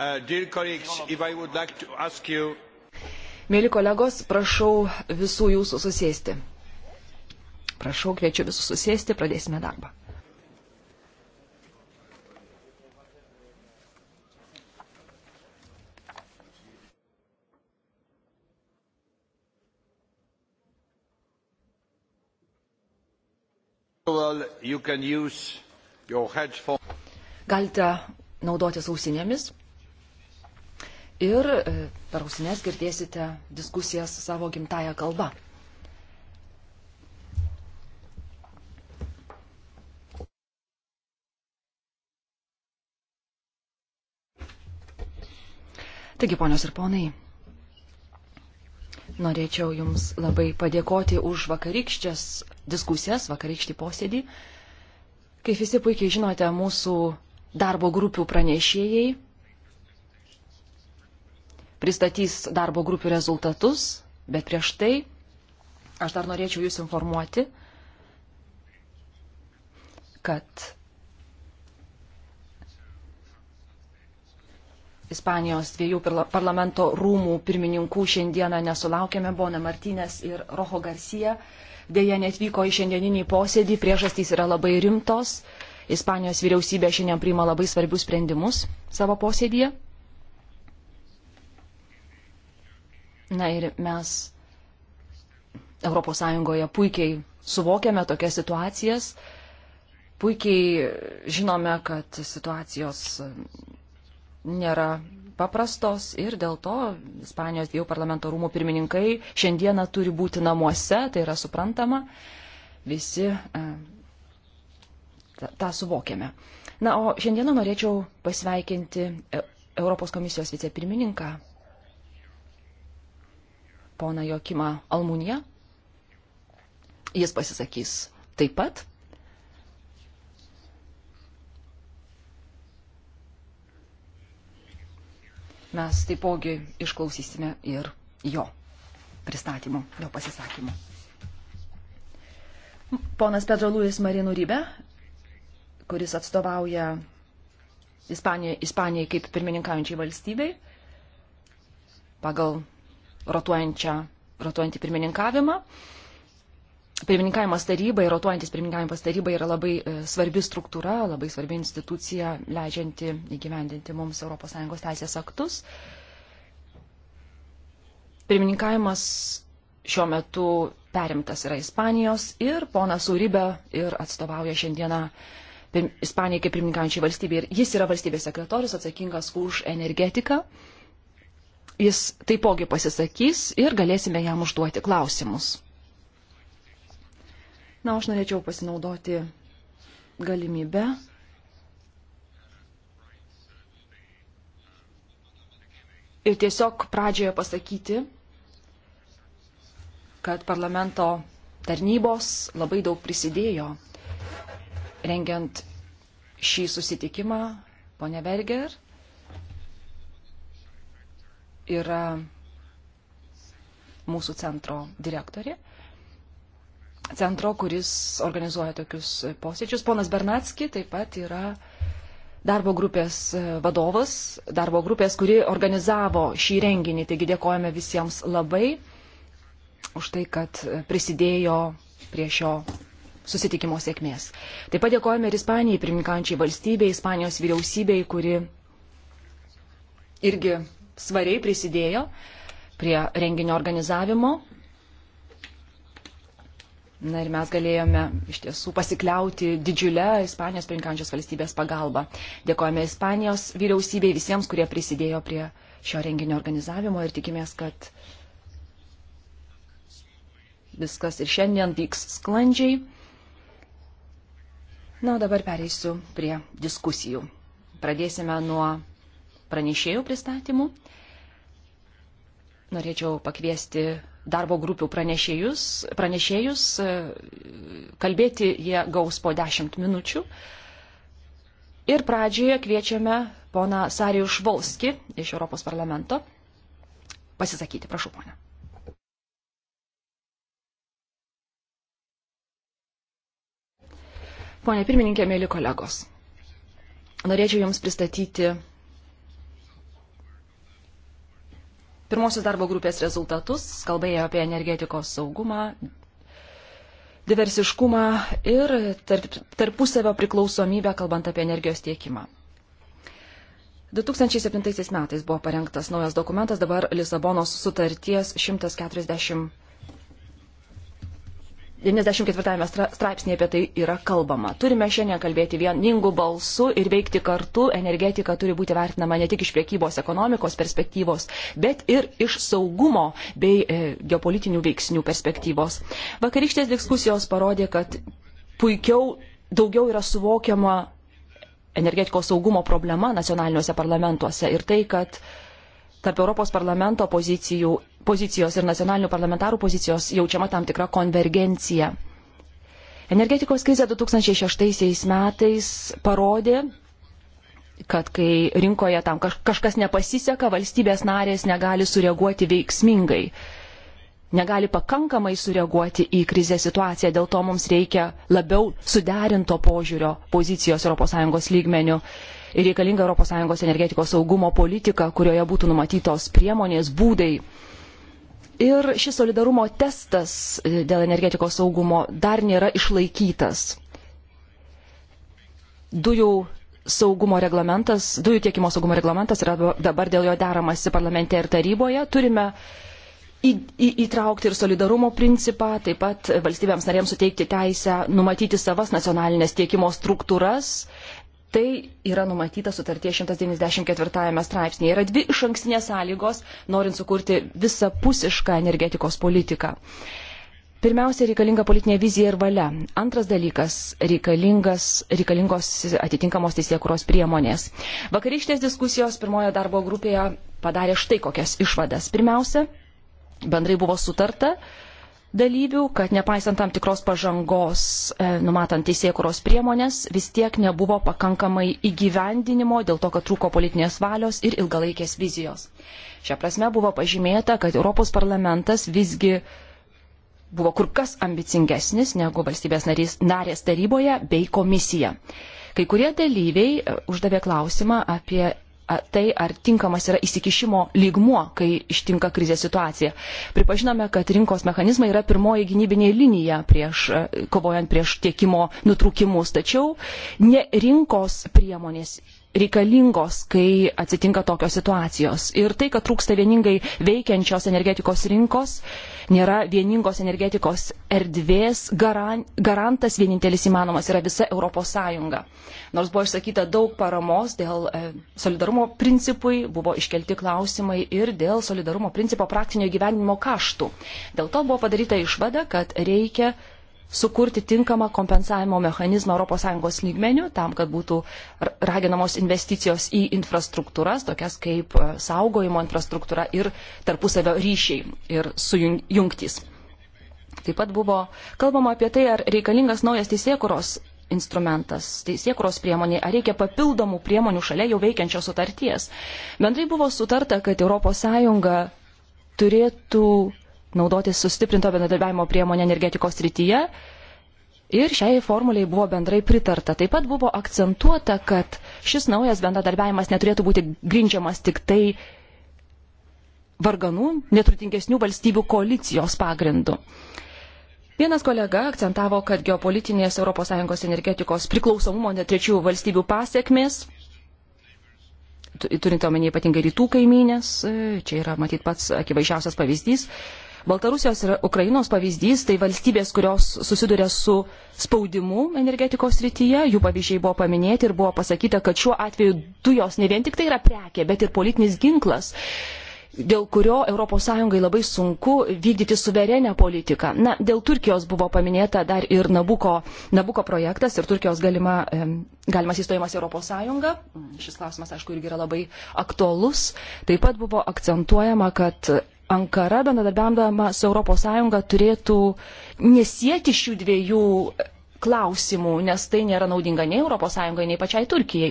Uh, like you... Mėly kolegos, prašau visų jūsų susėsti. Prašau, kviečiu visus susėsti, pradėsime darbą. Galite naudotis ausinėmis ir e, per ausinės girdėsite diskusijas savo gimtają kalbą. Taigi, ponios ir ponai, norėčiau Jums labai padėkoti už vakarykščias diskusijas, vakarykštį posėdį. Kaip visi puikiai žinote, mūsų darbo grupių pranešėjai pristatys darbo grupių rezultatus, bet prieš tai aš dar norėčiau Jūs informuoti, kad Ispanijos dviejų parlamento rūmų pirmininkų šiandieną nesulaukėme, Bona Martinės ir Rojo Garcia. Deja, netvyko į šiandieninį posėdį, priežastys yra labai rimtos. Ispanijos vyriausybė šiandien priima labai svarbius sprendimus savo posėdėje. Na ir mes ES puikiai suvokiame tokias situacijas, puikiai žinome, kad situacijos nėra paprastos ir dėl to Ispanijos dviejų parlamento rūmų pirmininkai šiandieną turi būti namuose, tai yra suprantama, visi e, tą suvokiame. Na, o šiandieną norėčiau pasveikinti e, Europos komisijos vicepirmininką poną Jokimą Almuniją. Jis pasisakys taip pat. Mes taipogi išklausysime ir jo pristatymų, jo pasisakymų. Ponas Pedro Luis Marino Rybe, kuris atstovauja Ispanijai, Ispanijai kaip pirmininkaujančiai valstybei, pagal rotuojantį pirmininkavimą. Pirmininkavimas tarybai, rotuojantis pirmininkavimas tarybai yra labai e, svarbi struktūra, labai svarbi institucija, leidžianti įgyvendinti mums ES teisės aktus. Pirmininkavimas šiuo metu perimtas yra Ispanijos ir ponas Uribe ir atstovauja šiandieną Ispanijai kaip pirmininkaujančiai valstybė. Ir jis yra valstybės sekretorius atsakingas už energetiką. Uh, jis taipogi pasisakys ir galėsime jam užduoti klausimus. Na, aš norėčiau pasinaudoti galimybę ir tiesiog pradžioje pasakyti, kad parlamento tarnybos labai daug prisidėjo rengiant šį susitikimą, ponia Berger, yra mūsų centro direktorė. Centro, kuris organizuoja tokius posėdžius. Ponas Bernatski taip pat yra darbo grupės vadovas, darbo grupės, kuri organizavo šį renginį. Taigi dėkojame visiems labai už tai, kad prisidėjo prie šio susitikimo sėkmės. Taip pat dėkojame ir Ispanijai, pirmininkančiai valstybei, Ispanijos vyriausybei, kuri irgi svariai prisidėjo prie renginio organizavimo. Na ir mes galėjome iš tiesų pasikliauti didžiulę Ispanijos pirinkančios valstybės pagalbą. Dėkojame Ispanijos vyriausybei visiems, kurie prisidėjo prie šio renginio organizavimo ir tikimės, kad viskas ir šiandien vyks sklandžiai. Na, o dabar pereisiu prie diskusijų. Pradėsime nuo pranešėjų pristatymų. Norėčiau pakviesti darbo grupių pranešėjus, pranešėjus kalbėti jie gaus po 10 minučių. Ir pradžioje kviečiame poną Sarijų Švolski iš Europos parlamento pasisakyti. Prašau, ponia. Pone pirmininkė, mėly kolegos, norėčiau Jums pristatyti pirmosios darbo grupės rezultatus, kalbėjo apie energetikos saugumą, diversiškumą ir tarp, tarpusavio priklausomybę, kalbant apie energijos tiekimą. 2007 metais buvo parengtas naujas dokumentas, dabar Lisabonos sutarties 140 94 straipsnėje apie tai yra kalbama. Turime šiandien kalbėti vieningu balsu ir veikti kartu. Energetika turi būti vertinama ne tik iš priekybos ekonomikos perspektyvos, bet ir iš saugumo bei e, geopolitinių veiksnių perspektyvos. Vakarykštės diskusijos parodė, kad puikiau daugiau yra suvokiama energetikos saugumo problema nacionaliniuose parlamentuose ir tai, kad tarp Europos parlamento pozicijų, pozicijos ir nacionalinių parlamentarų pozicijos jaučiama tam tikra konvergencija. Energetikos krizė 2006 metais parodė, kad kai rinkoje tam kažkas nepasiseka, valstybės narės negali sureaguoti veiksmingai, negali pakankamai sureaguoti į krizę situaciją, dėl to mums reikia labiau suderinto požiūrio pozicijos ES lygmenių ir reikalinga ES energetikos saugumo politika, kurioje būtų numatytos priemonės, būdai. Ir šis solidarumo testas e, dėl energetikos saugumo dar nėra išlaikytas. Dujų saugumo reglamentas, dujų tiekimo saugumo reglamentas yra dabar dėl jo deramasi parlamente ir taryboje. Turime į, į, įtraukti ir solidarumo principą, taip pat valstybėms narėms suteikti teisę numatyti savas nacionalinės tiekimo struktūras, Tai yra numatyta sutartie 194 straipsnėje. Yra dvi iš ankstinės sąlygos, norint sukurti visapusišką energetikos politiką. Pirmiausia, reikalinga politinė vizija ir valia. Antras dalykas - reikalingos atitinkamos teisėkuros priemonės. Vakarykštės diskusijos pirmojo darbo grupėje padarė štai kokias išvadas. Pirmiausia, bendrai buvo sutarta, dalyvių, kad nepaisant tam tikros pažangos, e, numatant teisėkuros priemonės, vis tiek nebuvo pakankamai įgyvendinimo dėl to, kad trūko politinės valios ir ilgalaikės vizijos. Šią prasme buvo pažymėta, kad Europos parlamentas visgi buvo kur kas ambicingesnis negu valstybės narys, narės taryboje bei komisija. Kai kurie dalyviai e, uždavė klausimą apie tai, ar tinkamas yra įsikišimo lygmuo, kai ištinka krizės situacija. Pripažinome, kad rinkos mechanizmai yra pirmoji gynybinė linija prieš, kovojant prieš tiekimo nutrūkimus, tačiau ne rinkos priemonės reikalingos, kai atsitinka tokios situacijos. Ir tai, kad trūksta vieningai veikiančios energetikos rinkos, nėra vieningos energetikos erdvės, garan, garantas vienintelis įmanomas yra visa ES. Nors buvo išsakyta daug paramos dėl e, solidarumo principui, buvo iškelti klausimai ir dėl solidarumo principo praktinio gyvenimo kaštų. Dėl to buvo padaryta išvada, kad reikia sukurti tinkamą kompensavimo mechanizmą ES lygmenių, tam, kad būtų raginamos investicijos į infrastruktūras, tokias kaip e, saugojimo infrastruktūra ir tarpusavio ryšiai ir sujungtys. Taip pat buvo kalbama apie tai, ar reikalingas naujas teisėkuros instrumentas, teisėkuros priemonė, ar reikia papildomų priemonių šalia jau veikiančios sutarties. Bendrai buvo sutarta, kad ES turėtų naudotis sustiprinto bendradarbiavimo priemonė energetikos rytyje. Ir šiai formuliai buvo bendrai pritarta. Taip pat buvo akcentuota, kad šis naujas bendradarbiavimas neturėtų būti grindžiamas tik tai varganų, neturtingesnių valstybių koalicijos pagrindu. Vienas kolega akcentavo, kad geopolitinės ES energetikos priklausomumo net trečiųjų valstybių pasiekmės, turint omenyje ypatingai rytų kaimynės, e, čia yra matyt pats akivaizdžiausias pavyzdys, Baltarusijos ir Ukrainos pavyzdys tai valstybės, kurios susiduria su spaudimu energetikos rytyje, jų pavyzdžiai buvo paminėti ir buvo pasakyta, kad šiuo atveju dujos ne vien tik tai yra prekė, bet ir politinis ginklas dėl kurio ES labai sunku vykdyti suverenę politiką. Na, dėl Turkijos buvo paminėta dar ir Nabuko, Nabuko projektas ir Turkijos galima, galimas įstojimas į ES. Šis klausimas, aišku, irgi yra labai aktuolus. Taip pat buvo akcentuojama, kad Ankara, bendradarbiavama su ES, turėtų nesieti šių dviejų klausimų, nes tai nėra naudinga nei ES, nei pačiai Turkijai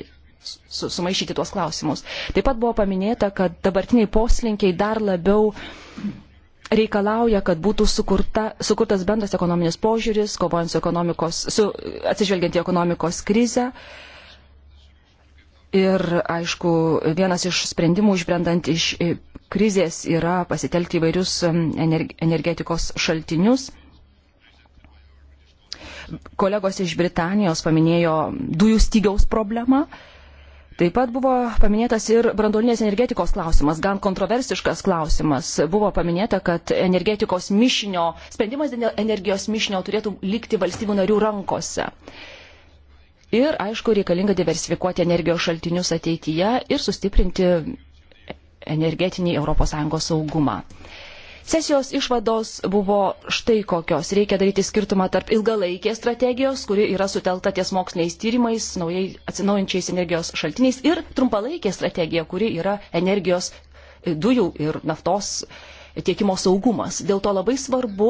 su, sumaišyti tuos klausimus. Taip pat buvo paminėta, kad dabartiniai poslinkiai dar labiau reikalauja, kad būtų sukurta, sukurtas bendras ekonominis požiūris, kovojant su, su atsižvelgiant į ekonomikos krizę. Uh, Ir, aišku, vienas iš sprendimų išbrendant iš e, krizės yra pasitelkti įvairius energetikos šaltinius. Kolegos iš Britanijos paminėjo dujų stygiaus problemą. Taip pat buvo paminėtas ir brandolinės energetikos klausimas, gan kontroversiškas klausimas. Buvo paminėta, kad energetikos mišinio, sprendimas dėl energijos mišinio turėtų likti valstybių narių rankose. Uh, Ir, aišku, reikalinga diversifikuoti energijos šaltinius ateityje ir sustiprinti energetinį ES saugumą. Sesijos išvados buvo štai kokios. Reikia daryti skirtumą tarp ilgalaikės strategijos, kuri yra sutelta ties moksliniais tyrimais, naujai atsinaujančiais energijos šaltiniais, ir trumpalaikė strategija, kuri yra energijos e, dujų ir naftos tiekimo saugumas. Dėl to labai svarbu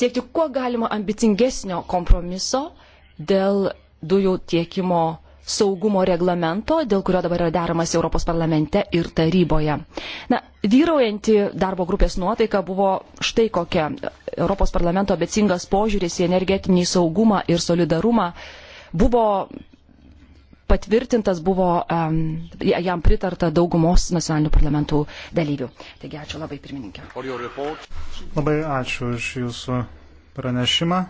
siekti kuo galima ambicingesnio kompromiso dėl dujų tiekimo saugumo reglamento, dėl kurio dabar yra deramas Europos parlamente ir taryboje. Na, vyraujanti darbo grupės nuotaika buvo štai kokia. Europos parlamento abecingas požiūris į energetinį saugumą ir solidarumą buvo patvirtintas, buvo um, jam pritarta daugumos nacionalinių parlamentų dalyvių. Taigi ačiū labai pirmininkė. Labai ačiū už jūsų pranešimą.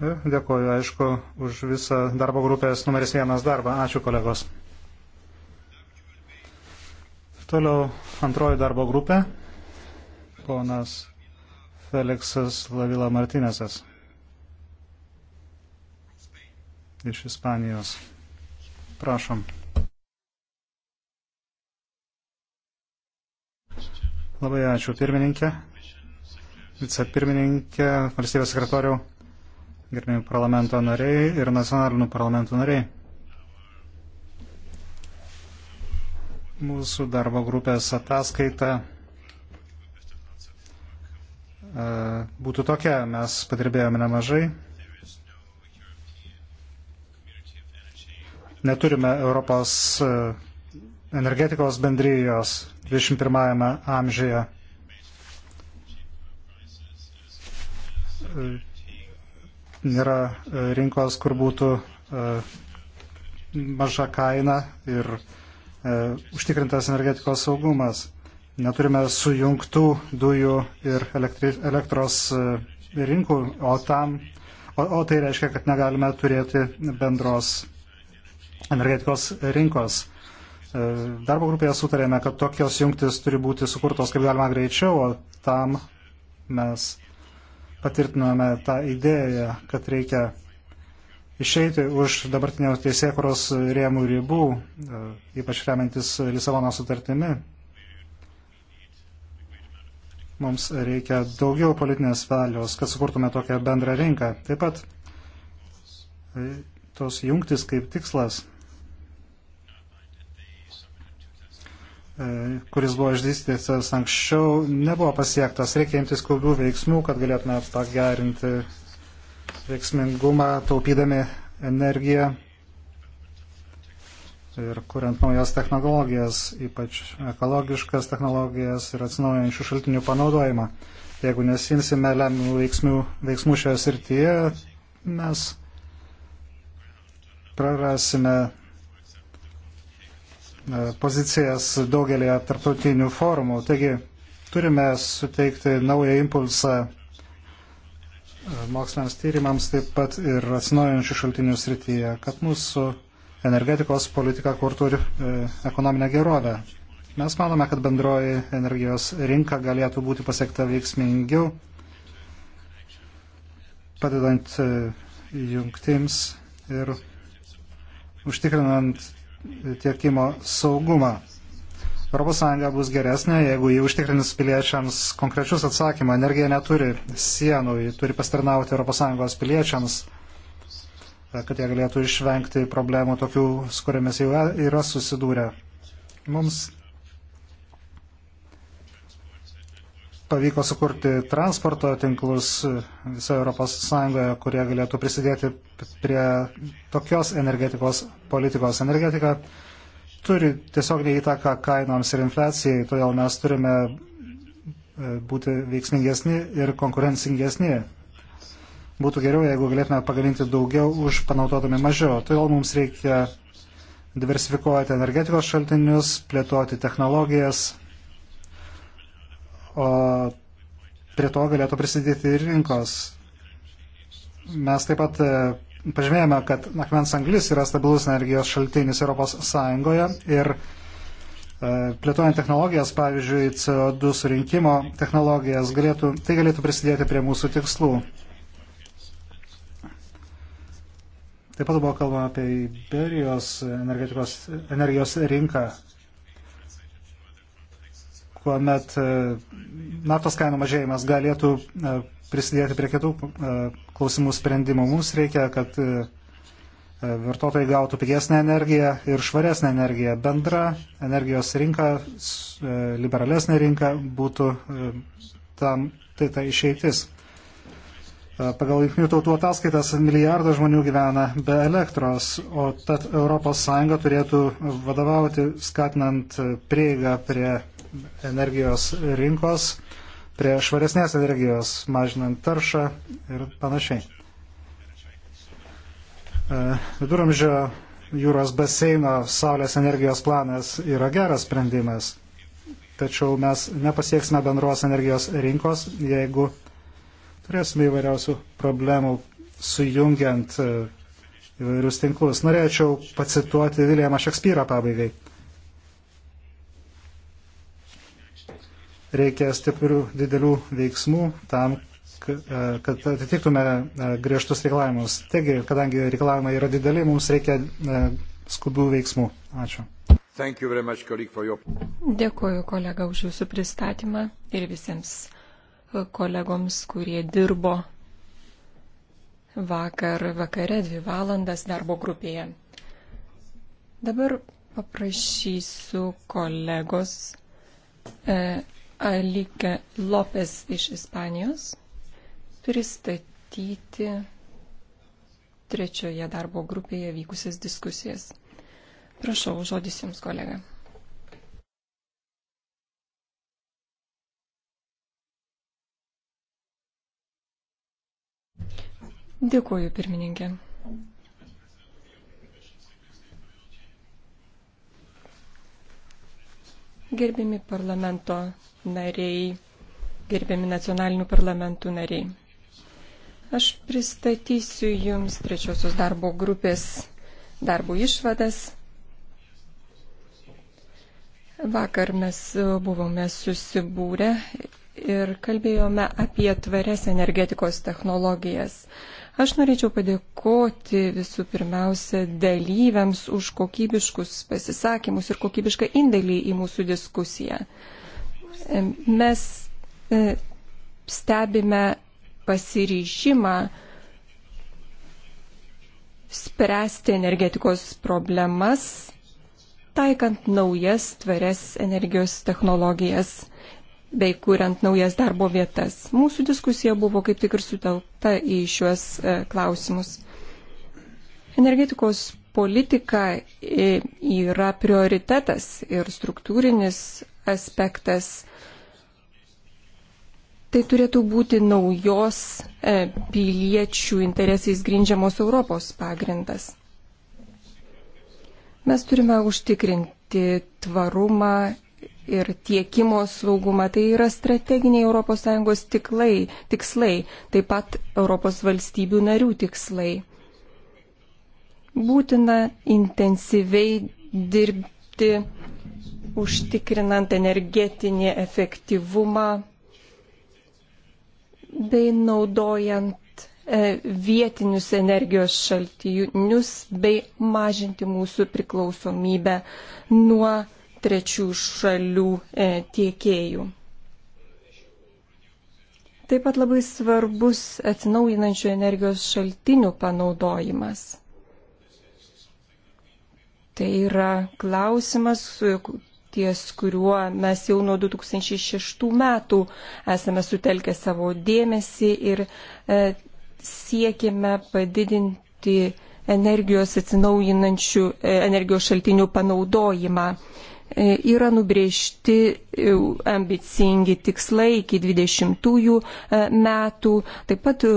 Dėkuoju, aišku, už visą darbo grupės numeris vienas darbą. Ačiū, kolegos. Toliau antroji darbo grupė. Ponas Feliksas Lavila Martinesas iš Ispanijos. Prašom. Labai ačiū pirmininkė, vicepirmininkė, valstybės sekretoriau gerbėjami parlamento nariai ir nacionalinių parlamentų nariai. Mūsų darbo grupės ataskaita e, būtų tokia, mes padirbėjome nemažai. Neturime Europos e, energetikos bendrijos 21 amžiuje e, nėra e, rinkos, kur būtų e, maža kaina ir e, užtikrintas energetikos saugumas. Neturime sujungtų dujų ir elektri, elektros rinkų, o, tam, o, o tai reiškia, kad negalime turėti bendros energetikos rinkos. Darbo grupėje sutarėme, kad tokios jungtis turi būti sukurtos kaip galima greičiau, o tam mes patvirtinome tą idėją, kad reikia išeiti už dabartinio teisėkuros rėmų ribų, e, ypač remiantis Lisabono sutartimi. Mums reikia daugiau politinės valios, kad sukurtume tokią bendrą rinką. Taip pat e, tos jungtis kaip tikslas E, kuris buvo išdystytas anksčiau, nebuvo pasiektas. Reikia imtis skubių veiksmų, kad galėtume pagerinti veiksmingumą, taupydami energiją ir kuriant naujas technologijas, ypač ekologiškas technologijas ir atsinaujančių šaltinių panaudojimą. Jeigu nesimsime lemiamų veiksmų, veiksmų šioje srityje, mes prarasime E, pozicijas daugelėje tarptautinių forumų. Taigi turime suteikti naują impulsą e, moksliniams tyrimams, taip pat ir atsinaujančių šaltinių srityje, kad mūsų energetikos politika kurtų ir e, ekonominę gerovę. Mes manome, kad bendroji energijos rinka galėtų būti pasiekta veiksmingiau, padedant jungtims ir užtikrinant tiekimo saugumą. ES bus geresnė, jeigu jį užtikrins piliečiams konkrečius atsakymą. Energija neturi sienų, jį turi pastarnauti ES piliečiams, e, kad jie galėtų išvengti problemų tokių, su kuriamis jau e, yra susidūrę. Mums pavyko sukurti transporto tinklus visoje Europos Sąjungoje, kurie galėtų prisidėti prie tokios energetikos politikos. Energetika turi tiesiog neįtaką kainoms ir infliacijai, todėl mes turime e, būti veiksmingesni ir konkurencingesni. Būtų geriau, jeigu galėtume pagaminti daugiau už panaudodami mažiau. Todėl mums reikia diversifikuoti energetikos šaltinius, plėtoti technologijas, o prie to galėtų prisidėti ir rinkos. Mes taip pat e, pažymėjome, kad akmens anglis yra stabilus energijos šaltinis ES ir e, plėtojant technologijas, pavyzdžiui, CO2 surinkimo technologijas, galėtų, tai galėtų prisidėti prie mūsų tikslų. Taip pat buvo kalbama apie Iberijos energetikos, energijos rinką kuomet e, naftos kainų mažėjimas galėtų e, prisidėti prie kitų e, klausimų sprendimų. Mums reikia, kad vartotojai gautų pigesnę energiją ir švaresnę energiją. Bendra energijos rinka, liberalesnė rinka būtų tam, tai ta išeitis. Pagal jungtinių tautų ataskaitas milijardas žmonių gyvena be elektros, o tad ES turėtų vadovauti skatinant prieigą prie energijos rinkos prie švaresnės energijos, mažinant taršą ir panašiai. E, viduramžio jūros baseino saulės energijos planas yra geras sprendimas, tačiau mes nepasieksime bendros energijos rinkos, jeigu turėsime įvairiausių problemų sujungiant e, įvairius tinklus. Norėčiau pacituoti Viljamą Šekspyrą pabaigai. reikia stiprių didelių veiksmų tam, e, kad atitiktume e, griežtus reikalavimus. Taigi, kadangi reikalavimai yra dideli, mums reikia e, skubių veiksmų. Ačiū. Much, your... Dėkuoju kolega už jūsų pristatymą ir visiems kolegoms, kurie dirbo vakar vakare dvi valandas darbo grupėje. Dabar paprašysiu kolegos e, Alike Lopes iš Ispanijos pristatyti trečioje darbo grupėje vykusias diskusijas. Prašau, žodis Jums, kolega. Dėkuoju, pirmininkė. Gerbimi parlamento nariai, gerbiami nacionalinių parlamentų nariai. Aš pristatysiu Jums trečiosios darbo grupės darbo išvadas. Vakar mes buvome susibūrę ir kalbėjome apie tvarias energetikos technologijas. Aš norėčiau padėkoti visų pirmiausia dalyviams už kokybiškus pasisakymus ir kokybišką indėlį į mūsų diskusiją. Mes e, stebime pasiryžimą spręsti energetikos problemas, taikant naujas tvarias energijos technologijas bei kuriant naujas darbo vietas. Mūsų diskusija buvo kaip tik ir sutelkta į šiuos e, klausimus. Energetikos politika e, yra prioritetas ir struktūrinis aspektas Tai turėtų būti naujos e, piliečių interesais grindžiamos Europos pagrindas. Mes turime užtikrinti tvarumą ir tiekimo saugumą. Tai yra strateginiai ES tiklai, tikslai, taip pat Europos valstybių narių tikslai. Būtina intensyviai dirbti užtikrinant energetinį efektyvumą bei naudojant e, vietinius energijos šaltinius bei mažinti mūsų priklausomybę nuo trečių šalių e, tiekėjų. Taip pat labai svarbus atsinaujinančių energijos šaltinių panaudojimas. Tai yra klausimas, ties kuriuo mes jau nuo 2006 metų esame sutelkę savo dėmesį ir e, siekime padidinti energijos atsinaujinančių e, energijos šaltinių panaudojimą. E, yra nubriežti e, ambicingi tikslai iki 20 e, metų. Taip pat e,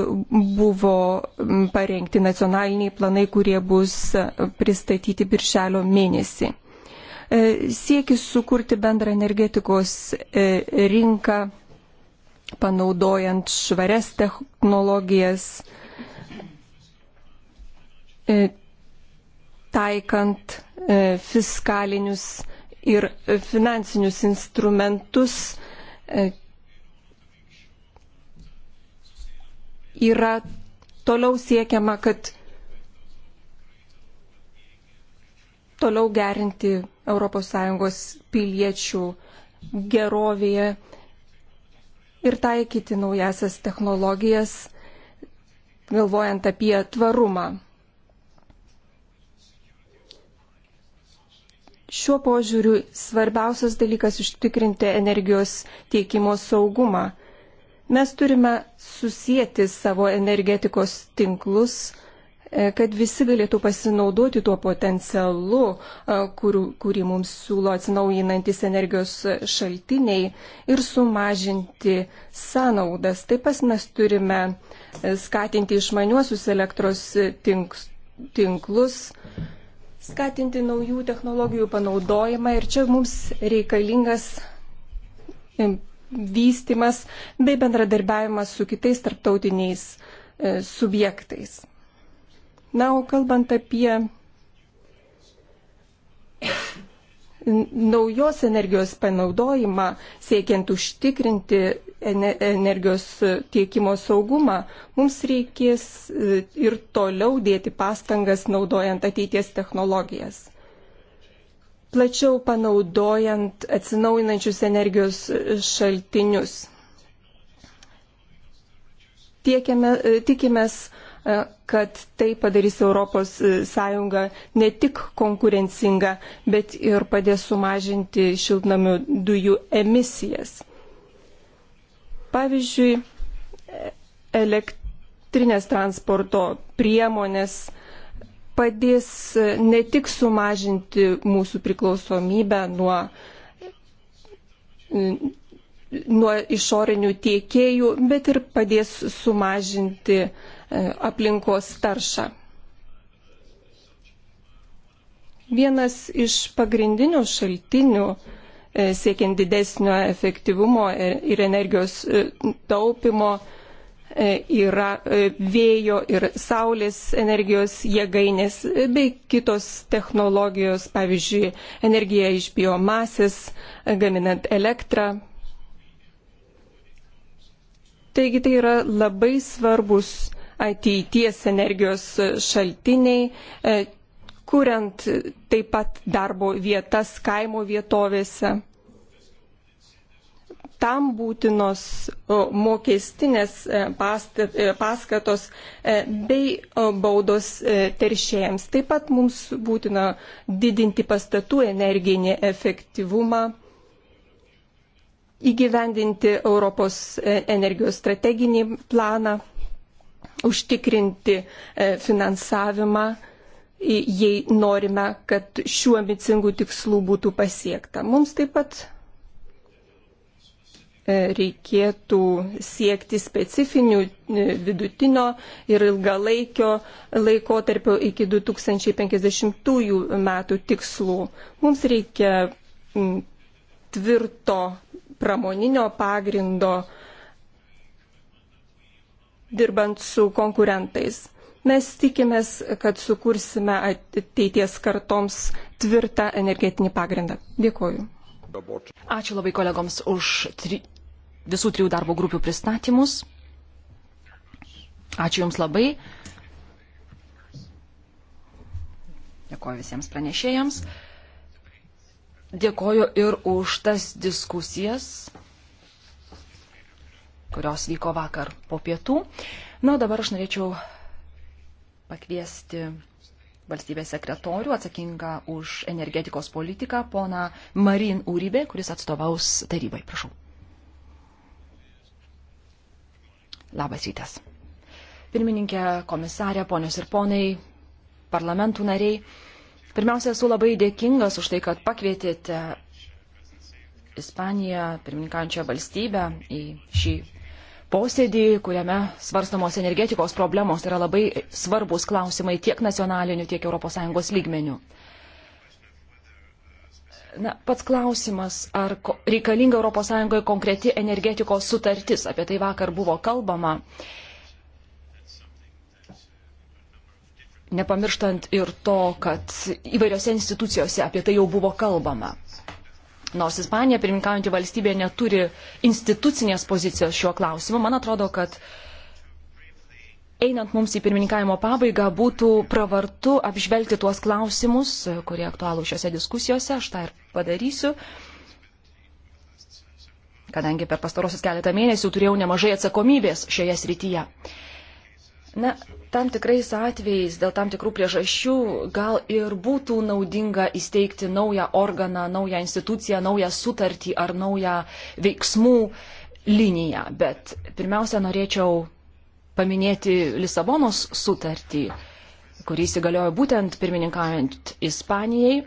buvo parengti nacionaliniai planai, kurie bus e, pristatyti birželio mėnesį. E, siekis sukurti bendrą energetikos e, rinką, panaudojant švarias technologijas, e, taikant fiskalinius ir finansinius instrumentus yra toliau siekiama, kad toliau gerinti ES piliečių gerovėje ir taikyti naujasias technologijas, galvojant apie tvarumą. Šiuo požiūriu svarbiausias dalykas užtikrinti energijos tiekimo saugumą. Mes turime susijęti savo energetikos tinklus E, kad visi galėtų pasinaudoti tuo potencialu, e, kur, kurį mums siūlo atsinaujinantis energijos šaltiniai ir sumažinti sąnaudas. Taip pat mes turime e, skatinti išmaniuosius elektros tinklus skatinti naujų technologijų panaudojimą ir čia mums reikalingas vystimas bei bendradarbiavimas su kitais tarptautiniais subjektais. Na, o kalbant apie naujos energijos panaudojimą, siekiant užtikrinti energijos tiekimo saugumą, mums reikės e, ir toliau dėti pastangas naudojant ateities technologijas. Plačiau panaudojant atsinaujinančius energijos e, šaltinius. Tiekėme, e, tikimės, E, kad tai padarys ES e, ne tik konkurencingą, bet ir padės sumažinti šiltnamių dujų emisijas. Pavyzdžiui, elektrinės transporto priemonės padės e, ne tik sumažinti mūsų priklausomybę nuo, nuo išorinių tiekėjų, bet ir padės sumažinti uh, E, aplinkos taršą. Vienas iš pagrindinių šaltinių e, siekiant didesnio efektyvumo e, ir energijos taupimo yra vėjo ir saulės energijos jėgainės bei kitos technologijos, pavyzdžiui, energija iš biomasės, gaminant elektrą. Taigi tai yra labai svarbus ateities energijos šaltiniai, e, kuriant taip pat darbo vietas kaimo vietovėse. Tam būtinos mokestinės e, e, paskatos bei baudos teršėjams. Taip pat mums būtina didinti pastatų energinį efektyvumą, įgyvendinti Europos energijos strateginį planą užtikrinti e, finansavimą, jei norime, kad šių ambicingų tikslų būtų pasiekta. Mums taip pat e, reikėtų siekti specifinių e, vidutinio ir ilgalaikio laikotarpio iki 2050 metų tikslų. Mums reikia tvirto pramoninio pagrindo dirbant su konkurentais. Mes tikimės, kad sukursime ateities kartoms tvirtą energetinį pagrindą. Dėkoju. Ačiū labai kolegoms už tri... visų trijų darbo grupių pristatymus. Ačiū Jums labai. Dėkoju visiems pranešėjams. Dėkoju ir už tas diskusijas kurios vyko vakar po pietų. Na, o dabar aš norėčiau pakviesti valstybės sekretorių atsakingą už energetikos politiką, pona Marin Uribė, kuris atstovaus tarybai. Prašau. Labas rytas. Pirmininkė, komisarė, ponios ir ponai, parlamentų nariai. Pirmiausia, esu labai dėkingas už tai, kad pakvietėte Ispaniją, pirmininkančią valstybę, į šį posėdį, kuriame svarstamos energetikos problemos tai yra labai svarbus klausimai tiek nacionaliniu, tiek ES lygmeniu. Na, pats klausimas, ar reikalinga ES konkreti energetikos sutartis, apie tai vakar buvo kalbama, nepamirštant ir to, kad įvairiose institucijose apie tai jau buvo kalbama nors Ispanija, pirmininkaujantį valstybė, neturi institucinės pozicijos šiuo klausimu, man atrodo, kad einant mums į pirmininkavimo pabaigą būtų pravartu apžvelgti tuos klausimus, kurie aktualų šiuose diskusijose, aš tą ir padarysiu. Kadangi per pastarosius keletą mėnesių turėjau nemažai atsakomybės šioje srityje. Na, tam tikrais atvejais, dėl tam tikrų priežasčių, gal ir būtų naudinga įsteigti naują organą, naują instituciją, naują sutartį ar naują veiksmų liniją. Bet pirmiausia, norėčiau paminėti Lisabonos sutartį, kuris įgaliojo būtent pirmininkaujant Ispanijai.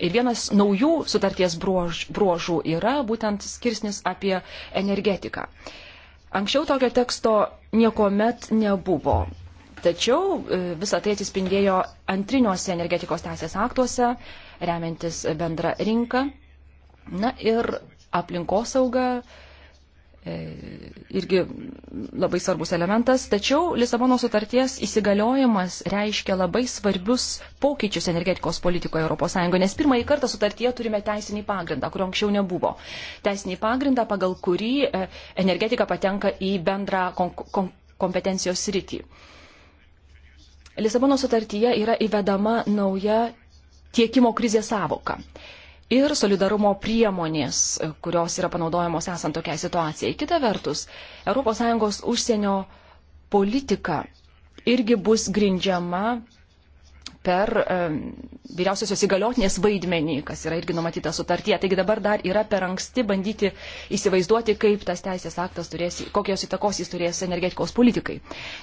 Ir vienas naujų sutarties bruož, bruožų yra būtent skirsnis apie energetiką. Anksčiau tokio teksto niekuomet nebuvo. Tačiau e, visą tai atsispindėjo antriniuose energetikos teisės aktuose, remiantis bendrą rinką. Na ir aplinkosauga e, irgi labai svarbus elementas, tačiau Lisabono sutarties įsigaliojimas reiškia labai svarbius pokyčius energetikos politikoje ES, nes pirmąjį kartą sutartyje turime teisinį pagrindą, kurio anksčiau nebuvo. Teisinį pagrindą, pagal kurį e, energetika patenka į bendrą kom kom kompetencijos sritį. Lisabono sutartyje yra įvedama nauja tiekimo krizės savoka ir solidarumo priemonės, kurios yra panaudojamos esant tokiai situacijai. Kita vertus, ES užsienio politika irgi bus grindžiama per e, vyriausiosios įgaliotinės vaidmenį, kas yra irgi numatyta sutartyje. Taigi dabar dar yra per anksti bandyti įsivaizduoti, kaip tas teisės aktas turės, kokios įtakos jis turės energetikos politikai.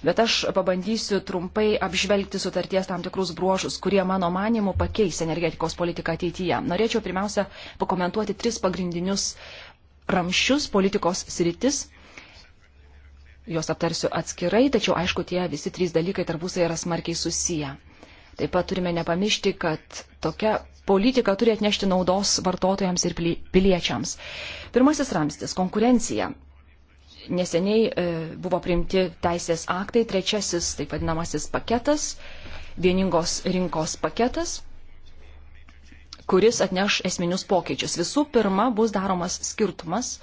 Bet aš pabandysiu trumpai apžvelgti sutarties tam tikrus bruožus, kurie mano manimu pakeis energetikos politiką ateityje. Norėčiau pirmiausia pakomentuoti tris pagrindinius ramščius politikos sritis juos aptarsiu atskirai, tačiau aišku, tie visi trys dalykai tarpusai yra smarkiai susiję. Taip pat turime nepamiršti, kad tokia politika turi atnešti naudos vartotojams ir piliečiams. Pirmasis ramstis - konkurencija. Neseniai e, buvo priimti teisės aktai, trečiasis, taip vadinamasis paketas, vieningos rinkos paketas, kuris atneš esminius pokyčius. Visų pirma, bus daromas skirtumas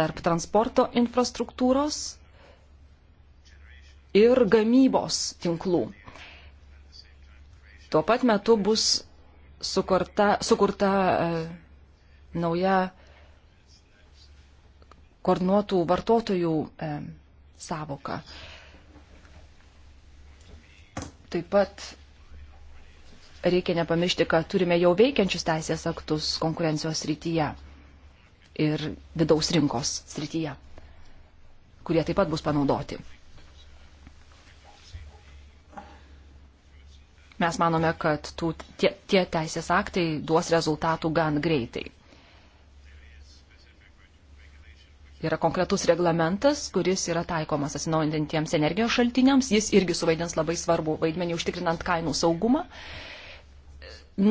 tarp transporto infrastruktūros ir gamybos tinklų Tuo pat metu bus sukurta, sukurta e, nauja koordinuotų vartotojų e, savoka. Taip pat reikia nepamiršti, kad turime jau veikiančius teisės aktus konkurencijos srityje ir vidaus rinkos srityje, kurie taip pat bus panaudoti. Mes manome, kad tų, tie, tie teisės aktai duos rezultatų gan greitai. Yra konkretus reglamentas, kuris yra taikomas atsinaujantiems energijos šaltiniams. Jis irgi suvaidins labai svarbu vaidmenį užtikrinant kainų saugumą.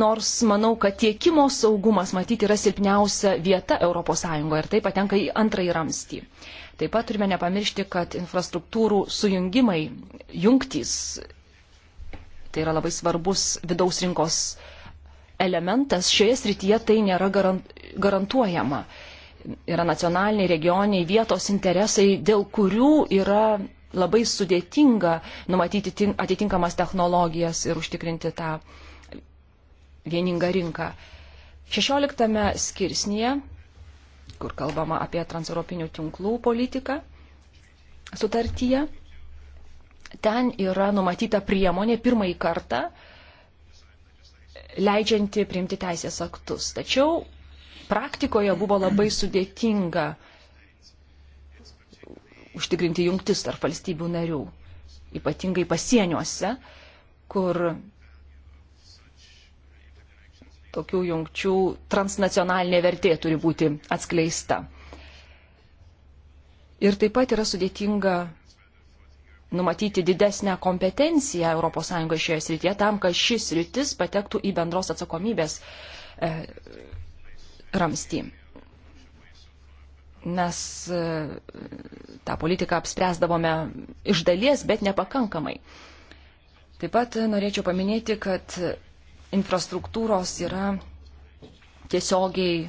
Nors manau, kad tiekimo saugumas matyti yra silpniausia vieta ES ir tai patenka į antrąjį ramstį. Taip pat turime nepamiršti, kad infrastruktūrų sujungimai, jungtys Tai yra labai svarbus vidaus rinkos elementas. Šioje srityje tai nėra garantuojama. Yra nacionaliniai, regioniai, vietos interesai, dėl kurių yra labai sudėtinga numatyti atitinkamas technologijas ir užtikrinti tą vieningą rinką. 16 skirsnėje, kur kalbama apie transeuropinių tinklų politiką sutartyje, ten yra numatyta priemonė pirmąjį kartą leidžianti priimti teisės aktus. Tačiau praktikoje buvo labai sudėtinga užtikrinti jungtis tarp valstybių narių, ypatingai pasieniuose, kur tokių jungčių transnacionalinė vertė turi būti atskleista. Ir taip pat yra sudėtinga numatyti didesnę kompetenciją ES šioje srityje tam, kad šis rytis patektų į bendros atsakomybės e, ramstį. Mes e, tą politiką apspręsdavome iš dalies, bet nepakankamai. Taip pat norėčiau paminėti, kad infrastruktūros yra tiesiogiai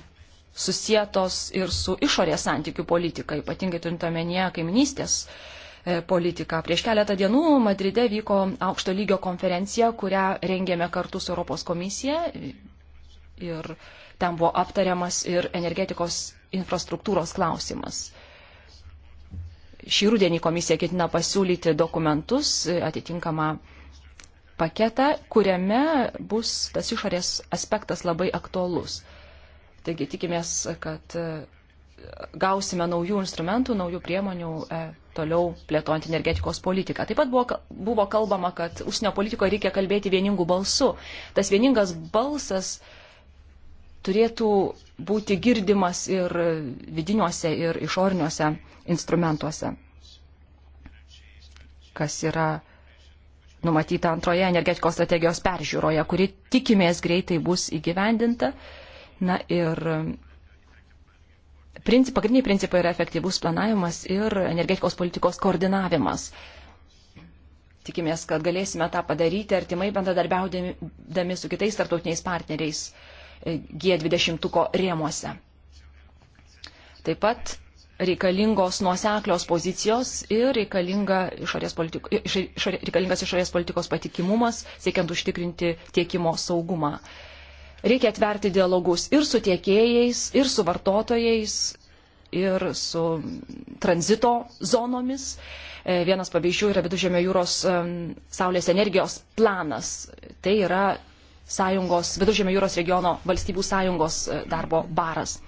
susijėtos ir su išorės santykių politika, ypatingai turint omenyje kaiminystės e, E, politiką. Prieš keletą dienų Madride vyko aukšto lygio konferencija, kurią rengėme kartu su Europos komisija ir ten buvo aptariamas ir energetikos infrastruktūros klausimas. Šį rudenį komisija ketina pasiūlyti dokumentus e, atitinkamą paketą, kuriame bus tas išorės aspektas labai aktuolus. Taigi tikimės, kad e, gausime naujų instrumentų, naujų priemonių toliau plėtojant energetikos politiką. Taip pat buvo, buvo kalbama, kad užsienio politikoje reikia kalbėti vieningų balsų. Tas vieningas balsas turėtų būti girdimas ir vidiniuose, ir išoriniuose instrumentuose, kas yra numatyta antroje energetikos strategijos peržiūroje, kuri tikimės greitai bus įgyvendinta. Na ir princip, pagrindiniai principai yra efektyvus planavimas ir energetikos politikos koordinavimas. Tikimės, kad galėsime tą padaryti artimai bendradarbiaudami su kitais tarptautiniais partneriais e, G20 rėmuose. Taip pat reikalingos nuoseklios pozicijos ir reikalinga išorės politiko, išorė, reikalingas išorės politikos patikimumas, siekiant užtikrinti tiekimo saugumą. Uh, Reikia atverti dialogus ir su tiekėjais, ir su vartotojais, ir su tranzito zonomis. E, vienas pavyzdžių yra Vidužėmio jūros saulės energijos planas. Tai yra sąjungos, Vidužėmio jūros regiono valstybių sąjungos e, darbo baras.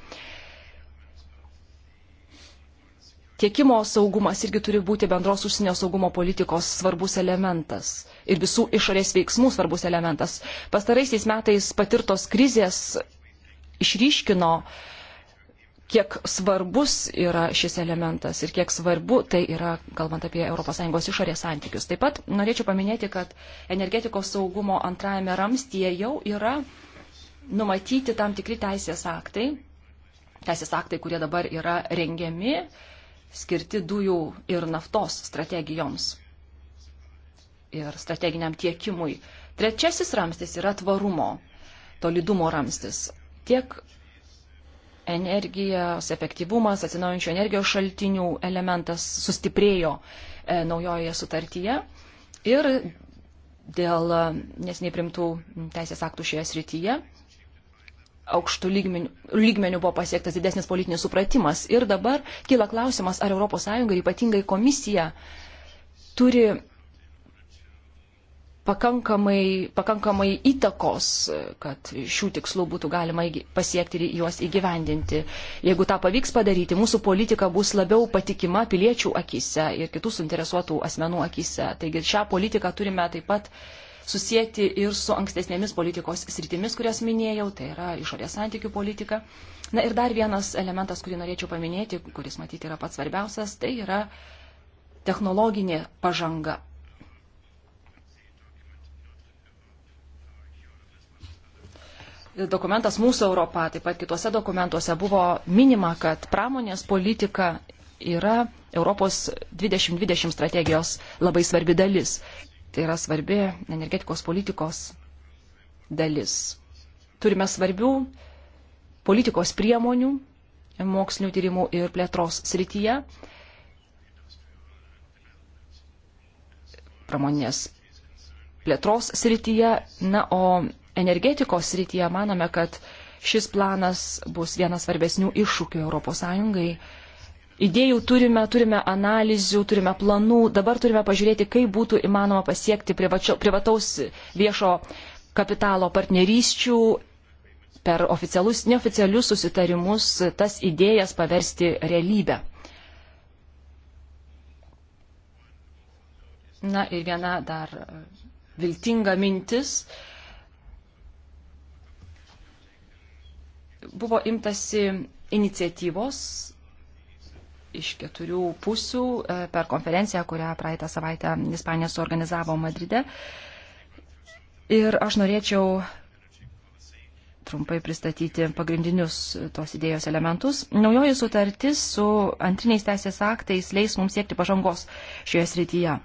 Tiekimo saugumas irgi turi būti bendros užsienio saugumo politikos svarbus elementas ir visų išorės veiksmų svarbus elementas. Pastaraisiais metais patirtos krizės išryškino, kiek svarbus yra šis elementas ir kiek svarbu tai yra, kalbant apie ES išorės santykius. Taip pat norėčiau paminėti, kad energetikos saugumo antrajame ramstyje jau yra numatyti tam tikri teisės aktai, teisės aktai, kurie dabar yra rengiami, skirti dujų ir naftos strategijoms ir strateginiam tiekimui. Trečiasis ramstis yra tvarumo, tolydumo ramstis. Tiek energijos efektyvumas, atsinaujančių energijos šaltinių elementas sustiprėjo e, naujoje sutartyje ir dėl nesiniai primtų teisės aktų šioje srityje aukštų lygmenių, lygmenių buvo pasiektas didesnis politinis supratimas. Ir dabar kyla klausimas, ar ES ir ypatingai komisija turi pakankamai, pakankamai įtakos, kad šių tikslų būtų galima pasiekti ir juos įgyvendinti. Jeigu tą pavyks padaryti, mūsų politika bus labiau patikima piliečių akise ir kitų suinteresuotų asmenų akise. Taigi šią politiką turime taip pat susijęti ir su ankstesnėmis politikos sritimis, kurias minėjau, tai yra išorės santykių politika. Na ir dar vienas elementas, kurį norėčiau paminėti, kuris matyti yra pats svarbiausias, tai yra technologinė pažanga dokumentas Mūsų Europa, taip pat kituose dokumentuose buvo minima, kad pramonės politika yra Europos 2020 strategijos labai svarbi dalis. Tai yra svarbi energetikos politikos dalis. Turime svarbių politikos priemonių mokslinių tyrimų ir plėtros srityje. Pramonės plėtros srityje, na, o energetikos srityje manome, kad šis planas bus vienas svarbesnių iššūkių ES. Idėjų turime, turime analizių, turime planų, dabar turime pažiūrėti, kaip būtų įmanoma pasiekti privačio, privataus viešo kapitalo partnerysčių per oficialus, neoficialius susitarimus, tas idėjas paversti realybę. Na ir viena dar viltinga mintis. Uh, buvo imtasi iniciatyvos iš keturių pusių e, per konferenciją, kurią praeitą savaitę Ispanija suorganizavo Madride. Ir aš norėčiau trumpai pristatyti pagrindinius tos idėjos elementus. Naujoji sutartis su antriniais teisės aktais leis mums siekti pažangos šioje srityje.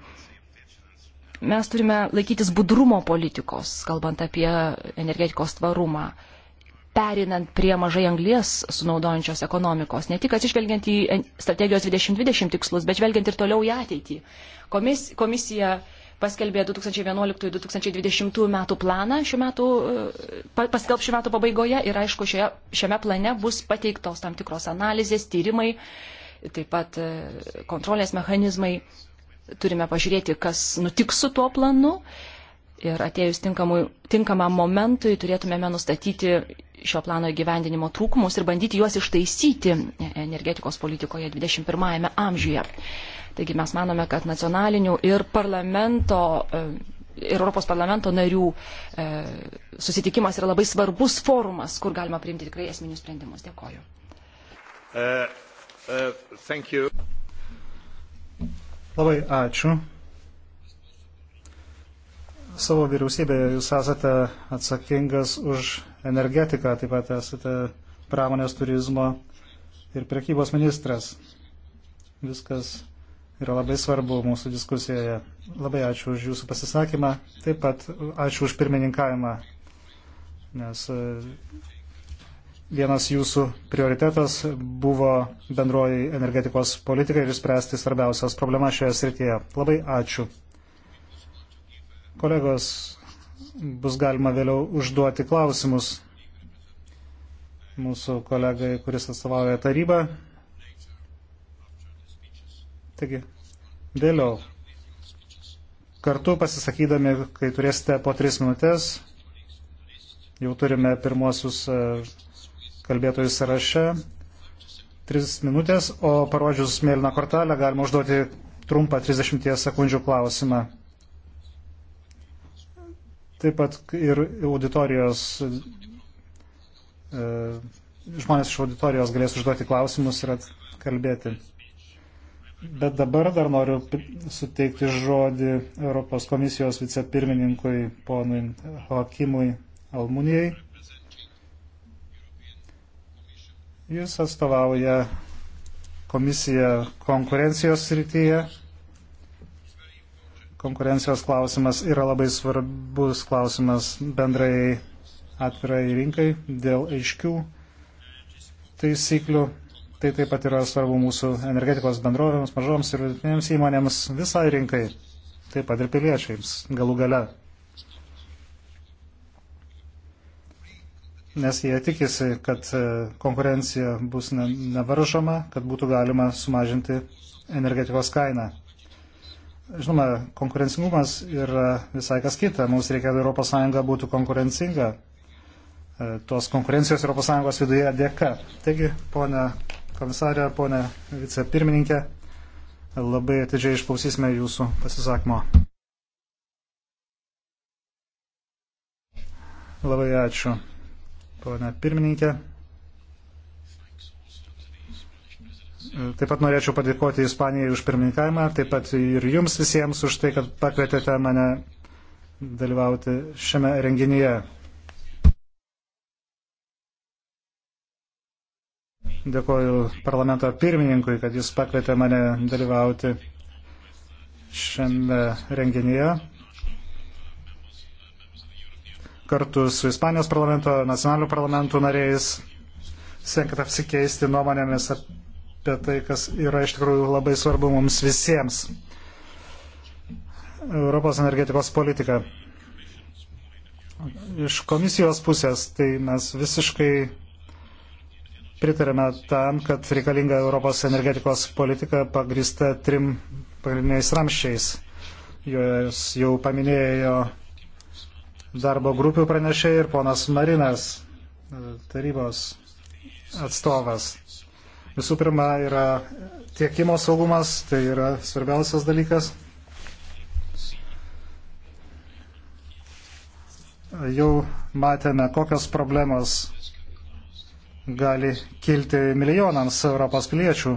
Mes turime laikytis budrumo politikos, kalbant apie energetikos tvarumą perinant prie mažai anglies sunaudojančios ekonomikos, ne tik atsižvelgiant į e, strategijos 2020 tikslus, bet žvelgiant ir toliau į ateitį. Komis, komisija paskelbė 2011-2020 metų planą, šių metų, e, paskelb šių metų pabaigoje ir aišku, šioje, šiame plane bus pateiktos tam tikros analizės, tyrimai, taip pat e, kontrolės mechanizmai. Turime pažiūrėti, kas nutiks su tuo planu ir atėjus tinkamam momentui turėtumėme nustatyti šio plano įgyvendinimo trūkumus ir bandyti juos ištaisyti energetikos politikoje 21-ame amžiuje. Taigi mes manome, kad nacionalinių ir parlamento. E, ir Europos parlamento narių e, susitikimas yra labai svarbus forumas, kur galima priimti tikrai esminius sprendimus. Dėkoju. Uh, uh, labai ačiū savo vyriausybėje jūs esate atsakingas už energetiką, taip pat esate pramonės turizmo ir prekybos ministras. Viskas yra labai svarbu mūsų diskusijoje. Labai ačiū už jūsų pasisakymą, taip pat ačiū už pirmininkavimą, nes e, vienas jūsų prioritetas buvo bendroji energetikos politika ir išspręsti svarbiausias problemas šioje srityje. Labai ačiū. Kolegos, bus galima vėliau užduoti klausimus mūsų kolegai, kuris atstovauja tarybą. Taigi, vėliau. Kartu pasisakydami, kai turėsite po tris minutės, jau turime pirmosius e, kalbėtojus sąraše. Tris minutės, o parodžius mėlyną kortelę galima užduoti trumpą 30 sekundžių klausimą. Taip pat ir auditorijos, e, žmonės iš auditorijos galės užduoti klausimus ir kalbėti. Bet dabar dar noriu suteikti žodį Europos komisijos vicepirmininkui ponui Joakimui Almunijai. Jis atstovauja komisiją konkurencijos srityje konkurencijos klausimas yra labai svarbus klausimas bendrai atvirai rinkai dėl aiškių taisyklių. Tai taip pat yra svarbu mūsų energetikos bendrovėms, mažoms ir vidutinėms įmonėms, visai rinkai, taip pat ir piliečiams galų gale. Nes jie tikisi, kad e, konkurencija bus nevaržoma, kad būtų galima sumažinti energetikos kainą. Žinoma, konkurencingumas yra visai kas kita. Mums reikia, kad ES būtų konkurencinga e, tos konkurencijos ES viduje dėka. Taigi, ponė komisarė, ponė vicepirmininkė, labai atidžiai išklausysime jūsų pasisakymo. Labai ačiū, ponė pirmininkė. Taip pat norėčiau padėkoti Ispanijai už pirmininkavimą, taip pat ir jums visiems už tai, kad pakvietėte mane dalyvauti šiame renginyje. Dėkoju parlamento pirmininkui, kad jis pakvietė mane dalyvauti šiame renginyje kartu su Ispanijos parlamento, nacionalinių parlamentų nariais, siekiant apsikeisti nuomonėmis apie apie tai, kas yra iš tikrųjų labai svarbu mums visiems. Europos energetikos politika. Iš komisijos pusės tai mes visiškai pritarėme tam, kad reikalinga Europos energetikos politika pagrįsta trim pagrindiniais ramščiais. Jos jau paminėjo darbo grupių pranešėjai ir ponas Marinas, tarybos atstovas. Visų pirma, yra tiekimo saugumas, tai yra svarbiausias dalykas. Jau matėme, kokios problemos gali kilti milijonams Europos piliečių,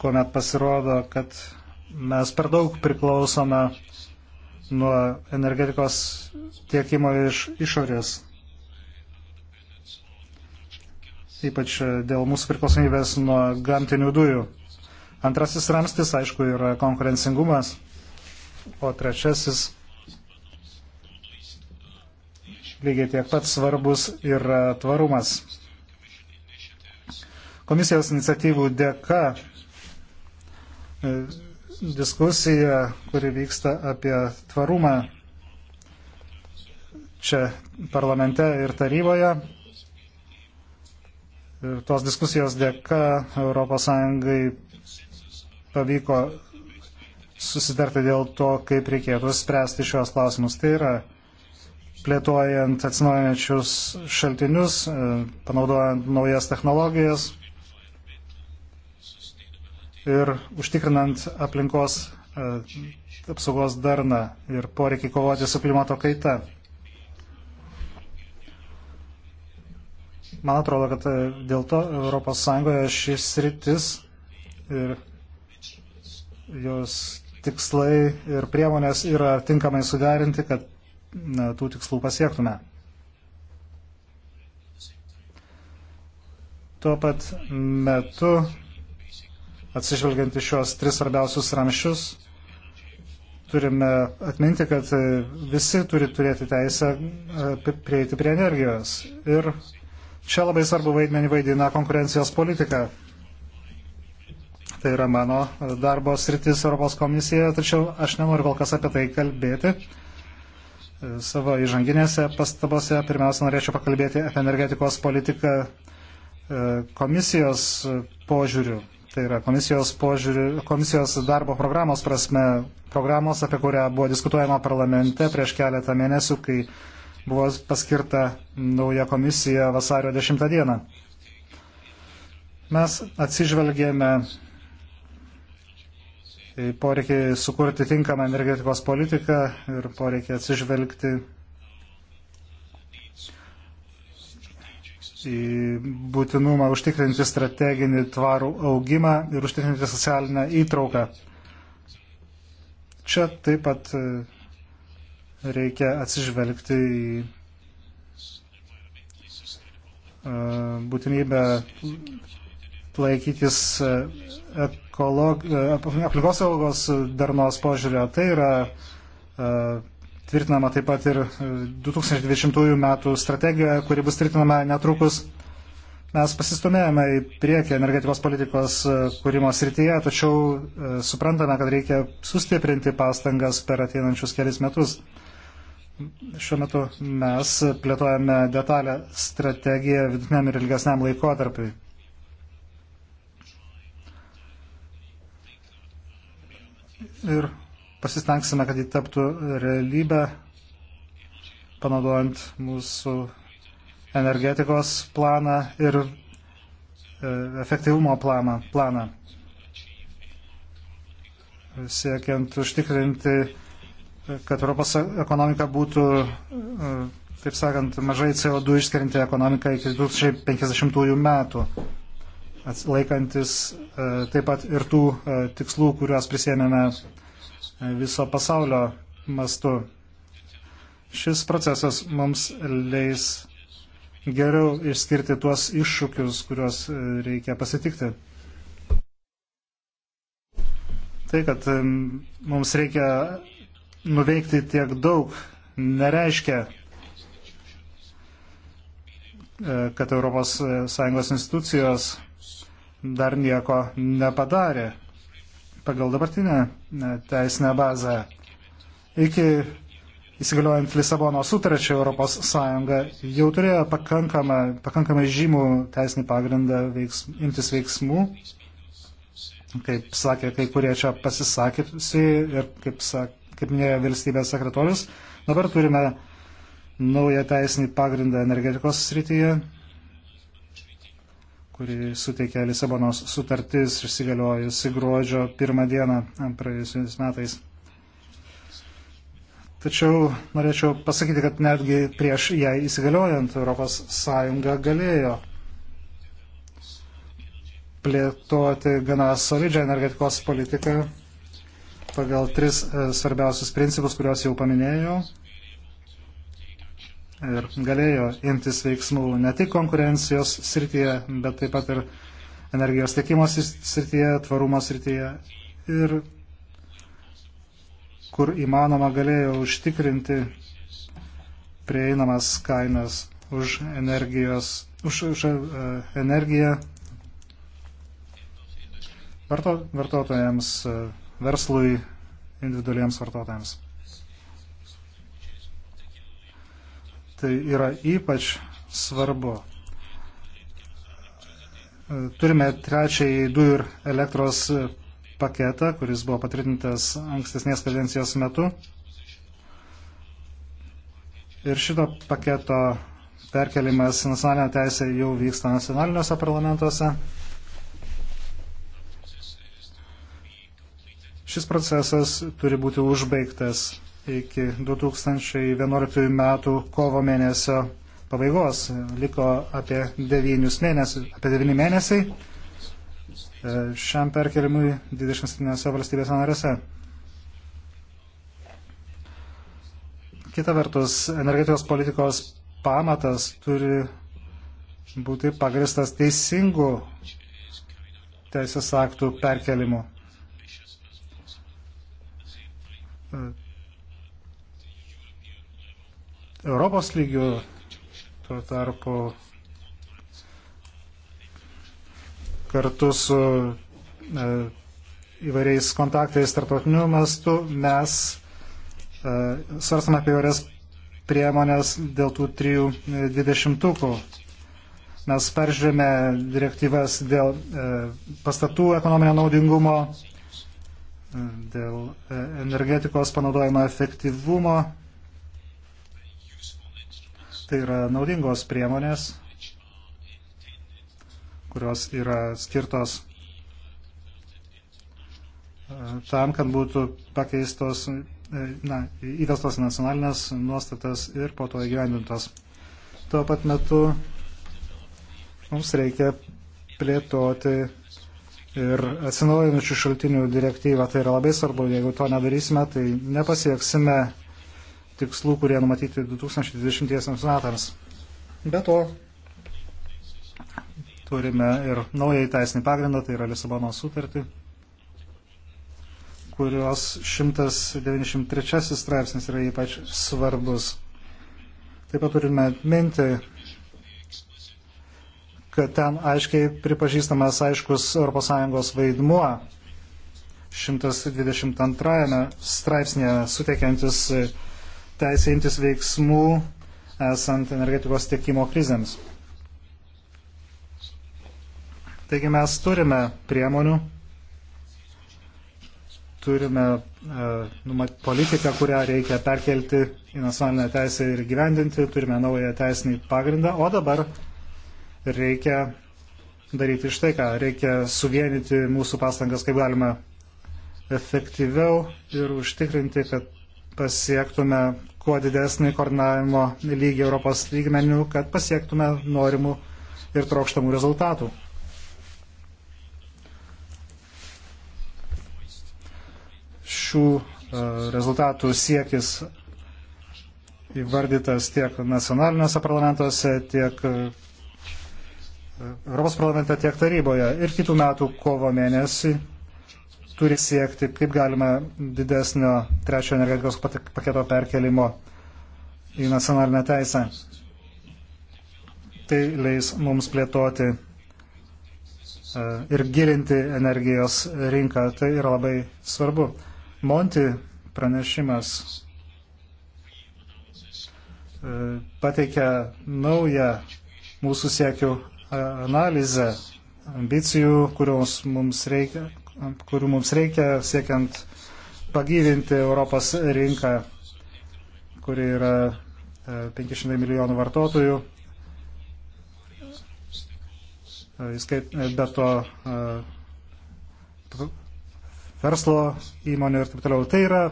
kuomet pasirodo, kad mes per daug priklausome nuo energetikos tiekimo iš išorės. ypač dėl mūsų priklausomybės nuo gamtinių dujų. Antrasis ramstis, aišku, yra konkurencingumas, o trečiasis lygiai tiek pat svarbus yra tvarumas. Komisijos iniciatyvų dėka e, diskusija, kuri vyksta apie tvarumą čia parlamente ir taryboje, Ir tos diskusijos dėka ES pavyko susitarti dėl to, kaip reikėtų spręsti šios klausimus. Tai yra plėtojant atsinaujančius šaltinius, e, panaudojant naujas technologijas ir užtikrinant aplinkos e, apsaugos darną ir poreikį kovoti su klimato kaita. Man atrodo, kad e, dėl to ES šis rytis ir jos tikslai ir priemonės yra tinkamai suderinti, kad na, tų tikslų pasiektume. Tuo pat metu, atsižvelgiant į šios tris svarbiausius ramščius, turime atminti, kad e, visi turi turėti teisę e, prieiti prie energijos. Ir Čia labai svarbu vaidmenį vaidina konkurencijos politika. Tai yra mano darbo sritis Europos komisijoje, tačiau aš nenoriu kol kas apie tai kalbėti. Savo įžanginėse pastabose pirmiausia norėčiau pakalbėti apie energetikos politiką e, komisijos požiūrių. Tai yra komisijos, požiūrių, komisijos darbo programos prasme, programos, apie kurią buvo diskutuojama parlamente prieš keletą mėnesių, kai buvo paskirta nauja komisija vasario 10 dieną. Mes atsižvelgėme į poreikį sukurti tinkamą energetikos politiką ir poreikį atsižvelgti į būtinumą užtikrinti strateginį tvarų augimą ir užtikrinti socialinę įtrauką. Čia taip pat reikia atsižvelgti į e, būtinybę laikytis e, ekolog... E, aplinkos saugos darnos požiūrio. Tai yra tvirtinama taip pat ir 2020 m. strategijoje, kuri bus tvirtinama netrukus. Mes pasistumėjome į priekį energetikos politikos kūrimo srityje, tačiau suprantame, kad reikia sustiprinti pastangas per ateinančius kelias metus šiuo metu mes plėtojame detalę strategiją vidutiniam ir ilgesniam laikotarpiui. Ir pasistengsime, kad jį taptų realybę, panaudojant mūsų energetikos planą ir e, efektyvumo planą, planą siekiant užtikrinti kad Europos ekonomika būtų, e, taip sakant, mažai CO2 išskirianti ekonomika iki 2050 metų, laikantis e, taip pat ir tų e, tikslų, kuriuos prisėmėme viso pasaulio mastu. Šis procesas mums leis geriau išskirti tuos iššūkius, kuriuos reikia pasitikti. Tai, kad mums reikia nuveikti tiek daug nereiškia, e, kad ES institucijos dar nieko nepadarė pagal dabartinę e, teisinę bazę. Iki įsigaliojant Lisabono sutarčiai ES jau turėjo pakankamą, pakankamai žymų teisinį pagrindą veiks, imtis veiksmų, kaip sakė kai kurie čia pasisakysi ir kaip sakė kaip minėjo valstybės sekretorius. Dabar turime naują teisinį pagrindą energetikos srityje, kurį suteikė Lisabonos sutartis išsigaliojusi gruodžio pirmą dieną praėjusiais metais. Tačiau norėčiau pasakyti, kad netgi prieš ją įsigaliojant ES galėjo plėtoti gana solidžią energetikos politiką pagal tris e, svarbiausius principus, kuriuos jau paminėjau. Ir galėjo imtis veiksmų ne tik konkurencijos srityje, bet taip pat ir energijos tiekimo srityje, tvarumo srityje. Ir kur įmanoma galėjo užtikrinti prieinamas kainas už, energijos, už, už uh, energiją varto, vartotojams. Uh, verslui, individualiems vartotojams. Tai yra ypač svarbu. Turime trečiąjį dujų ir elektros paketą, kuris buvo patvirtintas ankstesnės kadencijos metu. Ir šito paketo perkelimas į nacionalinę teisę jau vyksta nacionaliniuose parlamentuose. Šis procesas turi būti užbaigtas iki 2011 metų kovo mėnesio pabaigos. Liko apie 9 mėnesius, apie 9 mėnesiai e, šiam perkelimui 27 valstybės narėse. Kita vertus, energetijos politikos pamatas turi būti pagristas teisingų teisės aktų perkelimu. E, Europos lygių, tuo tarpu kartu su e, įvairiais kontaktais tarptautiniu mastu mes e, svarstame apie įvairias priemonės dėl tų trijų dvidešimtukų. Mes peržiūrėjome direktyvas dėl pastatų ekonominio naudingumo, dėl e, energetikos panaudojimo efektyvumo. Tai yra naudingos priemonės, kurios yra skirtos e, tam, kad būtų pakeistos, e, na, įvestos nacionalinės nuostatas ir po to įgyvendintos. Tuo pat metu mums reikia plėtoti ir atsinaujinančių šaltinių direktyvą. Tai yra labai svarbu, jeigu to nedarysime, tai nepasieksime tikslų, kurie numatyti 2020 metams. Be to, turime ir naują teisinį pagrindą, tai yra Lisabono sutartį, kurios 193 straipsnis yra ypač svarbus. Taip pat turime minti kad ten aiškiai pripažįstamas aiškus ES vaidmuo 122 straipsnėje suteikiantis e, teisėjantis veiksmų esant energetikos tiekimo krizėms. Taigi mes turime priemonių, turime e, numat, politiką, kurią reikia perkelti į nacionalinę teisę ir gyvendinti, turime naują teisinį pagrindą, o dabar reikia daryti štai ką. Reikia suvienyti mūsų pastangas kaip galima efektyviau ir užtikrinti, kad pasiektume kuo didesnį koordinavimo lygį Europos lygmenių, kad pasiektume norimų ir trokštamų rezultatų. Šių e, rezultatų siekis įvardytas tiek nacionaliniuose parlamentuose, tiek e, Europos parlamente, tiek taryboje ir kitų metų kovo mėnesį turi siekti, kaip galima didesnio trečiojo energetikos paketo perkelimo į nacionalinę teisę. Tai leis mums plėtoti e, ir gilinti energijos rinką. Tai yra labai svarbu. Monti pranešimas e, pateikia naują mūsų siekių analizę ambicijų, mums reikia, kurių mums reikia siekiant pagyvinti Europos rinką, kuri yra 500 e, milijonų vartotojų. E, įskait, e, be to verslo įmonių ir taip toliau. Tai yra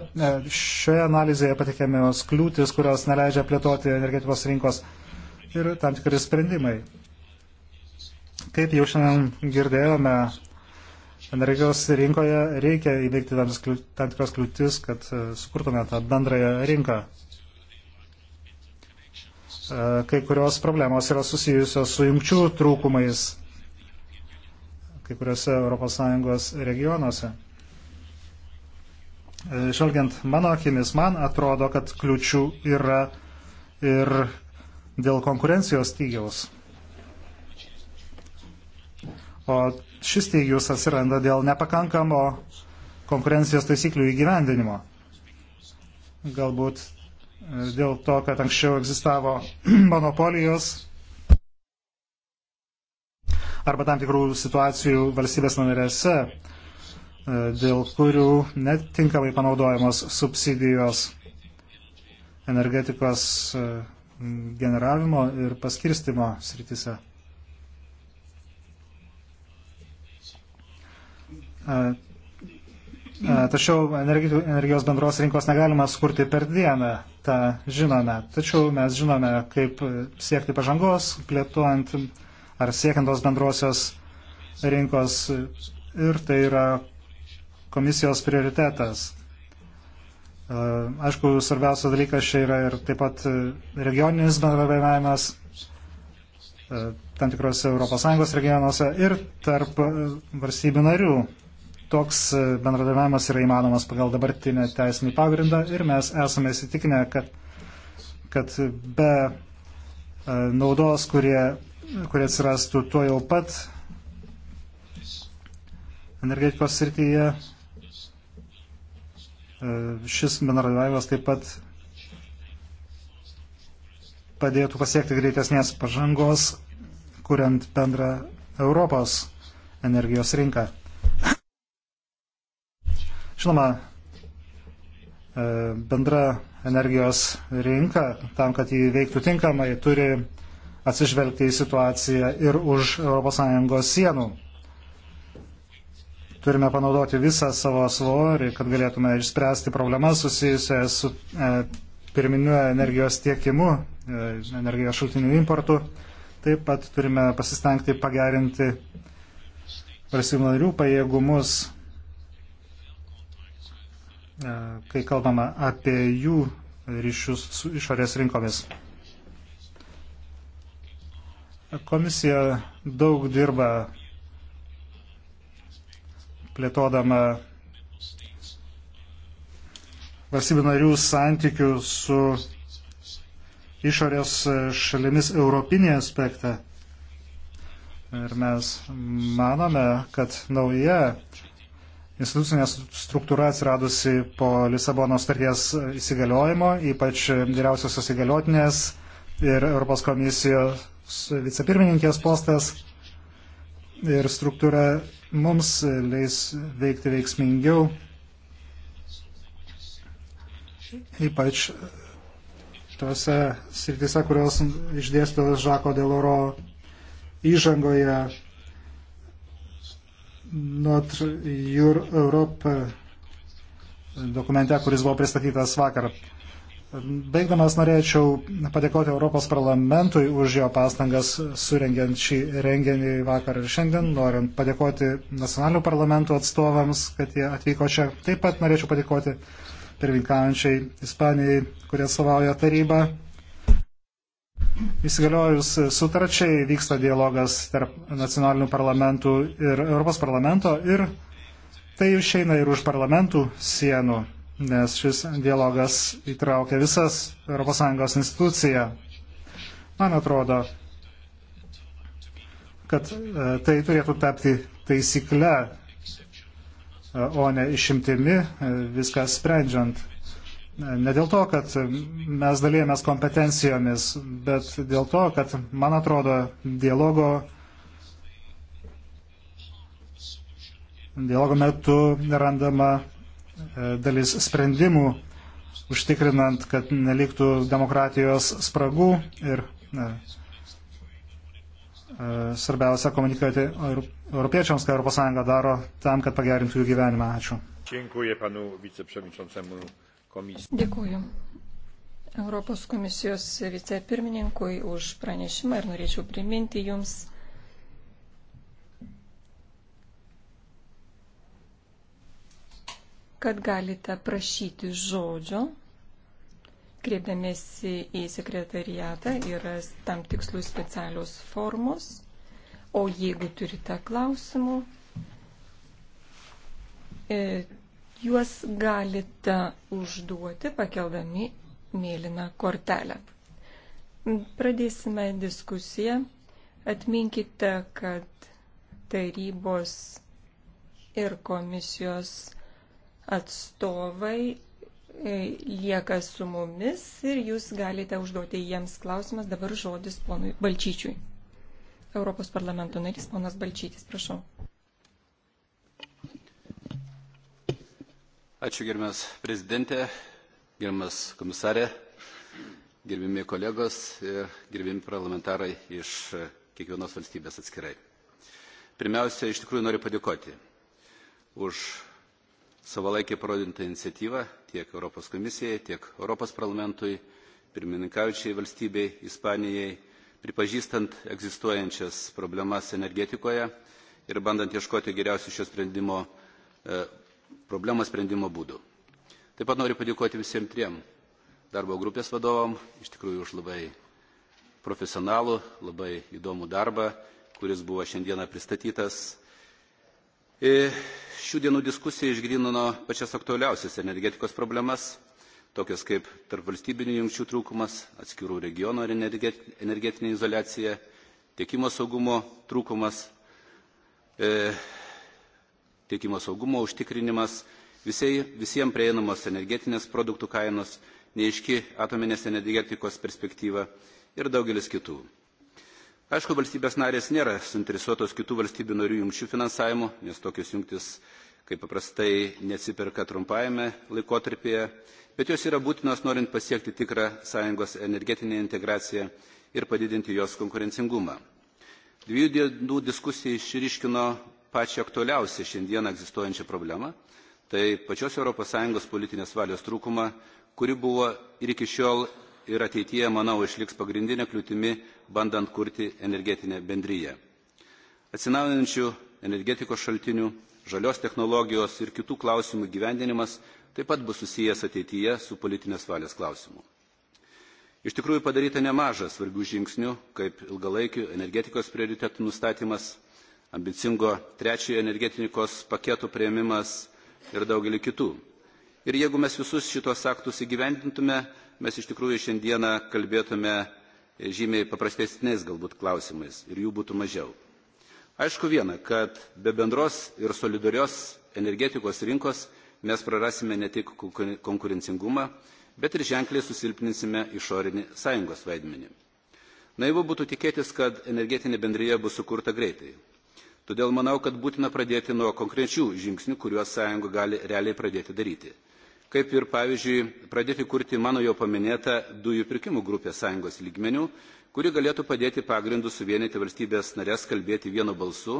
šioje analizėje patikėmios kliūtis, kurios neleidžia plėtoti energetikos rinkos ir tam tikri sprendimai. Kaip jau šiandien girdėjome, energijos rinkoje reikia įveikti tam tikras kliūtis, kad e, sukurtume tą bendrąją rinką. E, kai kurios problemos yra susijusios su jungčių trūkumais kai kuriuose ES regionuose. E, žvelgiant mano akimis, man atrodo, kad kliučių yra ir dėl konkurencijos tygiaus o šis teigius atsiranda dėl nepakankamo konkurencijos taisyklių įgyvendinimo. Galbūt e, dėl to, kad anksčiau egzistavo monopolijos arba tam tikrų situacijų valstybės narėse, e, dėl kurių netinkamai panaudojamos subsidijos energetikos e, generavimo ir paskirstimo srityse. Tačiau energijos bendros rinkos negalima skurti per dieną, tą žinome. Tačiau mes žinome, kaip siekti pažangos, plėtuojant ar siekiant tos bendrosios rinkos ir tai yra komisijos prioritetas. Aišku, svarbiausias dalykas čia yra ir taip pat regioninis bendradarbiavimas tam tikrose ES regionuose ir tarp valstybių narių toks e, bendradarbiavimas yra įmanomas pagal dabartinę teisinį pagrindą ir mes esame įsitikinę, kad, kad be e, naudos, kurie, kurie atsirastų tuo jau pat energetikos srityje, e, šis bendradarbiavimas taip pat padėtų pasiekti greitesnės pažangos, kuriant bendrą Europos energijos rinką. Žinoma, e, bendra energijos rinka, tam, kad jį veiktų tinkamai, turi atsižvelgti į situaciją ir už ES sienų. Turime panaudoti visą savo svorį, kad galėtume išspręsti problemas susijusią su e, pirminiu energijos tiekimu, e, energijos šaltinių importu. Taip pat turime pasistengti pagerinti valstybių narių pajėgumus E, kai kalbama apie jų ryšius su išorės rinkomis. Komisija daug dirba plėtodama valstybių narių santykių su išorės šalimis europinį aspektą. Ir mes manome, kad nauja institucinė struktūra atsiradusi po Lisabono starties įsigaliojimo, ypač vyriausiosios įgaliotinės ir Europos komisijos vicepirmininkės postas ir struktūra mums leis veikti veiksmingiau, ypač tose srityse, kurios išdėstytos Žako Deloro įžangoje Notre Europe dokumente, kuris buvo pristatytas vakar. Baigdamas norėčiau padėkoti Europos parlamentui už jo pastangas surengiant šį renginį vakar ir šiandien. Noriu padėkoti nacionalinių parlamentų atstovams, kad jie atvyko čia. Taip pat norėčiau padėkoti pirminkaujančiai Ispanijai, kurie savauja tarybą Įsigaliojus sutarčiai vyksta dialogas tarp nacionalinių parlamentų ir Europos parlamento ir tai išeina ir už parlamentų sienų, nes šis dialogas įtraukia visas ES instituciją. Man atrodo, kad e, tai turėtų tapti taisykle, e, o ne išimtimi e, viskas sprendžiant. Ne dėl to, kad mes dalėjomės kompetencijomis, bet dėl to, kad, man atrodo, dialogo, dialogo metu randama e, dalis sprendimų, užtikrinant, kad neliktų demokratijos spragų ir ne, svarbiausia komunikuoti europiečiams, ką ES daro tam, kad pagerintų jų gyvenimą. Ačiū. Dziękuję panu wiceprzewodniczącemu komisijos. Dėkuoju. Europos komisijos vicepirmininkui už pranešimą ir norėčiau priminti jums, kad galite prašyti žodžio, kreipdamėsi į sekretariatą yra tam tikslų specialios formos, o jeigu turite klausimų, e, Juos galite užduoti pakeldami mėlyną kortelę. Pradėsime diskusiją. Atminkite, kad tarybos ir komisijos atstovai e, lieka su mumis ir jūs galite užduoti jiems klausimas. Dabar žodis ponui Balčyčiui. Europos parlamento narys ponas Balčytis, prašau. Ačiū gerbiamas prezidentė, gerbiamas komisarė, gerbimi kolegos ir gerbimi parlamentarai iš kiekvienos valstybės atskirai. Pirmiausia, iš tikrųjų noriu padėkoti už savalaikį parodintą iniciatyvą tiek Europos komisijai, tiek Europos parlamentui, pirmininkaučiai valstybei, Ispanijai, pripažįstant egzistuojančias problemas energetikoje ir bandant ieškoti geriausių šio sprendimo e, problemos sprendimo būdų. Taip pat noriu padėkoti visiems triem darbo grupės vadovom, iš tikrųjų už labai profesionalų, labai įdomų darbą, kuris buvo šiandieną pristatytas. E, šių dienų diskusija išgrinino pačias aktualiausias energetikos problemas, tokias kaip tarpvalstybinių jungčių trūkumas, atskirų regionų ar energetinė izolacija, tiekimo saugumo trūkumas, e, tiekimo saugumo užtikrinimas, visiai, visiems prieinamos energetinės produktų kainos, neiški atominės energetikos perspektyva ir daugelis kitų. Aišku, valstybės narės nėra suinteresuotos kitų valstybių narių jungčių finansavimu, nes tokios jungtis, kaip paprastai, neatsiperka trumpajame laikotarpyje, bet jos yra būtinos norint pasiekti tikrą sąjungos energetinę integraciją ir padidinti jos konkurencingumą. Dviejų dienų diskusija išryškino pačią aktualiausią šiandien egzistuojančią problemą tai pačios ES politinės valios trūkumą, kuri buvo ir iki šiol ir ateityje, manau, išliks pagrindinė kliūtimi, bandant kurti energetinę bendryją. Atsinaujinančių energetikos šaltinių, žalios technologijos ir kitų klausimų gyvendinimas taip pat bus susijęs ateityje su politinės valios klausimu. Iš tikrųjų padaryta nemaža svarbių žingsnių, kaip ilgalaikių energetikos prioritetų nustatymas – ambicingo trečiojo energetikos paketo prieimimas ir daugelį kitų. Ir jeigu mes visus šitos aktus įgyvendintume, mes iš tikrųjų šiandieną kalbėtume e, žymiai paprastesniais galbūt klausimais ir jų būtų mažiau. Aišku viena, kad be bendros ir solidarios energetikos rinkos mes prarasime ne tik konkurencingumą, bet ir ženkliai susilpninsime išorinį sąjungos vaidmenį. Naivu būtų tikėtis, kad energetinė bendryje bus sukurta greitai. Todėl manau, kad būtina pradėti nuo konkrečių žingsnių, kuriuos sąjunga gali realiai pradėti daryti. Kaip ir, pavyzdžiui, pradėti kurti mano jau paminėtą dujų pirkimų grupę sąjungos lygmenių, kuri galėtų padėti pagrindus suvienyti valstybės narės kalbėti vienu balsu,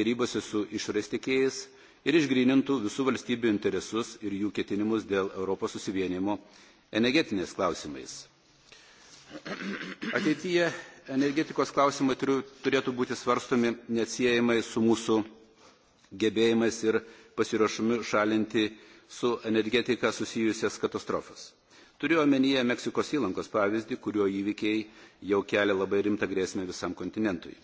dėrybose su išorės tiekėjais ir išgrinintų visų valstybių interesus ir jų ketinimus dėl Europos susivienimo energetinės klausimais. Ateityje energetikos klausimai turėtų būti svarstomi neatsiejamai su mūsų gebėjimais ir pasiruošimu šalinti su energetika susijusias katastrofas. Turiu omenyje Meksikos įlankos pavyzdį, kurio įvykiai jau kelia labai rimtą grėsmę visam kontinentui.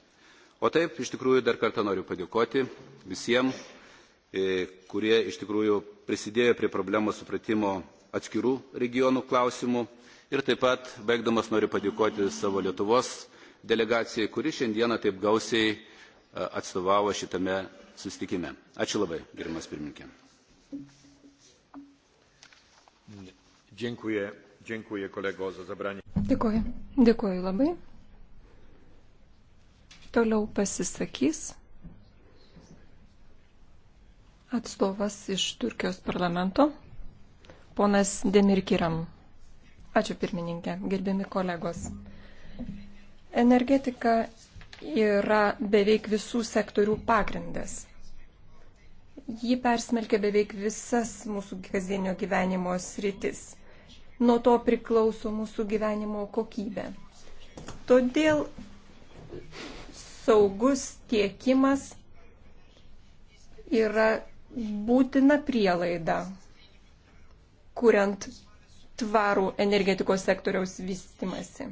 O taip, iš tikrųjų, dar kartą noriu padėkoti visiems, e, kurie iš tikrųjų prisidėjo prie problemos supratimo atskirų regionų klausimų Ir taip pat, baigdamas, noriu padėkoti savo Lietuvos delegacijai, kuri šiandieną taip gausiai e, atstovavo šitame susitikime. Ačiū labai, gerimas pirmininkė. Dziękuję, dziękuję kolego za zabranie. Dėkuoju. Dėkuoju labai. Toliau pasisakys atstovas iš Turkijos parlamento, ponas Demirkiram. Ačiū pirmininkė, gerbiami kolegos. Energetika yra beveik visų sektorių pagrindas. Ji persmelkia beveik visas mūsų kasdienio gyvenimo sritis. Nuo to priklauso mūsų gyvenimo kokybė. Todėl saugus tiekimas yra būtina prielaida, kuriant tvarų energetikos sektoriaus vystimasi.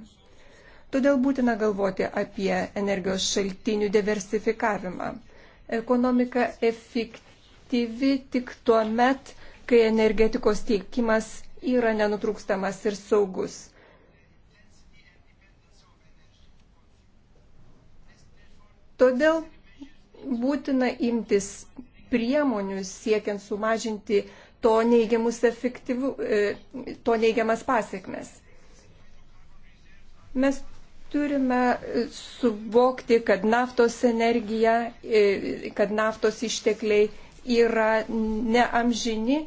Todėl būtina galvoti apie energijos šaltinių diversifikavimą. Ekonomika efektyvi tik tuo met, kai energetikos tiekimas yra nenutrūkstamas ir saugus. Todėl būtina imtis priemonių siekiant sumažinti uh, to, efektyvų, e, to neigiamas pasiekmes. Mes turime e, suvokti, kad naftos energija, e, kad naftos ištekliai yra neamžini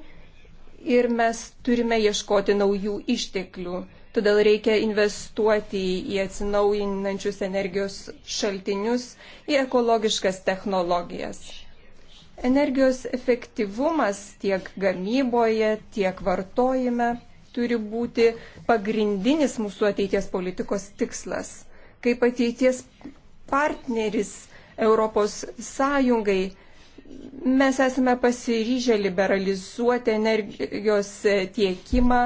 ir mes turime ieškoti naujų išteklių. Todėl reikia investuoti į atsinaujinančius energijos šaltinius, į ekologiškas technologijas. Energijos efektyvumas tiek gamyboje, tiek vartojime turi būti pagrindinis mūsų ateities politikos tikslas. Kaip ateities partneris Europos Sąjungai mes esame pasiryžę liberalizuoti energijos e, tiekimą,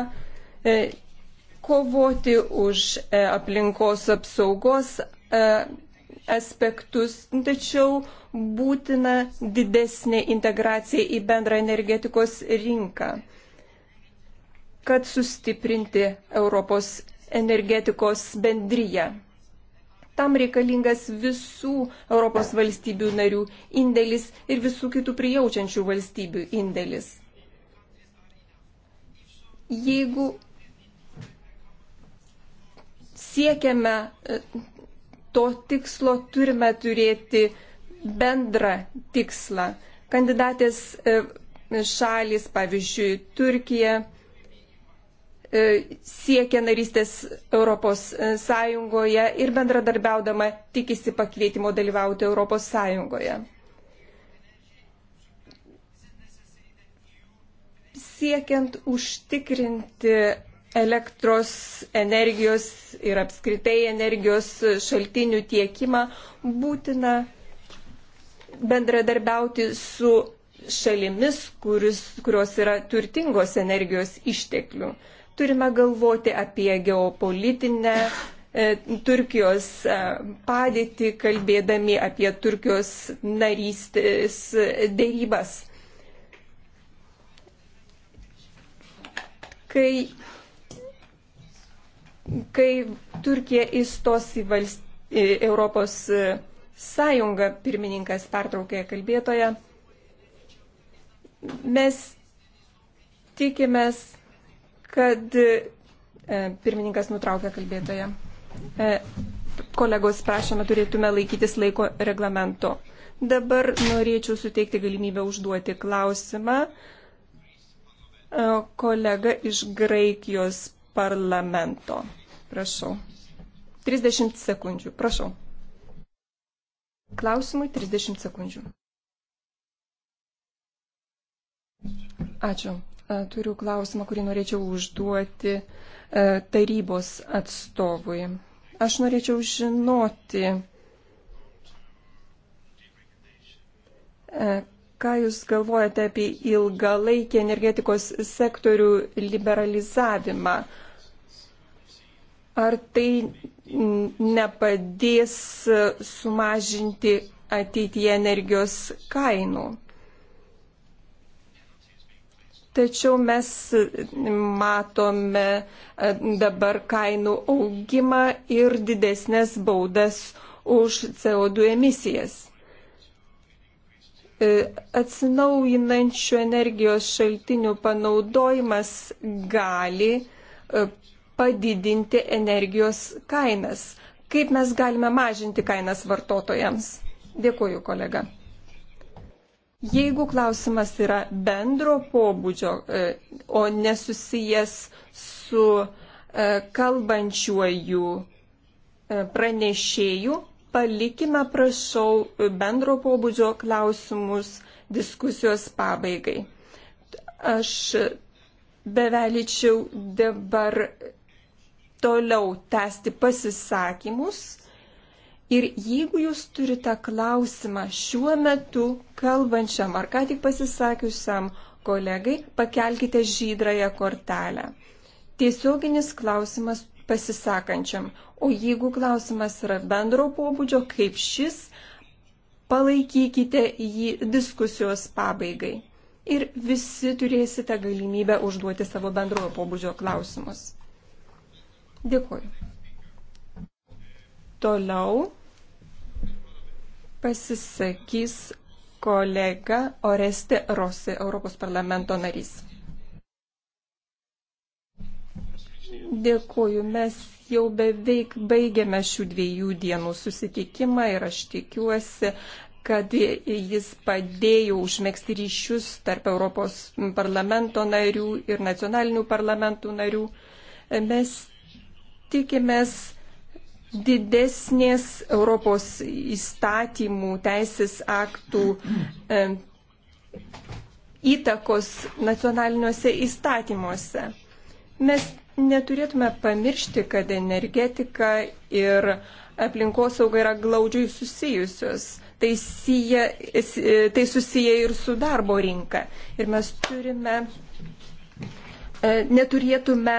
e, kovoti už e, aplinkos apsaugos aspektus, nu, tačiau būtina didesnė integracija į bendrą energetikos rinką, kad sustiprinti Europos energetikos bendryje. Tam reikalingas visų Europos valstybių narių indėlis ir visų kitų prijaučiančių valstybių indėlis. Jeigu siekiame to tikslo turime turėti bendrą tikslą. Kandidatės e, šalis, pavyzdžiui, Turkija e, siekia narystės Europos Sąjungoje ir bendradarbiaudama tikisi pakvietimo dalyvauti Europos Sąjungoje. Siekiant užtikrinti elektros energijos ir apskritai energijos šaltinių tiekimą, būtina bendradarbiauti su šalimis, kuris, kurios yra turtingos energijos išteklių. Turime galvoti apie geopolitinę e, Turkijos e, padėtį, kalbėdami apie Turkijos narystės dėrybas. Kai Kai Turkija įstos į valst... Europos e, sąjungą, pirmininkas pertraukė kalbėtoje, mes tikimės, kad e, pirmininkas nutraukė kalbėtoje. Kolegos, prašome, turėtume laikytis laiko reglamento. Dabar norėčiau suteikti galimybę užduoti klausimą. E, kolega iš Graikijos parlamento. Prašau. 30 sekundžių. Prašau. Klausimui 30 sekundžių. Ačiū. E, turiu klausimą, kurį norėčiau užduoti e, tarybos atstovui. Aš norėčiau žinoti, e, Ką Jūs galvojate apie ilgalaikį energetikos sektorių liberalizavimą? Ar tai nepadės sumažinti ateityje energijos kainų? Tačiau mes matome e, dabar kainų augimą ir didesnės baudas už CO2 emisijas. E, atsinaujinančių energijos šaltinių panaudojimas gali e, padidinti energijos kainas. Kaip mes galime mažinti kainas vartotojams? Dėkuoju, kolega. Jeigu klausimas yra bendro pobūdžio, e, o nesusijęs su kalbančiuoju pranešėjų, palikime, prašau, bendro pobūdžio klausimus diskusijos pabaigai. Aš bevelyčiau dabar toliau tęsti pasisakymus. Ir jeigu jūs turite klausimą šiuo metu kalbančiam ar ką tik pasisakiusiam kolegai, pakelkite žydrąją kortelę. Tiesioginis klausimas pasisakančiam, O jeigu klausimas yra bendro pobūdžio, kaip šis, palaikykite jį diskusijos pabaigai. Ir visi turėsite galimybę užduoti savo bendrojo pobūdžio klausimus. Dėkuoju. Toliau pasisakys kolega Oreste Rosi, Europos parlamento narys. Dėkuoju, mes jau beveik baigėme šių dviejų dienų susitikimą ir aš tikiuosi, kad jis padėjo užmėgsti ryšius tarp Europos parlamento narių ir nacionalinių parlamentų narių. Mes tikimės didesnės Europos įstatymų, teisės aktų įtakos nacionaliniuose įstatymuose. Mes neturėtume pamiršti, kad energetika ir aplinkosauga yra glaudžiai susijusios. Tai, sija, tai susiję ir su darbo rinka. Ir mes turime, e, neturėtume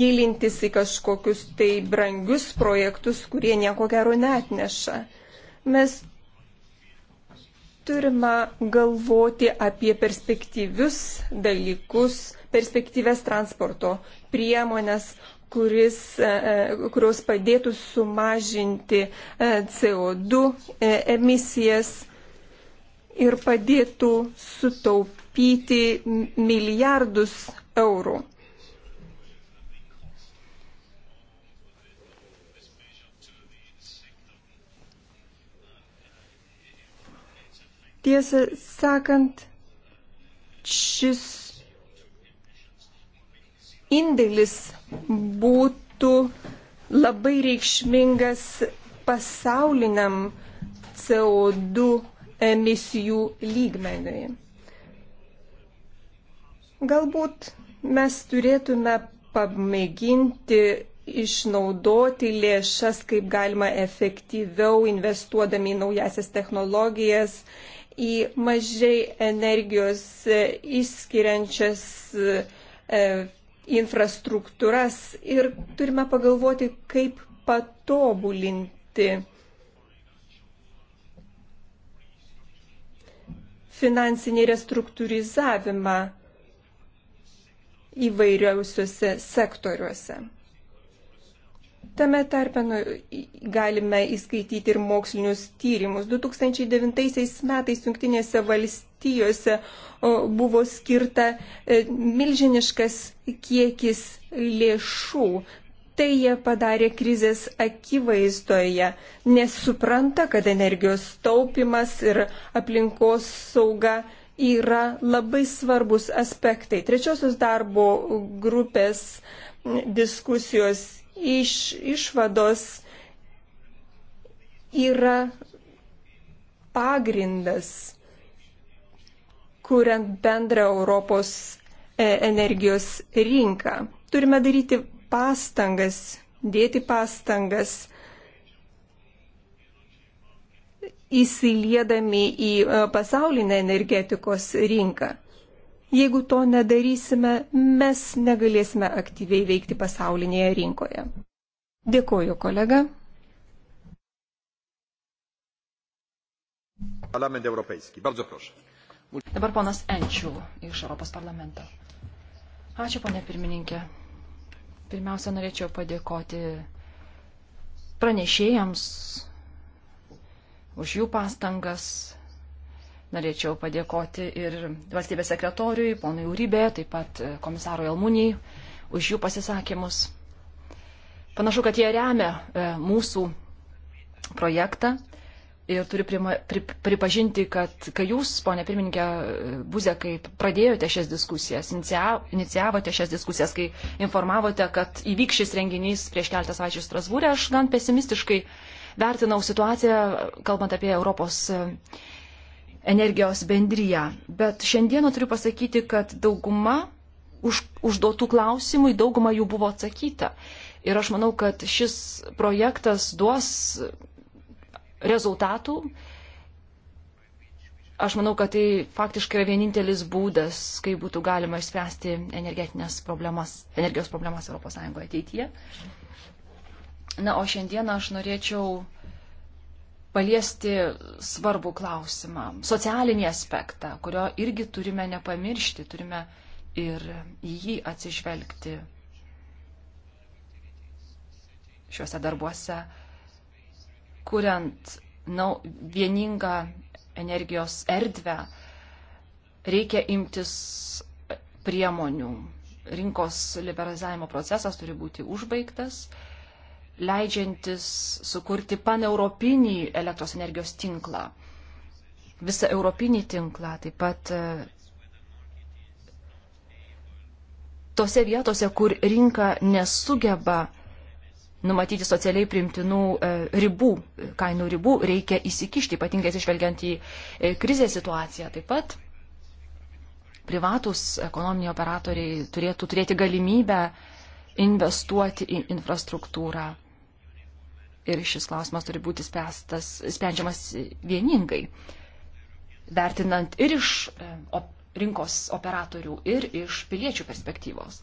gilintis į kažkokius tai brangius projektus, kurie nieko gero netneša. Mes turime galvoti apie perspektyvius dalykus, perspektyves transporto priemonės, kuris, e, e, kurios padėtų sumažinti e, CO2 emisijas ir padėtų sutaupyti milijardus eurų. Tiesą sakant, šis indėlis būtų labai reikšmingas pasauliniam CO2 emisijų lygmeniui. Galbūt mes turėtume pamėginti išnaudoti lėšas kaip galima efektyviau investuodami į naujasias technologijas, į mažai energijos įskiriančias e, e, infrastruktūras ir turime pagalvoti, kaip patobulinti finansinį restruktūrizavimą įvairiausiuose sektoriuose. Tame tarpe nu, galime įskaityti ir mokslinius tyrimus. 2009 metais Junktinėse valstijose buvo skirta e, milžiniškas kiekis lėšų. Tai jie padarė krizės akivaizdoje, nes supranta, kad energijos taupimas ir aplinkos sauga yra labai svarbus aspektai. Trečiosios darbo grupės diskusijos iš, išvados yra pagrindas, kuriant bendrą Europos e, energijos rinką. Turime daryti pastangas, dėti pastangas įsiliedami į e, pasaulinę energetikos rinką. Jeigu to nedarysime, mes negalėsime aktyviai veikti pasaulinėje rinkoje. Dėkoju, kolega. Parlament Europejski. Bardzo proszę. Dabar ponas Enčių iš Europos parlamento. Ačiū, ponė pirmininkė. Pirmiausia, norėčiau padėkoti pranešėjams už jų pastangas Norėčiau padėkoti ir valstybės sekretoriui, ponui Urybė, taip pat e, komisarui Almūnijai už jų pasisakymus. Panašu, kad jie remia e, mūsų projektą ir turiu prima, pri, pripažinti, kad kai jūs, ponė pirmininkė e, Buzekai, pradėjote šias diskusijas, inicijavote šias diskusijas, kai informavote, kad įvyks šis renginys prieš keltą savaičių Strasbūrė, aš gan pesimistiškai vertinau situaciją, kalbant apie Europos energijos bendryje. Bet šiandieną turiu pasakyti, kad dauguma už, užduotų klausimų, dauguma jų buvo atsakyta. Ir aš manau, kad šis projektas duos rezultatų. Aš manau, kad tai faktiškai yra vienintelis būdas, kaip būtų galima išspręsti energetinės problemas, energijos problemas ES ateityje. Na, o šiandieną aš norėčiau paliesti svarbų klausimą - socialinį aspektą, kurio irgi turime nepamiršti, turime ir į jį atsižvelgti šiuose darbuose, kuriant na, vieningą energijos erdvę, reikia imtis priemonių. Rinkos liberalizavimo procesas turi būti užbaigtas leidžiantis sukurti paneuropinį elektros energijos tinklą, visą europinį tinklą, taip pat e, tose vietose, kur rinka nesugeba numatyti socialiai primtinų e, ribų, kainų ribų, reikia įsikišti, ypatingai atsižvelgiant į e, krizės situaciją. Taip pat privatus ekonominiai operatoriai turėtų turėti galimybę investuoti į infrastruktūrą ir šis klausimas turi būti spęstas, sprendžiamas vieningai, vertinant ir iš e, op, rinkos operatorių, ir iš piliečių perspektyvos.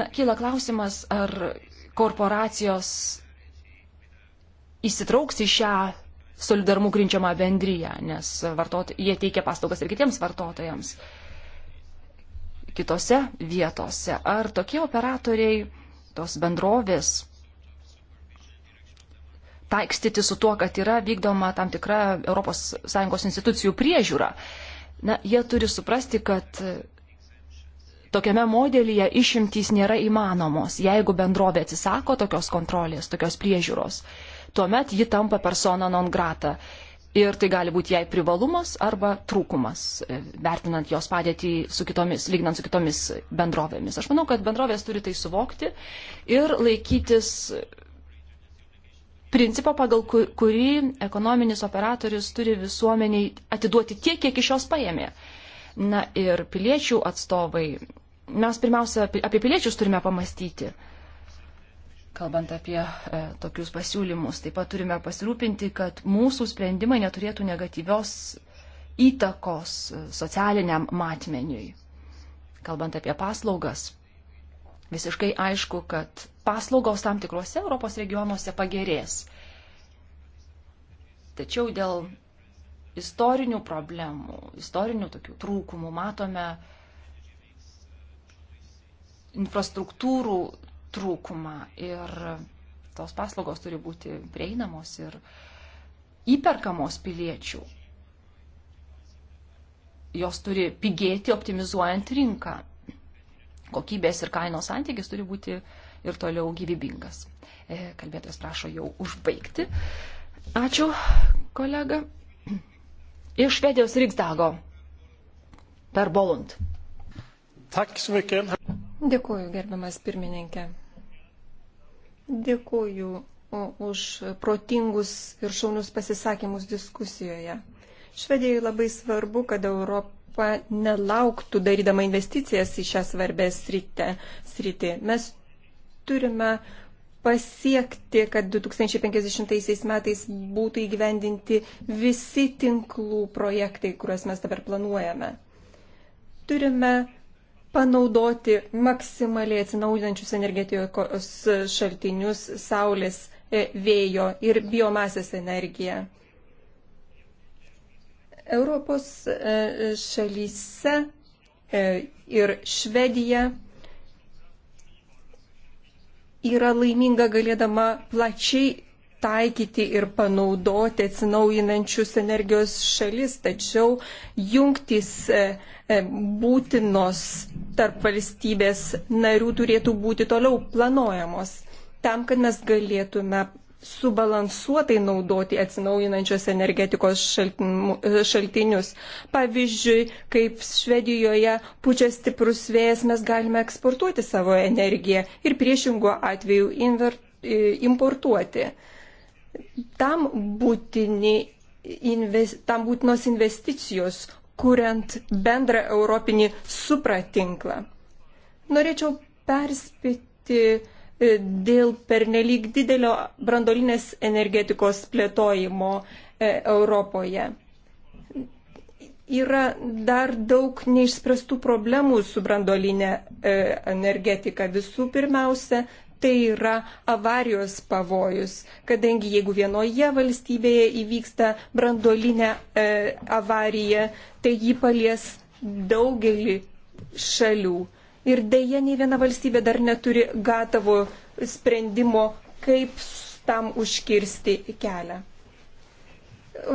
Na, kyla klausimas, ar korporacijos įsitrauks į šią solidarumų grindžiamą bendryją, nes vartot, jie teikia paslaugas ir kitiems vartotojams kitose vietose. Ar tokie operatoriai, tos bendrovės taikstyti su tuo, kad yra vykdoma tam tikra ES institucijų priežiūra. Na, jie turi suprasti, kad tokiame modelyje išimtys nėra įmanomos. Jeigu bendrovė atsisako tokios kontrolės, tokios priežiūros, tuomet ji tampa persona non grata. Ir tai gali būti jai privalumas arba trūkumas, e, vertinant jos padėtį su kitomis, lyginant su kitomis bendrovėmis. Aš manau, kad bendrovės turi tai suvokti ir laikytis principą, pagal kurį ekonominis operatorius turi visuomeniai atiduoti tiek, kiek iš jos paėmė. Na ir piliečių atstovai, mes pirmiausia apie piliečius turime pamastyti. Kalbant apie e, tokius pasiūlymus, taip pat turime pasirūpinti, kad mūsų sprendimai neturėtų negatyvios įtakos e, socialiniam matmeniui. Kalbant apie paslaugas, visiškai aišku, kad paslaugos tam tikrose Europos regionuose pagerės. Tačiau dėl istorinių problemų, istorinių tokių trūkumų matome infrastruktūrų trūkumą ir tos paslaugos turi būti prieinamos ir įperkamos piliečių. Jos turi pigėti optimizuojant rinką kokybės ir kainos santykis turi būti ir toliau gyvybingas. E, kalbėtojas prašo jau užbaigti. Ačiū, kolega. Iš Švedijos Riksdago. Per Bolund. Dėkuoju, gerbiamas pirmininkė. Dėkuoju už protingus ir šaunius pasisakymus diskusijoje. Švedijai labai svarbu, kad Europa Europa nelauktų darydama investicijas į šią svarbę sritį. Mes turime pasiekti, kad 2050 metais būtų įgyvendinti visi tinklų projektai, kuriuos mes dabar planuojame. Turime panaudoti maksimaliai atsinaujinančius energetijos šaltinius, saulės, e, vėjo ir biomasės energiją. Europos e, šalyse e, ir Švedija yra laiminga galėdama plačiai taikyti ir panaudoti atsinaujinančius energijos šalis, tačiau jungtis e, būtinos tarp valstybės narių turėtų būti toliau planuojamos tam, kad mes galėtume subalansuotai naudoti atsinaujinančios energetikos šaltinius. Pavyzdžiui, kaip Švedijoje pučia stiprus vėjas, mes galime eksportuoti savo energiją ir priešingo atveju importuoti. Tam, būtini, invest, tam būtinos investicijos, kuriant bendrą europinį supratinklą. Norėčiau perspėti dėl pernelyg didelio brandolinės energetikos plėtojimo e, Europoje. Yra dar daug neišspręstų problemų su brandolinė e, energetika. Visų pirmiausia, tai yra avarijos pavojus, kadangi jeigu vienoje valstybėje įvyksta brandolinė e, avarija, tai jį palies daugelį šalių. E, Ir dėja, nei viena valstybė dar neturi gatavo sprendimo, kaip tam užkirsti kelią.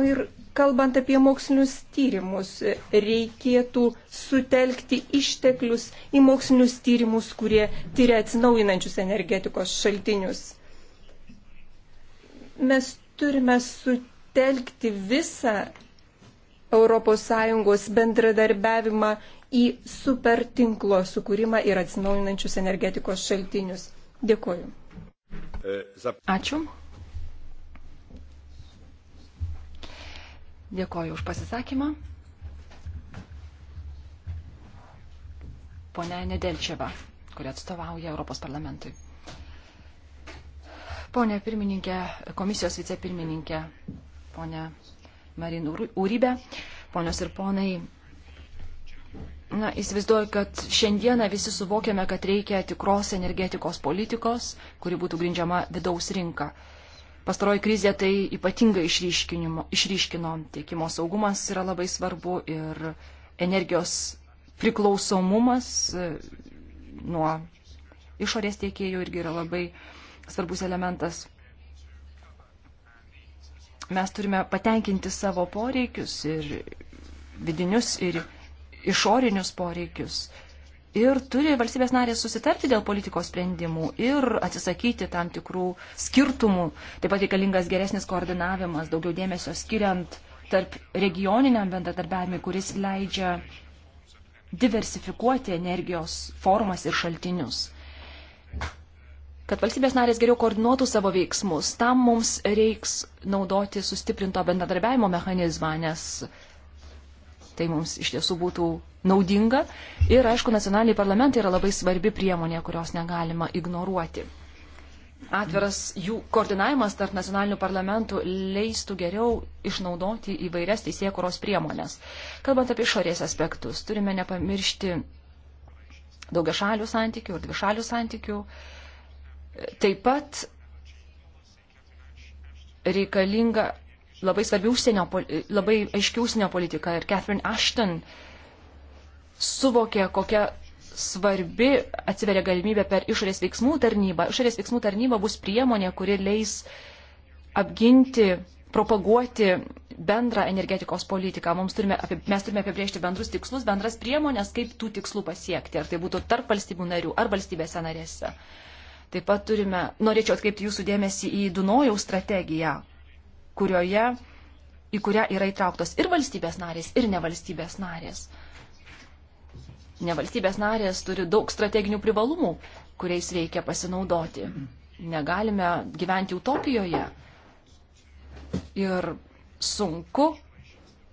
Ir kalbant apie mokslinius tyrimus, reikėtų sutelkti išteklius į mokslinius tyrimus, kurie tyria atsinaujinančius energetikos šaltinius. Mes turime sutelkti visą ES bendradarbiavimą į supertinklo sukūrimą ir atsinaujinančius energetikos šaltinius. Dėkuoju. E, Ačiū. Dėkoju už pasisakymą. Pone Nedelčiava, kuri atstovauja Europos parlamentui. Pone pirmininkė, komisijos vicepirmininkė, pone Marin Urybė, ponios ir ponai, Na, įsivaizduoju, kad šiandieną visi suvokiame, kad reikia tikros energetikos politikos, kuri būtų grindžiama vidaus rinka. Pastaroji krizė tai ypatingai išryškino. Tiekimo saugumas yra labai svarbu ir energijos priklausomumas e, nuo išorės tiekėjų irgi yra labai svarbus elementas. Mes turime patenkinti savo poreikius ir vidinius ir išorės išorinius poreikius. Ir turi valstybės narės susitarti dėl politikos sprendimų ir atsisakyti tam tikrų skirtumų. Taip pat reikalingas geresnis koordinavimas, daugiau dėmesio skiriant tarp regioniniam bendradarbiavimui, kuris leidžia diversifikuoti energijos formas ir šaltinius. Kad valstybės narės geriau koordinuotų savo veiksmus, tam mums reiks naudoti sustiprinto bendradarbiavimo mechanizmą, nes Tai mums iš tiesų būtų naudinga. Ir, aišku, nacionaliniai parlamentai yra labai svarbi priemonė, kurios negalima ignoruoti. Atviras jų koordinavimas tarp nacionalinių parlamentų leistų geriau išnaudoti įvairias teisėkuros priemonės. Kalbant apie išorės aspektus, turime nepamiršti daugia šalių santykių ir dvišalių santykių. Taip pat reikalinga labai svarbi užsienio, labai aiški užsienio politika ir Catherine Ashton suvokė, kokia svarbi atsiveria galimybė per išorės veiksmų tarnybą. Išorės veiksmų tarnyba bus priemonė, kuri leis apginti, propaguoti bendrą energetikos politiką. Mums turime, mes turime apibriežti bendrus tikslus, bendras priemonės, kaip tų tikslų pasiekti. Ar tai būtų tarp valstybių narių ar valstybėse narėse. Taip pat turime, norėčiau atkreipti jūsų dėmesį į Dunojaus strategiją, kurioje, į kurią yra įtrauktos ir valstybės narės, ir nevalstybės narės. Nevalstybės narės turi daug strateginių privalumų, kuriais reikia pasinaudoti. Negalime gyventi utopijoje. Ir sunku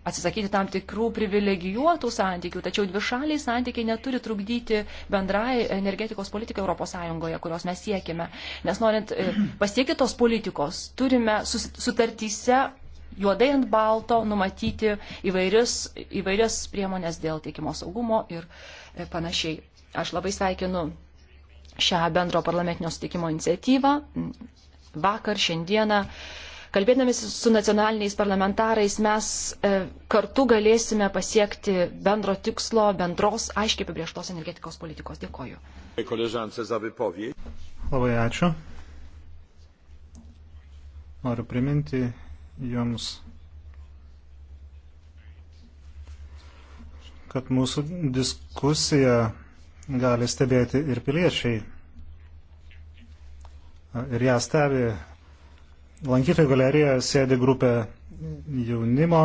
atsisakyti tam tikrų privilegijuotų santykių, tačiau dvišaliai santykiai neturi trukdyti bendrai energetikos politikai ES, kurios mes siekime. Nes norint e, pasiekti tos politikos, turime sutartyse juodai ant balto numatyti įvairius, įvairias priemonės dėl teikimo saugumo ir e, panašiai. Aš labai sveikinu šią bendro parlamentinio sutikimo iniciatyvą. Vakar, šiandieną uh, Kalbėdami su nacionaliniais parlamentarais mes e, kartu galėsime pasiekti bendro tikslo, bendros, aiškiai apibrieštos energetikos politikos. Dėkoju. Labai ačiū. Noriu priminti jums, kad mūsų diskusiją gali stebėti ir piliečiai. Ir ją stebi Lankytojų galerijoje sėdi grupė jaunimo.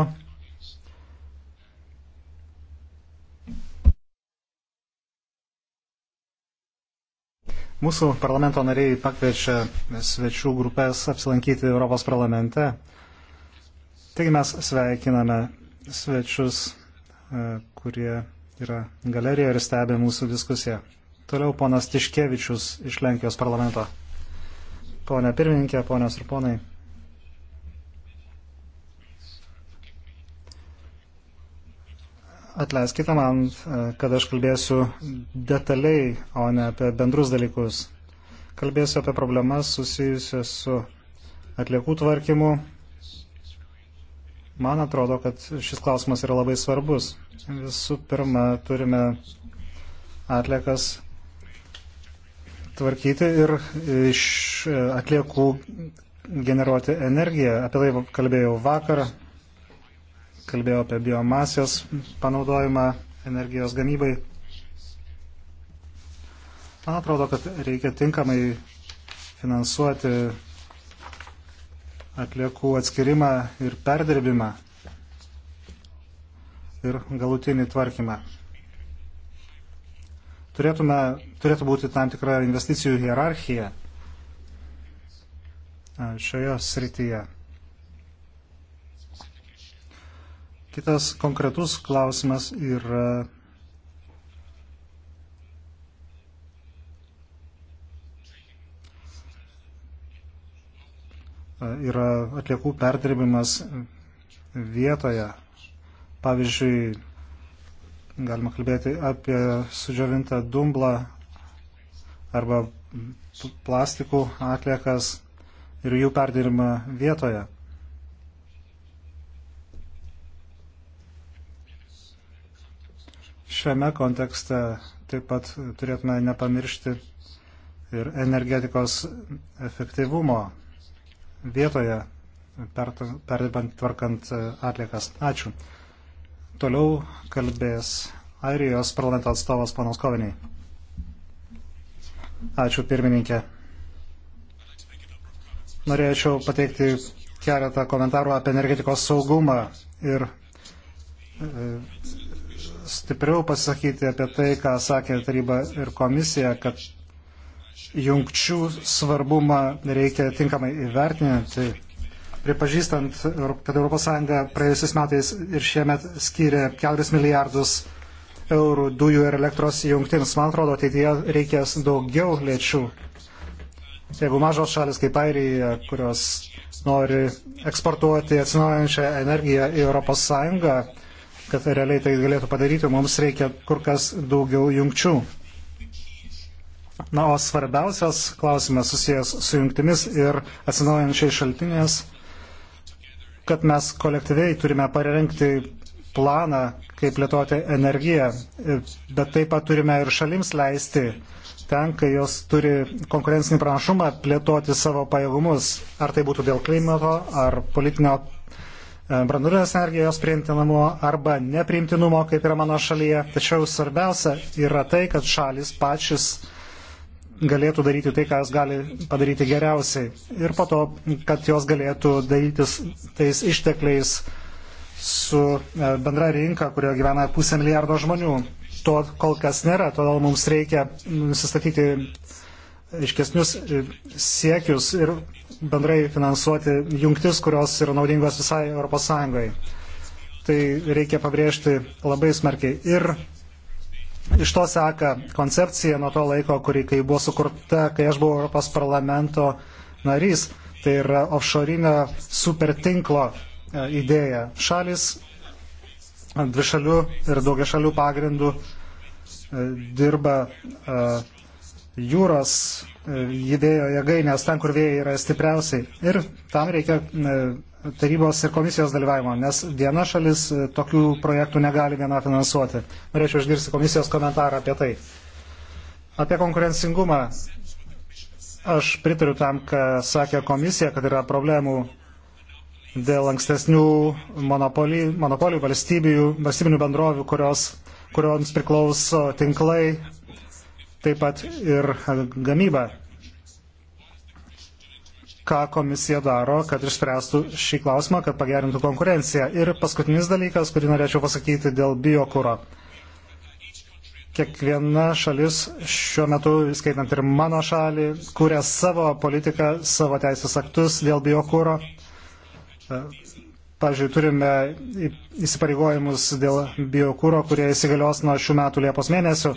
Mūsų parlamento nariai pakviečia svečių grupės apsilankyti Europos parlamente. Taigi mes sveikiname svečius, e, kurie yra galerijoje ir stebi mūsų diskusiją. Toliau ponas Tiškevičius iš Lenkijos parlamento. Pone pirmininkė, ponios ir ponai. Atleiskite man, e, kad aš kalbėsiu detaliai, o ne apie bendrus dalykus. Kalbėsiu apie problemas susijusias su atliekų tvarkymu. Man atrodo, kad šis klausimas yra labai svarbus. Visų pirma, turime atliekas tvarkyti ir iš e, atliekų generuoti energiją. Apie tai kalbėjau vakar kalbėjo apie biomasės panaudojimą energijos gamybai. Man atrodo, kad reikia tinkamai finansuoti atliekų atskirimą ir perdirbimą ir galutinį tvarkymą. Turėtume, turėtų būti tam tikra investicijų hierarchija šioje srityje. Kitas konkretus klausimas yra yra atliekų perdirbimas vietoje. Pavyzdžiui, galima kalbėti apie sudžiavintą dumblą arba plastikų atliekas ir jų perdirbimą vietoje. Šiame kontekste taip pat turėtume nepamiršti ir energetikos efektyvumo vietoje, perdirbant tvarkant e, atliekas. Ačiū. Toliau kalbės Airijos parlamento atstovas panas Koviniai. Ačiū pirmininkė. Norėčiau pateikti keletą komentarų apie energetikos saugumą ir e, stipriau pasakyti apie tai, ką sakė taryba ir komisija, kad jungčių svarbumą reikia tinkamai įvertinti. Pripažįstant, kad ES praėjusiais metais ir šiemet skyrė 4 milijardus eurų dujų ir elektros jungtims, man atrodo, ateityje reikės daugiau lėčių. Jeigu mažos šalis kaip Airija, kurios nori eksportuoti atsinaujančią energiją į ES, kad realiai tai galėtų padaryti, mums reikia kur kas daugiau jungčių. Na, o svarbiausias klausimas susijęs su jungtimis ir atsinaujančiai šaltinės, kad mes kolektyviai turime parengti planą, kaip plėtoti energiją, bet taip pat turime ir šalims leisti ten, kai jos turi konkurencinį pranašumą, plėtoti savo pajėgumus, ar tai būtų dėl klimato, ar politinio E, brandulinės energijos priimtinumo arba nepriimtinumo, kaip yra mano šalyje. Tačiau svarbiausia yra tai, kad šalis pačius galėtų daryti tai, ką jos gali padaryti geriausiai. Ir po to, kad jos galėtų dalytis tais ištekliais su e, bendra rinka, kurioje gyvena pusę milijardo žmonių. To kol kas nėra, todėl mums reikia nusistatyti aiškesnius e, siekius ir bendrai finansuoti jungtis, kurios yra naudingos visai ES. Tai reikia pabrėžti labai smarkiai. Ir iš to seka koncepcija nuo to laiko, kuri, kai buvo sukurta, kai aš buvau Europos parlamento narys, tai yra offshore'inio supertinklo e, idėja. Šalis dvišalių ir daugiašalių pagrindų e, dirba e, jūros e, judėjo jėgainės ten, kur vėjai yra stipriausiai. Ir tam reikia e, tarybos ir komisijos dalyvavimo, nes viena šalis e, tokių projektų negali viena finansuoti. Norėčiau išgirsti komisijos komentarą apie tai. Apie konkurencingumą. Aš pritariu tam, ką sakė komisija, kad yra problemų dėl ankstesnių monopolijų valstybinių bendrovių, kurios, kurioms priklauso tinklai taip pat ir gamybą. Ką komisija daro, kad išspręstų šį klausimą, kad pagerintų konkurenciją. Ir paskutinis dalykas, kurį norėčiau pasakyti dėl biokūro. Kiekviena šalis šiuo metu, skaitant ir mano šalį, kūrė savo politiką, savo teisės aktus dėl biokūro. Pavyzdžiui, turime įsipareigojimus dėl biokūro, kurie įsigalios nuo šių metų Liepos mėnesių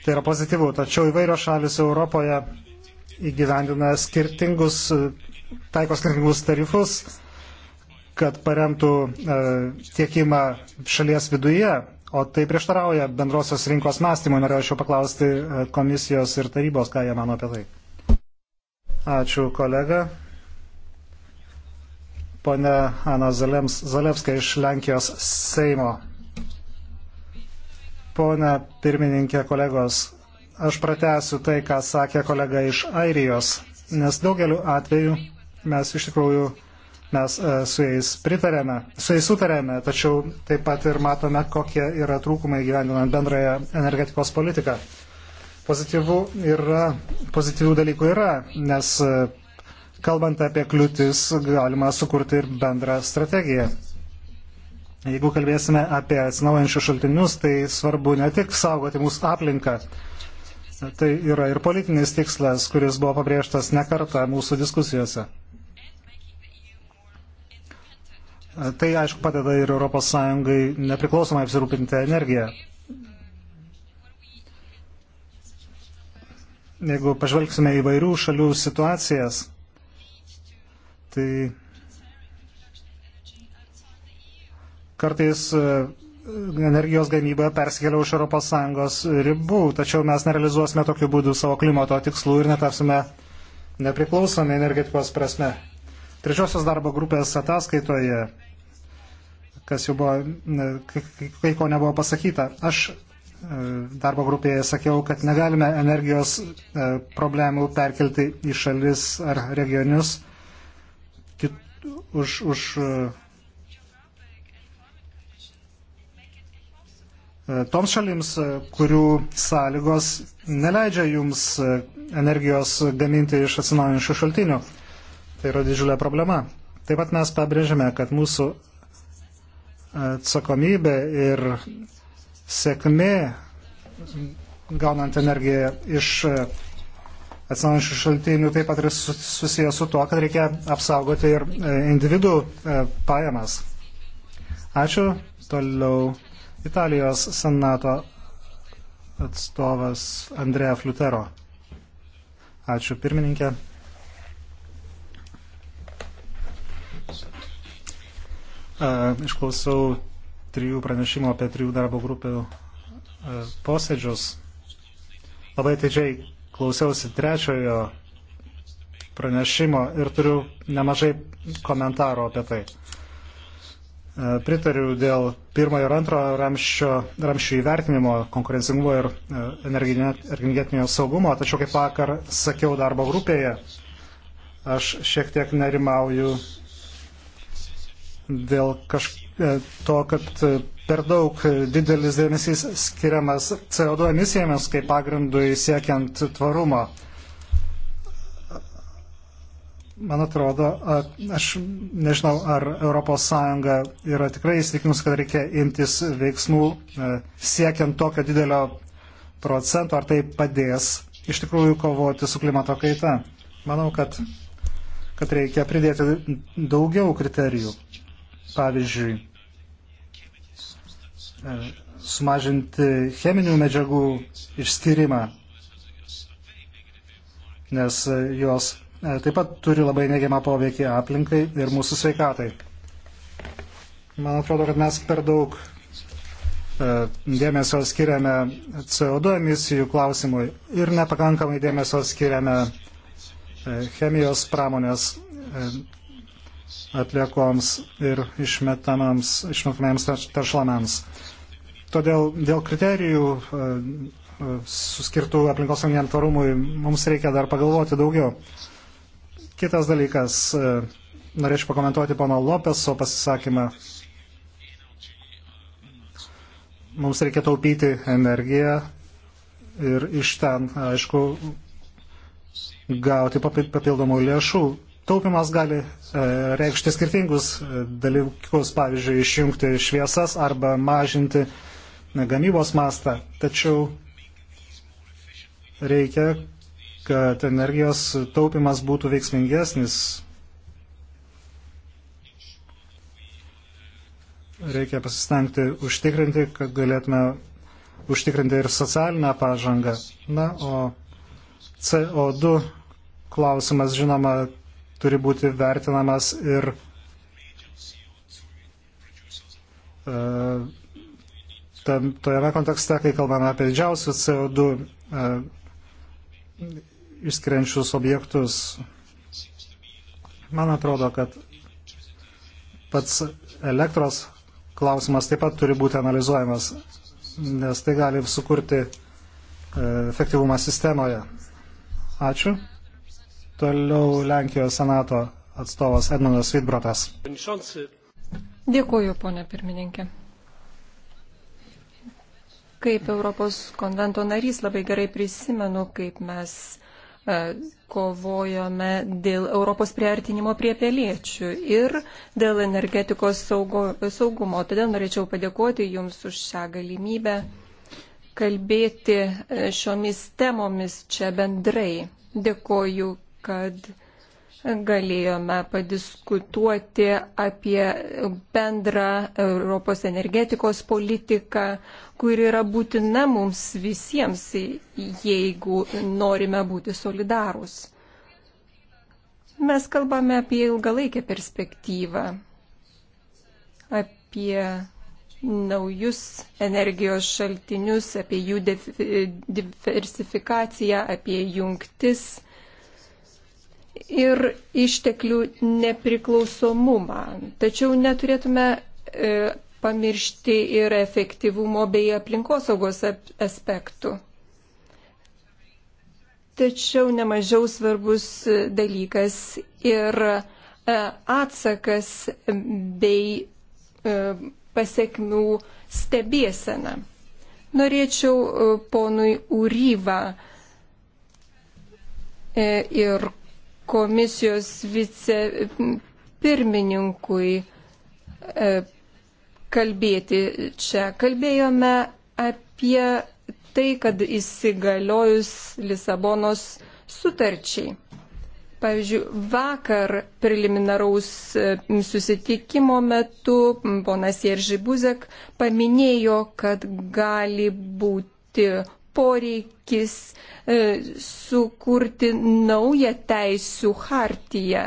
Tai yra pozityvu, tačiau įvairios šalis Europoje įgyvendina skirtingus, taiko skirtingus tarifus, kad paremtų e, tiekimą šalies viduje, o tai prieštarauja bendrosios rinkos mąstymui. Norėčiau paklausti e, komisijos ir tarybos, ką jie mano apie tai. Ačiū kolega. Pone Ana Zalevska iš Lenkijos Seimo. Pone pirmininkė, kolegos, aš pratęsiu tai, ką sakė kolega iš Airijos, nes daugeliu atveju mes iš tikrųjų mes e, su jais pritarėme, su jais sutarėme, tačiau taip pat ir matome, kokie yra trūkumai gyvendinant bendrąją energetikos politiką. Pozityvų, yra, pozityvių dalykų yra, nes e, kalbant apie kliūtis galima sukurti ir bendrą strategiją. Jeigu kalbėsime apie atsinaujančius šaltinius, tai svarbu ne tik saugoti mūsų aplinką, tai yra ir politinis tikslas, kuris buvo pabrėžtas ne kartą mūsų diskusijose. Tai, aišku, padeda ir ES nepriklausomai apsirūpinti energiją. Jeigu pažvelgsime įvairių šalių situacijas, tai Kartais e, energijos gamyba persikelia už ES ribų, tačiau mes nerealizuosime tokiu būdu savo klimato tikslų ir netapsime nepriklausomi energetikos prasme. Trečiosios darbo grupės ataskaitoje, kas jau buvo, kai ko nebuvo pasakyta, aš e, darbo grupėje sakiau, kad negalime energijos e, problemų perkelti į šalis ar regionius kit, už, už E, toms šalims, e, kurių sąlygos neleidžia jums e, energijos gaminti iš atsinaujančių šaltinių. Tai yra didžiulė problema. Taip pat mes pabrėžiame, kad mūsų atsakomybė ir sėkmė gaunant energiją iš atsinaujančių šaltinių taip pat yra susijęs su tuo, kad reikia apsaugoti ir individų pajamas. Ačiū. Toliau Italijos senato atstovas Andrea Flutero. Ačiū pirmininkė. Išklausiau trijų pranešimų apie trijų darbo grupių posėdžius. Labai atidžiai klausiausi trečiojo pranešimo ir turiu nemažai komentaro apie tai. E, pritariu dėl pirmojo ir antro ramščio, ramščių įvertinimo konkurencingumo ir e, energetinio saugumo, tačiau kaip vakar sakiau darbo grupėje, aš šiek tiek nerimauju dėl kaž... E, to, kad per daug didelis dėmesys skiriamas CO2 emisijomis kaip pagrindui siekiant tvarumo. Man atrodo, aš nežinau, ar ES yra tikrai įsitikinus, kad reikia imtis veiksmų e, siekiant tokio didelio procento, ar tai padės iš tikrųjų kovoti su klimato kaita. Manau, kad, kad reikia pridėti daugiau kriterijų. Pavyzdžiui, e, sumažinti cheminių medžiagų išskirimą, nes e, jos E, taip pat turi labai neigiamą poveikį aplinkai ir mūsų sveikatai. Man atrodo, kad mes per daug e, dėmesio skiriame CO2 emisijų klausimui ir nepakankamai dėmesio skiriame e, chemijos pramonės atliekoms ir išmetamiems teršlamams. Todėl dėl kriterijų suskirtų aplinkos tvarumui mums reikia dar pagalvoti daugiau. Kitas dalykas, e, norėčiau pakomentuoti pono Lopeso pasisakymą. Mums reikia taupyti energiją ir iš ten, aišku, gauti papildomų lėšų. Taupimas gali e, reikšti skirtingus e, dalykus, pavyzdžiui, išjungti šviesas arba mažinti gamybos mastą. Tačiau reikia kad energijos taupimas būtų veiksmingesnis, reikia pasistengti užtikrinti, kad galėtume užtikrinti ir socialinę pažangą. Na, o CO2 klausimas, žinoma, turi būti vertinamas ir uh, tam, tojame kontekste, kai kalbame apie didžiausius CO2 uh, išskrenčius objektus. Man atrodo, kad pats elektros klausimas taip pat turi būti analizuojamas, nes tai gali sukurti e, efektyvumą sistemoje. Ačiū. Toliau Lenkijos senato atstovas Edmundas Vidbrotas. Dėkuoju, ponė pirmininkė. Kaip Europos konvento narys labai gerai prisimenu, kaip mes E, kovojome dėl Europos priartinimo prie peliečių ir dėl energetikos saugo, saugumo. Todėl norėčiau padėkoti Jums už šią galimybę kalbėti e, šiomis temomis čia bendrai. Dėkoju, kad galėjome padiskutuoti apie bendrą Europos energetikos politiką, kuri yra būtina mums visiems, jeigu norime būti solidarūs. Mes kalbame apie ilgalaikę perspektyvą, apie naujus energijos šaltinius, apie jų diversifikaciją, apie jungtis ir išteklių nepriklausomumą. Tačiau neturėtume e, pamiršti ir efektyvumo bei aplinkosaugos aspektų. Tačiau nemažiau svarbus dalykas ir e, atsakas bei e, pasiekmių stebėsena. Norėčiau e, ponui Uryva e, ir komisijos vicepirmininkui e, kalbėti čia. Kalbėjome apie tai, kad įsigaliojus Lisabonos sutarčiai. Pavyzdžiui, vakar preliminaraus e, susitikimo metu ponas Jeržy Buzek paminėjo, kad gali būti poreikis e, sukurti naują teisų hartiją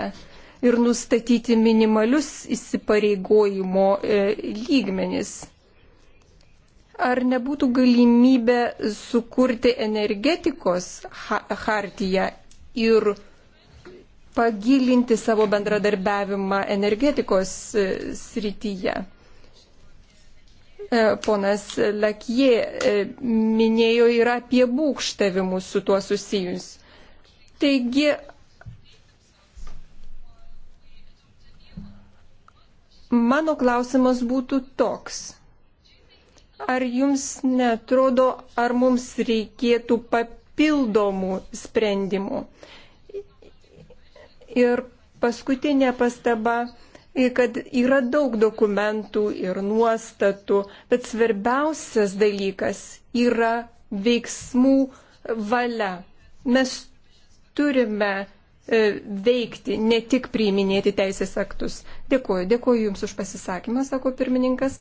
ir nustatyti minimalius įsipareigojimo e, lygmenis. Ar nebūtų galimybė sukurti energetikos hartiją ir pagilinti savo bendradarbiavimą energetikos e, srityje? E, ponas Lakie e, minėjo ir apie būkštavimus su tuo susijus. Taigi, mano klausimas būtų toks. Ar jums netrodo, ar mums reikėtų papildomų sprendimų? Ir paskutinė pastaba kad yra daug dokumentų ir nuostatų, bet svarbiausias dalykas yra veiksmų valia. Mes turime e, veikti, ne tik priiminėti teisės aktus. Dėkuoju, dėkuoju Jums už pasisakymą, sako pirmininkas.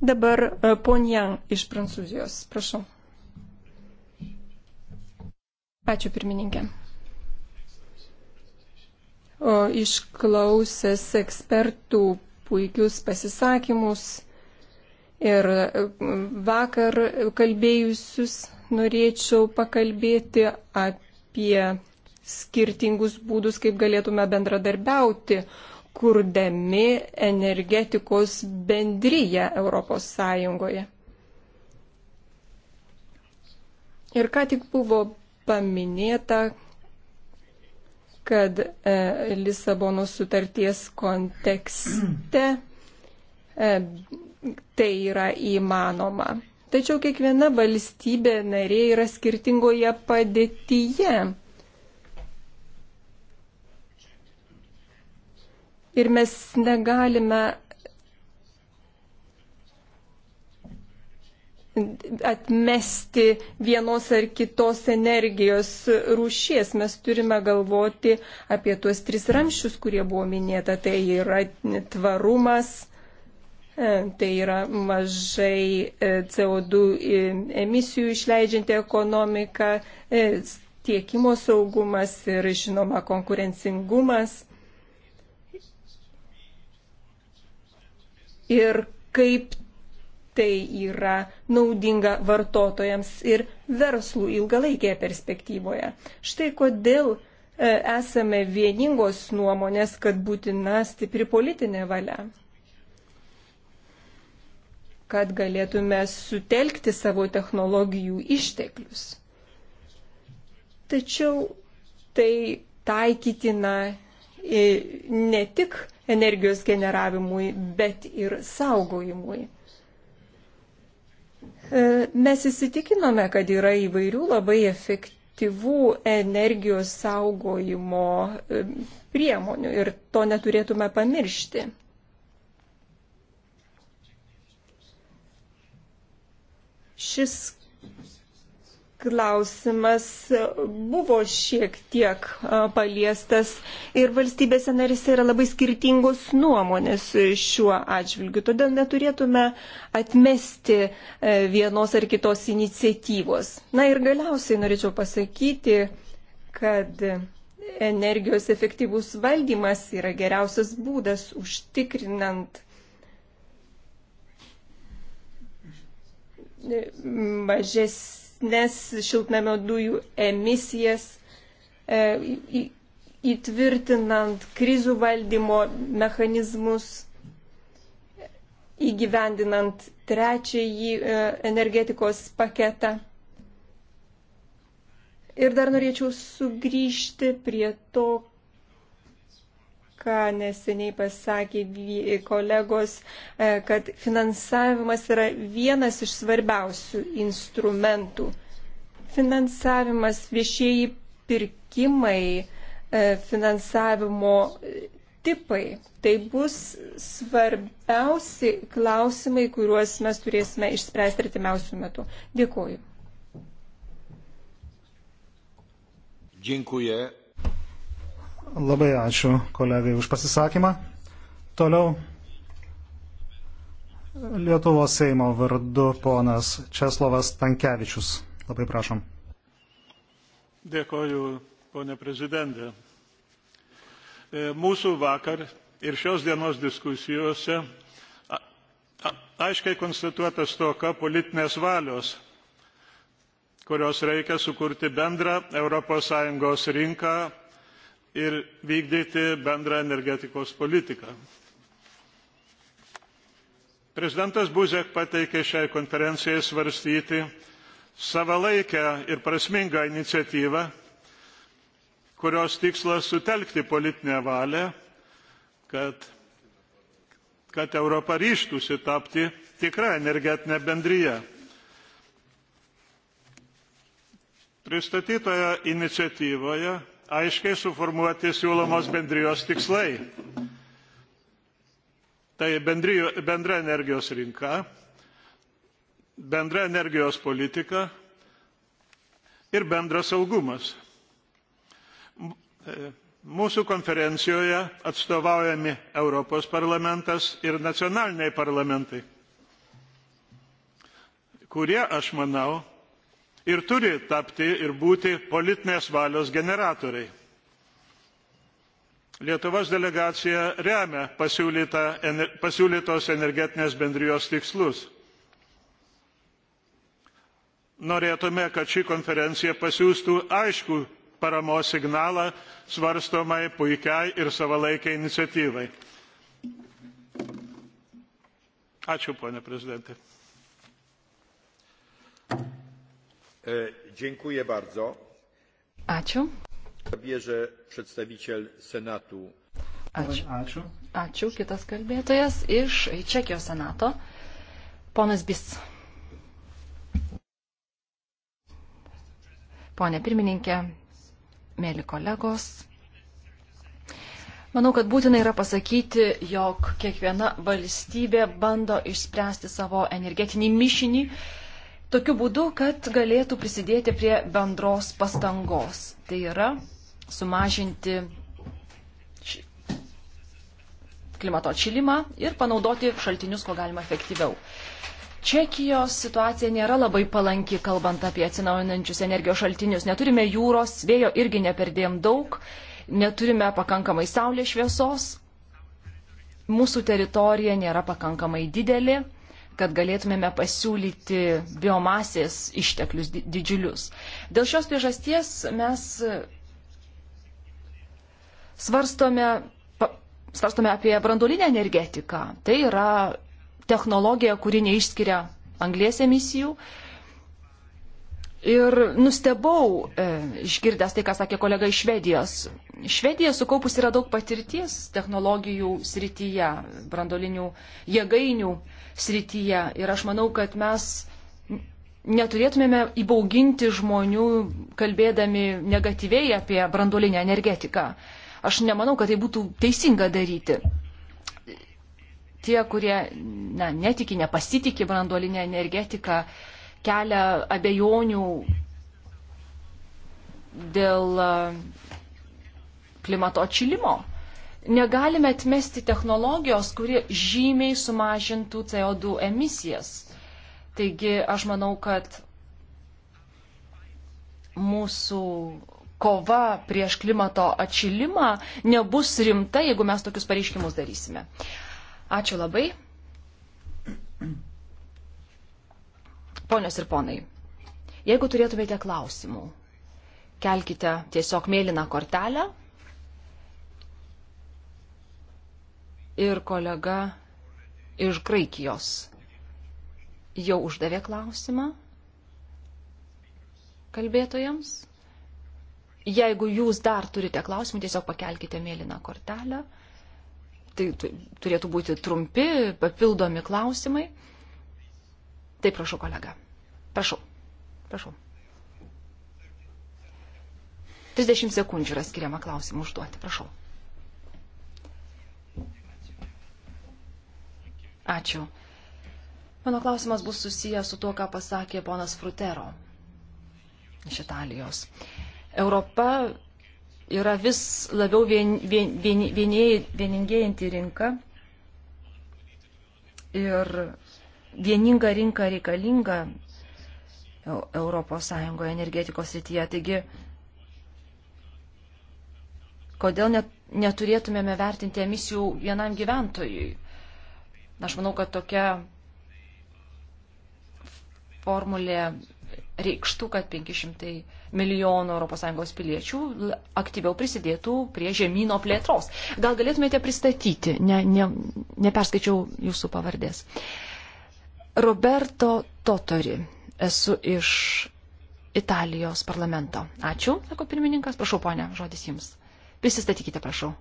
Dabar e, ponia iš Prancūzijos, prašau. Ačiū pirmininkė išklausęs ekspertų puikius pasisakymus ir e, vakar kalbėjusius norėčiau pakalbėti apie skirtingus būdus, kaip galėtume bendradarbiauti, kurdami energetikos bendryje Europos Sąjungoje. Ir ką tik buvo paminėta, kad e, Lisabonos sutarties kontekste e, tai yra įmanoma. Tačiau kiekviena valstybė narė yra skirtingoje padėtyje. Ir mes negalime atmesti vienos ar kitos energijos rūšies. Mes turime galvoti apie tuos tris ramščius, kurie buvo minėta. Tai yra tvarumas, e, tai yra mažai e, CO2 emisijų išleidžianti ekonomika, e, tiekimo saugumas ir, žinoma, konkurencingumas. Ir kaip tai yra naudinga vartotojams ir verslų ilgalaikėje perspektyvoje. Štai kodėl e, esame vieningos nuomonės, kad būtina stipri politinė valia, kad galėtume sutelkti savo technologijų išteklius. Tačiau tai taikytina e, ne tik energijos generavimui, bet ir saugojimui. E, mes įsitikinome, kad yra įvairių labai efektyvų energijos saugojimo e, priemonių ir to neturėtume pamiršti. Šis klausimas buvo šiek tiek paliestas ir valstybėse narise yra labai skirtingos nuomonės šiuo atžvilgiu. Todėl neturėtume atmesti e, vienos ar kitos iniciatyvos. Na ir galiausiai norėčiau pasakyti, kad energijos efektyvus valdymas yra geriausias būdas užtikrinant mažesnį mažesnės šiltnamio dujų emisijas, e, įtvirtinant krizių valdymo mechanizmus, įgyvendinant trečiąjį e, energetikos paketą. Ir dar norėčiau sugrįžti prie to, ką neseniai pasakė kolegos, e, kad finansavimas yra vienas iš svarbiausių instrumentų. Finansavimas, viešieji pirkimai, e, finansavimo tipai. Tai bus svarbiausi klausimai, kuriuos mes turėsime išspręsti artimiausių metų. Dėkuoju. Dziękuję Labai ačiū kolegai už pasisakymą. Toliau Lietuvos Seimo vardu ponas Česlovas Tankievičius. Labai prašom. Dėkoju, ponė prezidentė. E, mūsų vakar ir šios dienos diskusijose aiškiai konstatuota stoka politinės valios kurios reikia sukurti bendrą europos sąjungos rinką ir vykdyti bendrą energetikos politiką. Prezidentas Buzek pateikė šiai konferencijai svarstyti savalaikę ir prasmingą iniciatyvą, kurios tikslas sutelkti politinę valią, kad, kad Europa ryštųsi tapti tikrą energetinę bendryją. Pristatytoje iniciatyvoje aiškiai suformuoti siūlomos bendrijos tikslai. Tai bendrijo, bendra energijos rinka, bendra energijos politika ir bendras saugumas. E, mūsų konferencijoje atstovaujami Europos parlamentas ir nacionaliniai parlamentai, kurie, aš manau, ir turi tapti ir būti politinės valios generatoriai. Lietuvos delegacija remia pasiūlytos energetinės bendrijos tikslus. Norėtume, kad ši konferencija pasiūstų aišku paramos signalą svarstomai puikiai ir savalaikiai iniciatyvai. Ačiū, ponė prezidentė. E, dziękuję bardzo. Ačiū. Bierze przedstawiciel Senatu. Ačiū. Ačiū. Ačiū. Kitas kalbėtojas iš Čekijos Senato. Ponas Bis. Pone pirmininkė, mėly kolegos. Manau, kad būtina yra pasakyti, jog kiekviena valstybė bando išspręsti savo energetinį mišinį tokiu būdu, kad galėtų prisidėti prie bendros pastangos. Tai yra sumažinti klimato atšilimą ir panaudoti šaltinius, kuo galima efektyviau. Čekijos situacija nėra labai palanki, kalbant apie atsinaujinančius energijos šaltinius. Neturime jūros, vėjo irgi neperdėm daug, neturime pakankamai saulės šviesos, mūsų teritorija nėra pakankamai didelė, kad galėtumėme pasiūlyti biomasės išteklius didžiulius. Dėl šios priežasties mes svarstome, svarstome apie brandolinę energetiką. Tai yra technologija, kuri neišskiria anglės emisijų. Ir nustebau e, išgirdęs tai, ką sakė kolega iš Švedijos. Švedija sukaupus yra daug patirties technologijų srityje, brandolinių jėgainių srityje. Ir aš manau, kad mes neturėtumėme įbauginti žmonių, kalbėdami negatyviai apie brandolinę energetiką. Aš nemanau, kad tai būtų teisinga daryti. Tie, kurie na, netiki, nepasitikė brandolinę energetiką, kelia abejonių dėl klimato atšilimo negalime atmesti technologijos, kuri žymiai sumažintų CO2 emisijas. Taigi aš manau, kad mūsų kova prieš klimato atšilimą nebus rimta, jeigu mes tokius pareiškimus darysime. Ačiū labai. Ponios ir ponai, jeigu turėtumėte klausimų, kelkite tiesiog mėlyną kortelę ir kolega iš Graikijos jau uždavė klausimą kalbėtojams. Jeigu jūs dar turite klausimų, tiesiog pakelkite mėlyną kortelę. Tai turėtų būti trumpi, papildomi klausimai. Taip, prašau, kolega. Prašau. Prašau. 30 sekundžių yra skiriama klausimų užduoti. Prašau. Ačiū. Mano klausimas bus susijęs su tuo, ką pasakė ponas Frutero iš Italijos. Europa yra vis labiau vien, vien, vien, vien, vieningėjanti rinka ir vieninga rinka reikalinga Europos Sąjungoje energetikos rytyje. Taigi, kodėl net, neturėtumėme vertinti emisijų vienam gyventojui? Aš manau, kad tokia formulė reikštų, kad 500 milijonų ES piliečių aktyviau prisidėtų prie žemynų plėtros. Gal galėtumėte pristatyti, ne, ne, neperskaičiau jūsų pavardės. Roberto Totori, esu iš Italijos parlamento. Ačiū, sako pirmininkas. Prašau, ponia, žodis jums. Prisistatykite, prašau.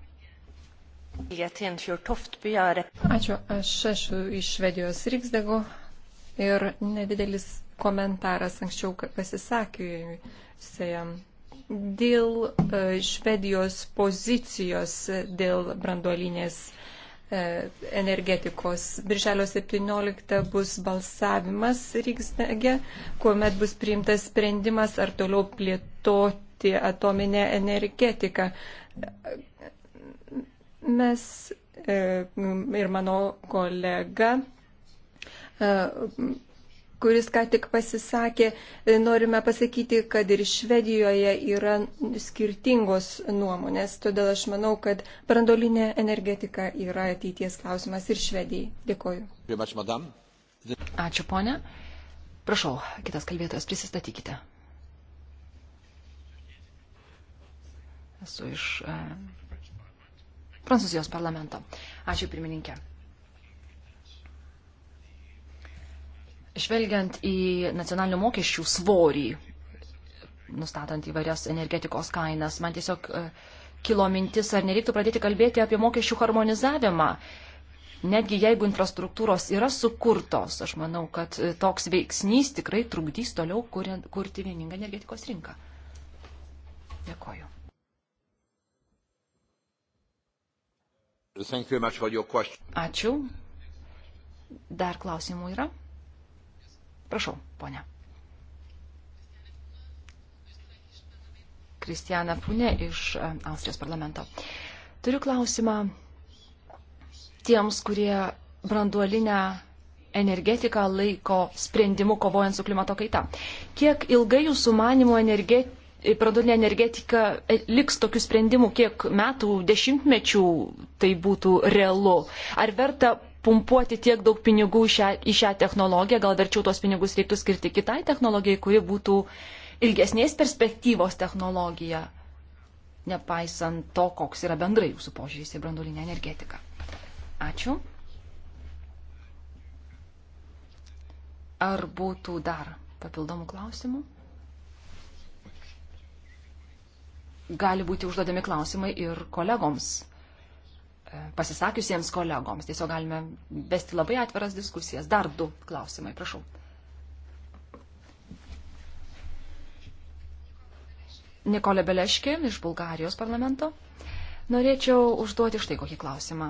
Ačiū, aš esu iš Švedijos Riksdego ir nedidelis komentaras anksčiau pasisakiusiam dėl e, Švedijos pozicijos dėl branduolinės e, energetikos. Birželio 17 bus balsavimas Riksdage, kuomet bus priimtas sprendimas ar toliau plėtoti atominę energetiką. Mes e, ir mano kolega, e, kuris ką tik pasisakė, e, norime pasakyti, kad ir Švedijoje yra skirtingos nuomonės. Todėl aš manau, kad brandolinė energetika yra ateities klausimas ir Švedijai. Dėkoju. Ačiū, ponė. Prašau, kitas kalbėtojas, prisistatykite. Esu iš Prancūzijos parlamento. Ačiū pirmininkė. Žvelgiant į nacionalinių mokesčių svorį, nustatant įvairias energetikos kainas, man tiesiog e, kilo mintis, ar nereiktų pradėti kalbėti apie mokesčių harmonizavimą. Netgi jeigu infrastruktūros yra sukurtos, aš manau, kad e, toks veiksnys tikrai trukdys toliau kurti vieningą energetikos rinką. Ačiū. Dar klausimų yra? Prašau, ponia. Kristijana Pune iš e, Austrijos parlamento. Turiu klausimą tiems, kurie branduolinę energetiką laiko sprendimu kovojant su klimato kaita. Kiek ilgai jūsų manimo energetika branduolinė energetika e, liks tokių sprendimų, kiek metų, dešimtmečių tai būtų realu. Ar verta pumpuoti tiek daug pinigų į šią, į šią technologiją, gal verčiau tos pinigus reiktų skirti kitai technologijai, kuri būtų ilgesnės perspektyvos technologija, nepaisant to, koks yra bendrai jūsų požiūris į branduolinę energetiką. Ačiū. Ar būtų dar papildomų klausimų? gali būti užduodami klausimai ir kolegoms, e, pasisakiusiems kolegoms. Tiesiog galime vesti labai atviras diskusijas. Dar du klausimai, prašau. Nikolė Beleškė iš Bulgarijos parlamento. Norėčiau užduoti štai kokį klausimą.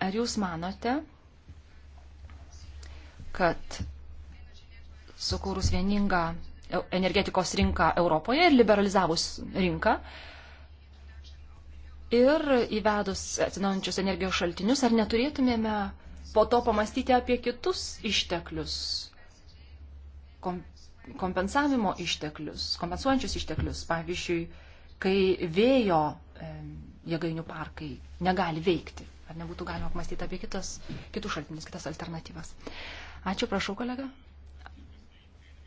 Ar jūs manote, kad sukūrus vieningą e, energetikos rinką Europoje ir liberalizavus rinką, ir įvedus atsinaujančius energijos šaltinius, ar neturėtumėme po to pamastyti apie kitus išteklius, kom, kompensavimo išteklius, kompensuojančius išteklius, pavyzdžiui, kai vėjo e, jėgainių parkai negali veikti, ar nebūtų galima pamastyti apie kitas, kitus šaltinius, kitas alternatyvas. Ačiū, prašau, kolega.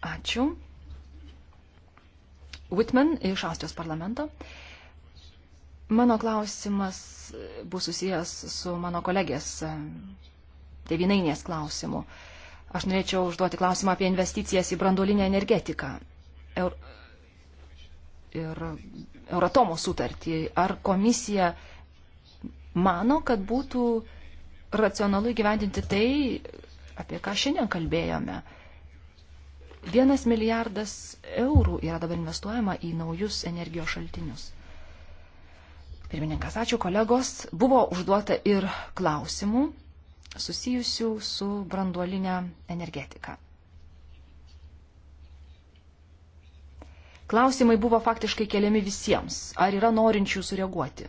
Ačiū. Whitman iš Austrijos parlamento. Uh, Mano klausimas bus susijęs su mano kolegės tevinainės e, klausimu. Aš norėčiau užduoti klausimą apie investicijas į brandolinę energetiką Eur... ir Euratomo sutartį. Ar komisija mano, kad būtų racionalu įgyvendinti tai, apie ką šiandien kalbėjome? Vienas milijardas eurų yra dabar investuojama į naujus energijos šaltinius. Pirmininkas, ačiū kolegos. Buvo užduota ir klausimų susijusių su branduolinė energetika. Klausimai buvo faktiškai keliami visiems. Ar yra norinčių sureaguoti?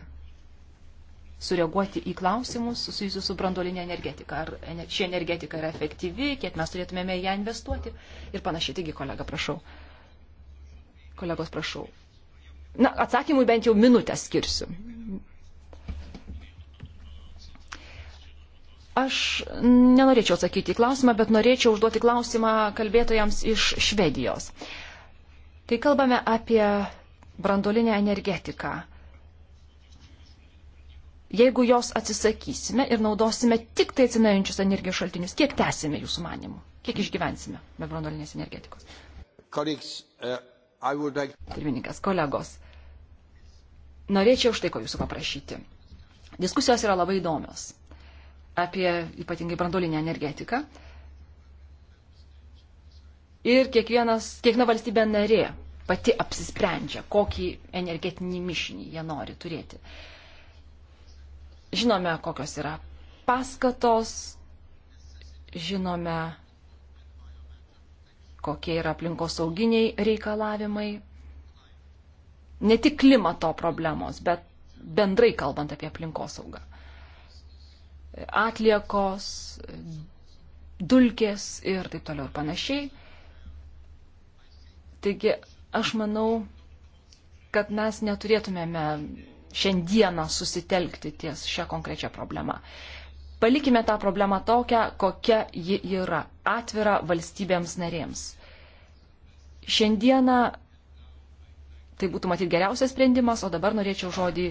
Sureaguoti į klausimus susijusius su branduolinė energetika. Ar ši energetika yra efektyvi, kiek mes turėtumėme ją investuoti ir panašiai. Taigi, kolega, prašau. Kolegos, prašau. Na, atsakymui bent jau minutę skirsiu. Aš nenorėčiau atsakyti į klausimą, bet norėčiau užduoti klausimą kalbėtojams iš Švedijos. Kai kalbame apie brandolinę energetiką, jeigu jos atsisakysime ir naudosime tik tai atsinaujančius energijos šaltinius, kiek tęsime jūsų manimų, kiek išgyvensime be brandolinės energetikos? Collegs, uh, like... Pirmininkas, kolegos, norėčiau štai ko jūsų paprašyti. Diskusijos yra labai įdomios apie ypatingai brandolinę energetiką. Ir kiekvienas, kiekviena valstybė narė pati apsisprendžia, kokį energetinį mišinį jie nori turėti. Žinome, kokios yra paskatos, žinome, kokie yra aplinkosauginiai reikalavimai. Ne tik klimato problemos, bet bendrai kalbant apie aplinkosaugą atliekos, dulkės ir taip toliau ir panašiai. Taigi aš manau, kad mes neturėtumėme šiandieną susitelkti ties šią konkrečią problemą. Palikime tą problemą tokią, kokia ji yra - atvira valstybėms narėms. Šiandieną tai būtų matyti geriausias sprendimas, o dabar norėčiau žodį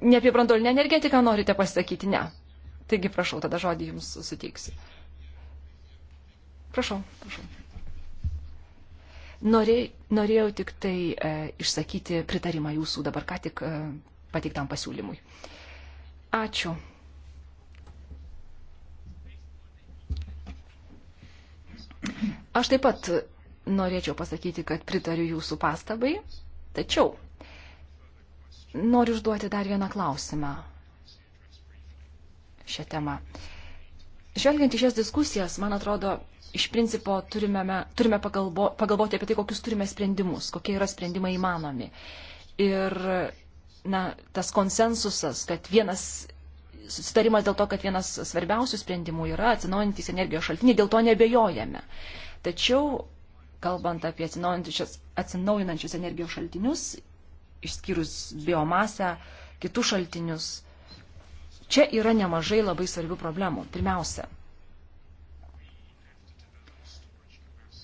ne apie brandolinę energetiką norite pasakyti, ne. Taigi prašau, tada žodį jums suteiksiu. Prašau, prašau. Norė, norėjau tik tai e, išsakyti pritarimą jūsų dabar ką tik e, pateiktam pasiūlymui. Ačiū. Aš taip pat norėčiau pasakyti, kad pritariu jūsų pastabai, tačiau Noriu užduoti dar vieną klausimą šią temą. Žvelgiant į šias diskusijas, man atrodo, iš principo turime, turime pagalbo, pagalvoti apie tai, kokius turime sprendimus, kokie yra sprendimai įmanomi. Ir na, tas konsensusas, kad vienas susitarimas dėl to, kad vienas svarbiausių sprendimų yra atsinaujantis energijos šaltiniai, dėl to nebejojame. Tačiau, kalbant apie atsinaujinančius energijos šaltinius, išskyrus biomasę, kitus šaltinius. Čia yra nemažai labai svarbių problemų. Pirmiausia,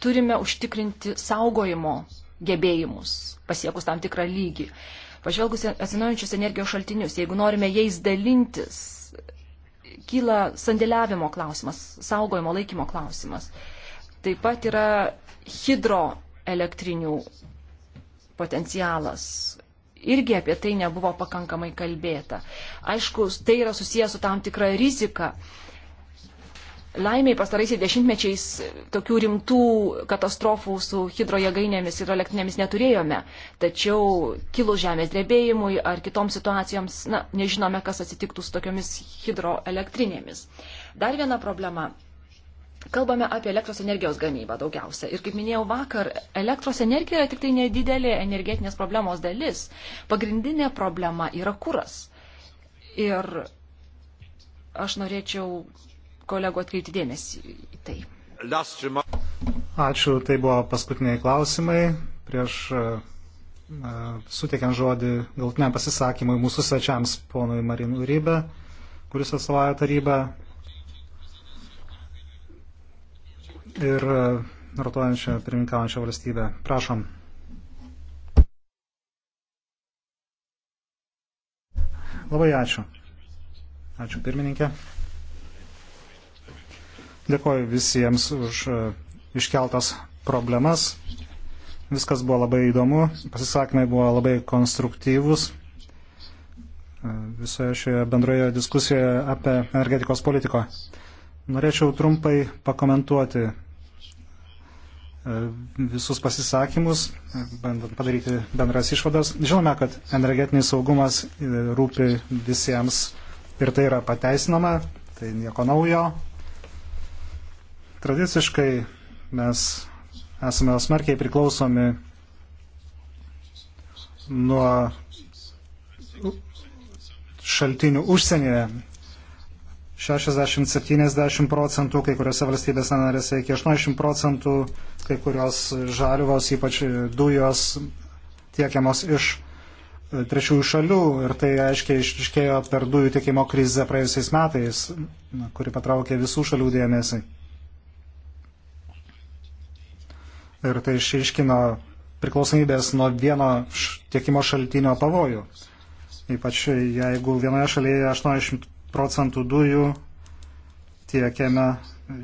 turime užtikrinti saugojimo gebėjimus, pasiekus tam tikrą lygį. Pažvelgus atsinaujančius energijos šaltinius, jeigu norime jais dalintis, kyla sandėliavimo klausimas, saugojimo laikymo klausimas. Taip pat yra hidroelektrinių potencialas, irgi apie tai nebuvo pakankamai kalbėta. Aišku, tai yra susijęs su tam tikra rizika. Laimiai pastaraisiais dešimtmečiais tokių rimtų katastrofų su hidrojėgainėmis ir elektrinėmis neturėjome. Tačiau kilus žemės drebėjimui ar kitoms situacijoms, na, nežinome, kas atsitiktų su tokiomis hidroelektrinėmis. Dar viena problema Kalbame apie elektros energijos gamybą daugiausia. Ir kaip minėjau vakar, elektros energija yra tik tai nedidelė energetinės problemos dalis. Pagrindinė problema yra kuras. Ir aš norėčiau kolegų atkreipti dėmesį į tai. Ačiū, tai buvo paskutiniai klausimai. Prieš uh, suteikiant žodį galtiniam pasisakymui mūsų svečiams, ponui Marinui Rybe, kuris atstovauja tarybą ir e, rotuojančią pirmininkaujančią valstybę. Prašom. Labai ačiū. Ačiū pirmininkė. Dėkoju visiems už e, iškeltas problemas. Viskas buvo labai įdomu, pasisakymai buvo labai konstruktyvus e, visoje šioje bendroje diskusijoje apie energetikos politiką. Norėčiau trumpai pakomentuoti E, visus pasisakymus, e, bandant padaryti bendras išvadas. Žinome, kad energetinis saugumas e, rūpi visiems ir tai yra pateisinama, tai nieko naujo. Tradiciškai mes esame smarkiai priklausomi nuo šaltinių užsienyje 60-70 procentų, kai kuriuose valstybės narėse iki 80 procentų, kai kurios žaliuvos, ypač dujos, tiekiamos iš e, trečiųjų šalių ir tai aiškiai išriškėjo per dujų tiekimo krizę praėjusiais metais, kuri patraukė visų šalių dėmesį. Ir tai išaiškino priklausomybės nuo vieno tiekimo šaltinio pavojų. Ypač jeigu vienoje šalyje 80 procentų dujų tiekiame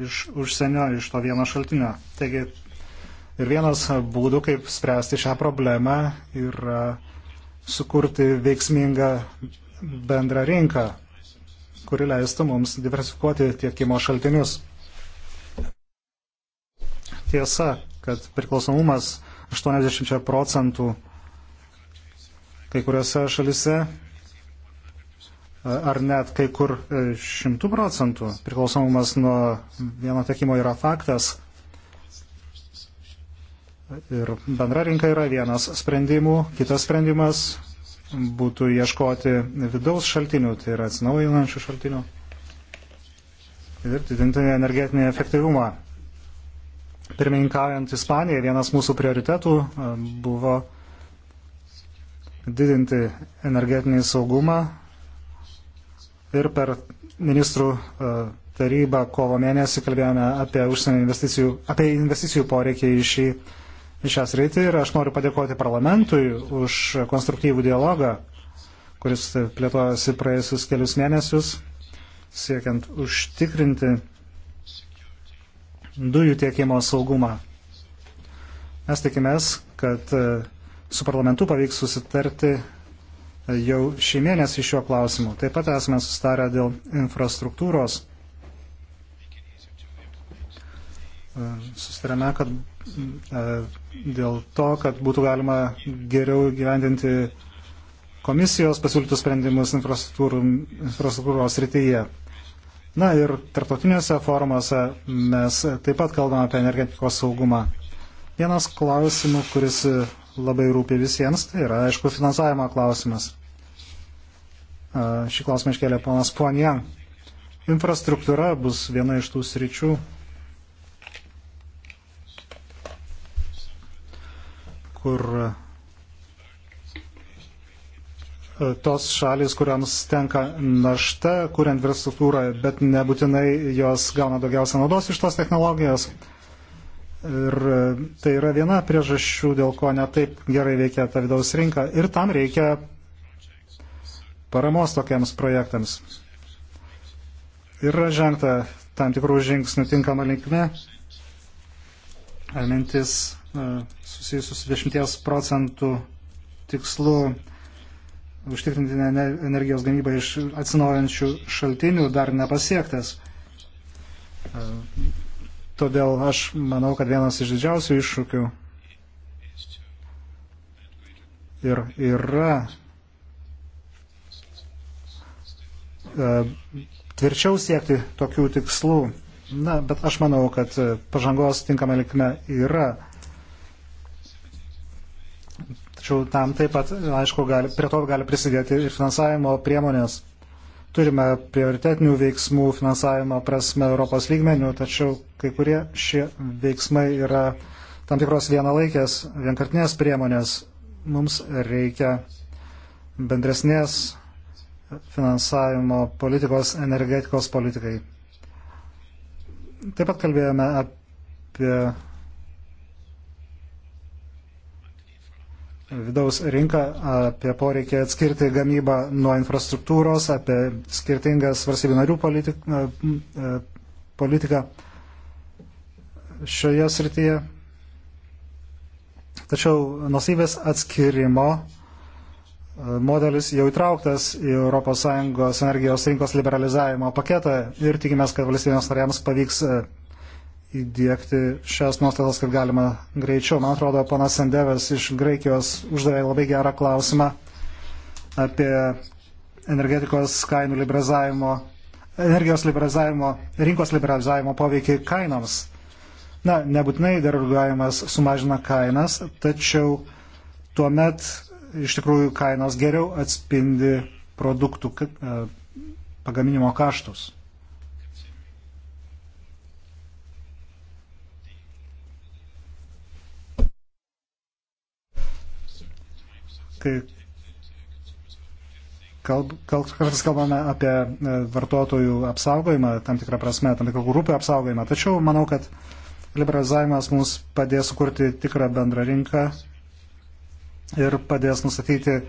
iš užsienio, iš to vieno šaltinio. Taigi ir vienas būdų, kaip spręsti šią problemą, yra sukurti veiksmingą bendrą rinką, kuri leistų mums diversifikuoti tiekimo šaltinius. Tiesa, kad priklausomumas 80 procentų kai kuriuose šalise ar net kai kur e, šimtų procentų priklausomumas nuo vieno tiekimo yra faktas. Ir bendra rinka yra vienas sprendimų, kitas sprendimas būtų ieškoti vidaus šaltinių, tai yra atsinaujinančių šaltinių ir didinti energetinį efektyvumą. Pirmininkaujant Ispanijai, vienas mūsų prioritetų e, buvo didinti energetinį saugumą ir per ministrų e, tarybą kovo mėnesį kalbėjome apie užsienio investicijų, apie investicijų poreikį į šį į šią sritį ir aš noriu padėkoti parlamentui už konstruktyvų dialogą, kuris plėtojasi praėjusius kelius mėnesius, siekiant užtikrinti dujų tiekimo saugumą. Mes tikimės, kad e, su parlamentu pavyks susitarti jau šį mėnesį šiuo klausimu. Taip pat esame sustarę dėl infrastruktūros. E, sustarėme, kad e, dėl to, kad būtų galima geriau gyvendinti komisijos pasiūlytus sprendimus infrastruktūros rytyje. Na ir tarptautiniuose forumuose mes taip pat kalbame apie energetikos saugumą. Vienas klausimų, kuris labai rūpi visiems, tai yra, aišku, finansavimo klausimas. Šį klausimą iškėlė ponas Puanjan. Infrastruktūra bus viena iš tų sričių, kur tos šalis, kuriams tenka našta, kuriant infrastruktūrą, bet nebūtinai jos gauna daugiausia naudos iš tos technologijos. Ir tai yra viena priežasčių, dėl ko netaip gerai veikia ta vidaus rinka. Ir tam reikia paramos tokiems projektams. Yra žengta tam tikrų žingsnių tinkama linkme. Mintis e, susijusius 10 procentų tikslu užtikrinti energijos gamybą iš atsinaujančių šaltinių dar nepasiektas. E, todėl aš manau, kad vienas iš didžiausių iššūkių ir yra E, tvirčiau siekti tokių tikslų. Na, bet aš manau, kad e, pažangos tinkama likme yra. Tačiau tam taip pat, aišku, gali, prie to gali prisidėti ir finansavimo priemonės. Turime prioritetinių veiksmų finansavimo prasme Europos lygmenių, tačiau kai kurie šie veiksmai yra tam tikros vienalaikės, vienkartinės priemonės. Mums reikia bendresnės finansavimo politikos energetikos politikai. Taip pat kalbėjome apie vidaus rinką, apie poreikį atskirti gamybą nuo infrastruktūros, apie skirtingas varsybių narių politik, e, politiką šioje srityje. Tačiau nusybės atskirimo modelis jau įtrauktas į ES energijos rinkos liberalizavimo paketą ir tikimės, kad valstybėms narėms pavyks e, įdėkti šias nuostatas, kaip galima greičiau. Man atrodo, panas Sendevės iš Graikijos uždavė labai gerą klausimą apie energetikos kainų liberalizavimo, energijos liberalizavimo, rinkos liberalizavimo poveikį kainoms. Na, nebūtinai derogavimas sumažina kainas, tačiau tuomet iš tikrųjų kainos geriau atspindi produktų e, pagaminimo kaštus. Kai kalb, kalb, kartais kalbame apie e, vartotojų apsaugojimą, tam tikrą prasme, tam tikrą grupių apsaugojimą, tačiau manau, kad liberalizavimas mums padės sukurti tikrą bendrą rinką ir padės nustatyti e,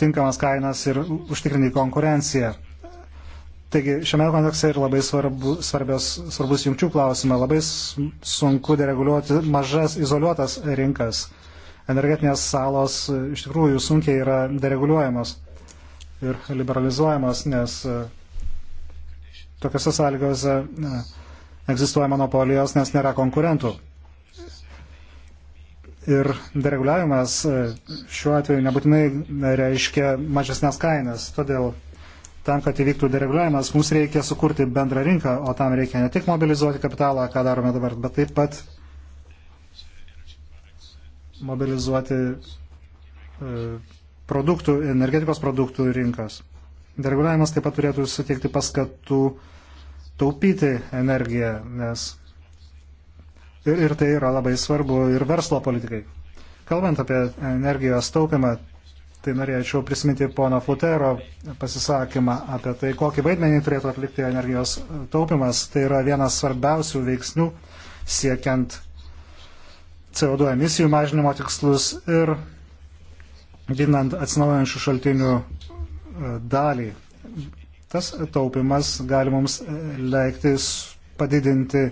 tinkamas kainas ir užtikrinti konkurenciją. Taigi šiame kontekste ir labai svarbu, svarbios, svarbus jungčių klausimas. Labai sunku dereguliuoti mažas izoliuotas rinkas. Energetinės salos e, iš tikrųjų sunkiai yra dereguliuojamos ir liberalizuojamos, nes e, tokiuose sąlygose egzistuoja monopolijos, nes nėra konkurentų ir dereguliavimas e, šiuo atveju nebūtinai reiškia mažesnės kainas. Todėl tam, kad įvyktų dereguliavimas, mums reikia sukurti bendrą rinką, o tam reikia ne tik mobilizuoti kapitalą, ką darome dabar, bet taip pat mobilizuoti e, produktų, energetikos produktų rinkas. Dereguliavimas taip pat turėtų suteikti paskatų taupyti energiją, nes Ir, ir tai yra labai svarbu ir verslo politikai. Kalbant apie energijos taupimą, tai norėčiau prisiminti pono Futero pasisakymą apie tai, kokį vaidmenį turėtų atlikti energijos taupimas. Tai yra vienas svarbiausių veiksnių siekiant CO2 emisijų mažinimo tikslus ir didinant atsinaujančių šaltinių e, dalį. Tas taupimas gali mums leiktis padidinti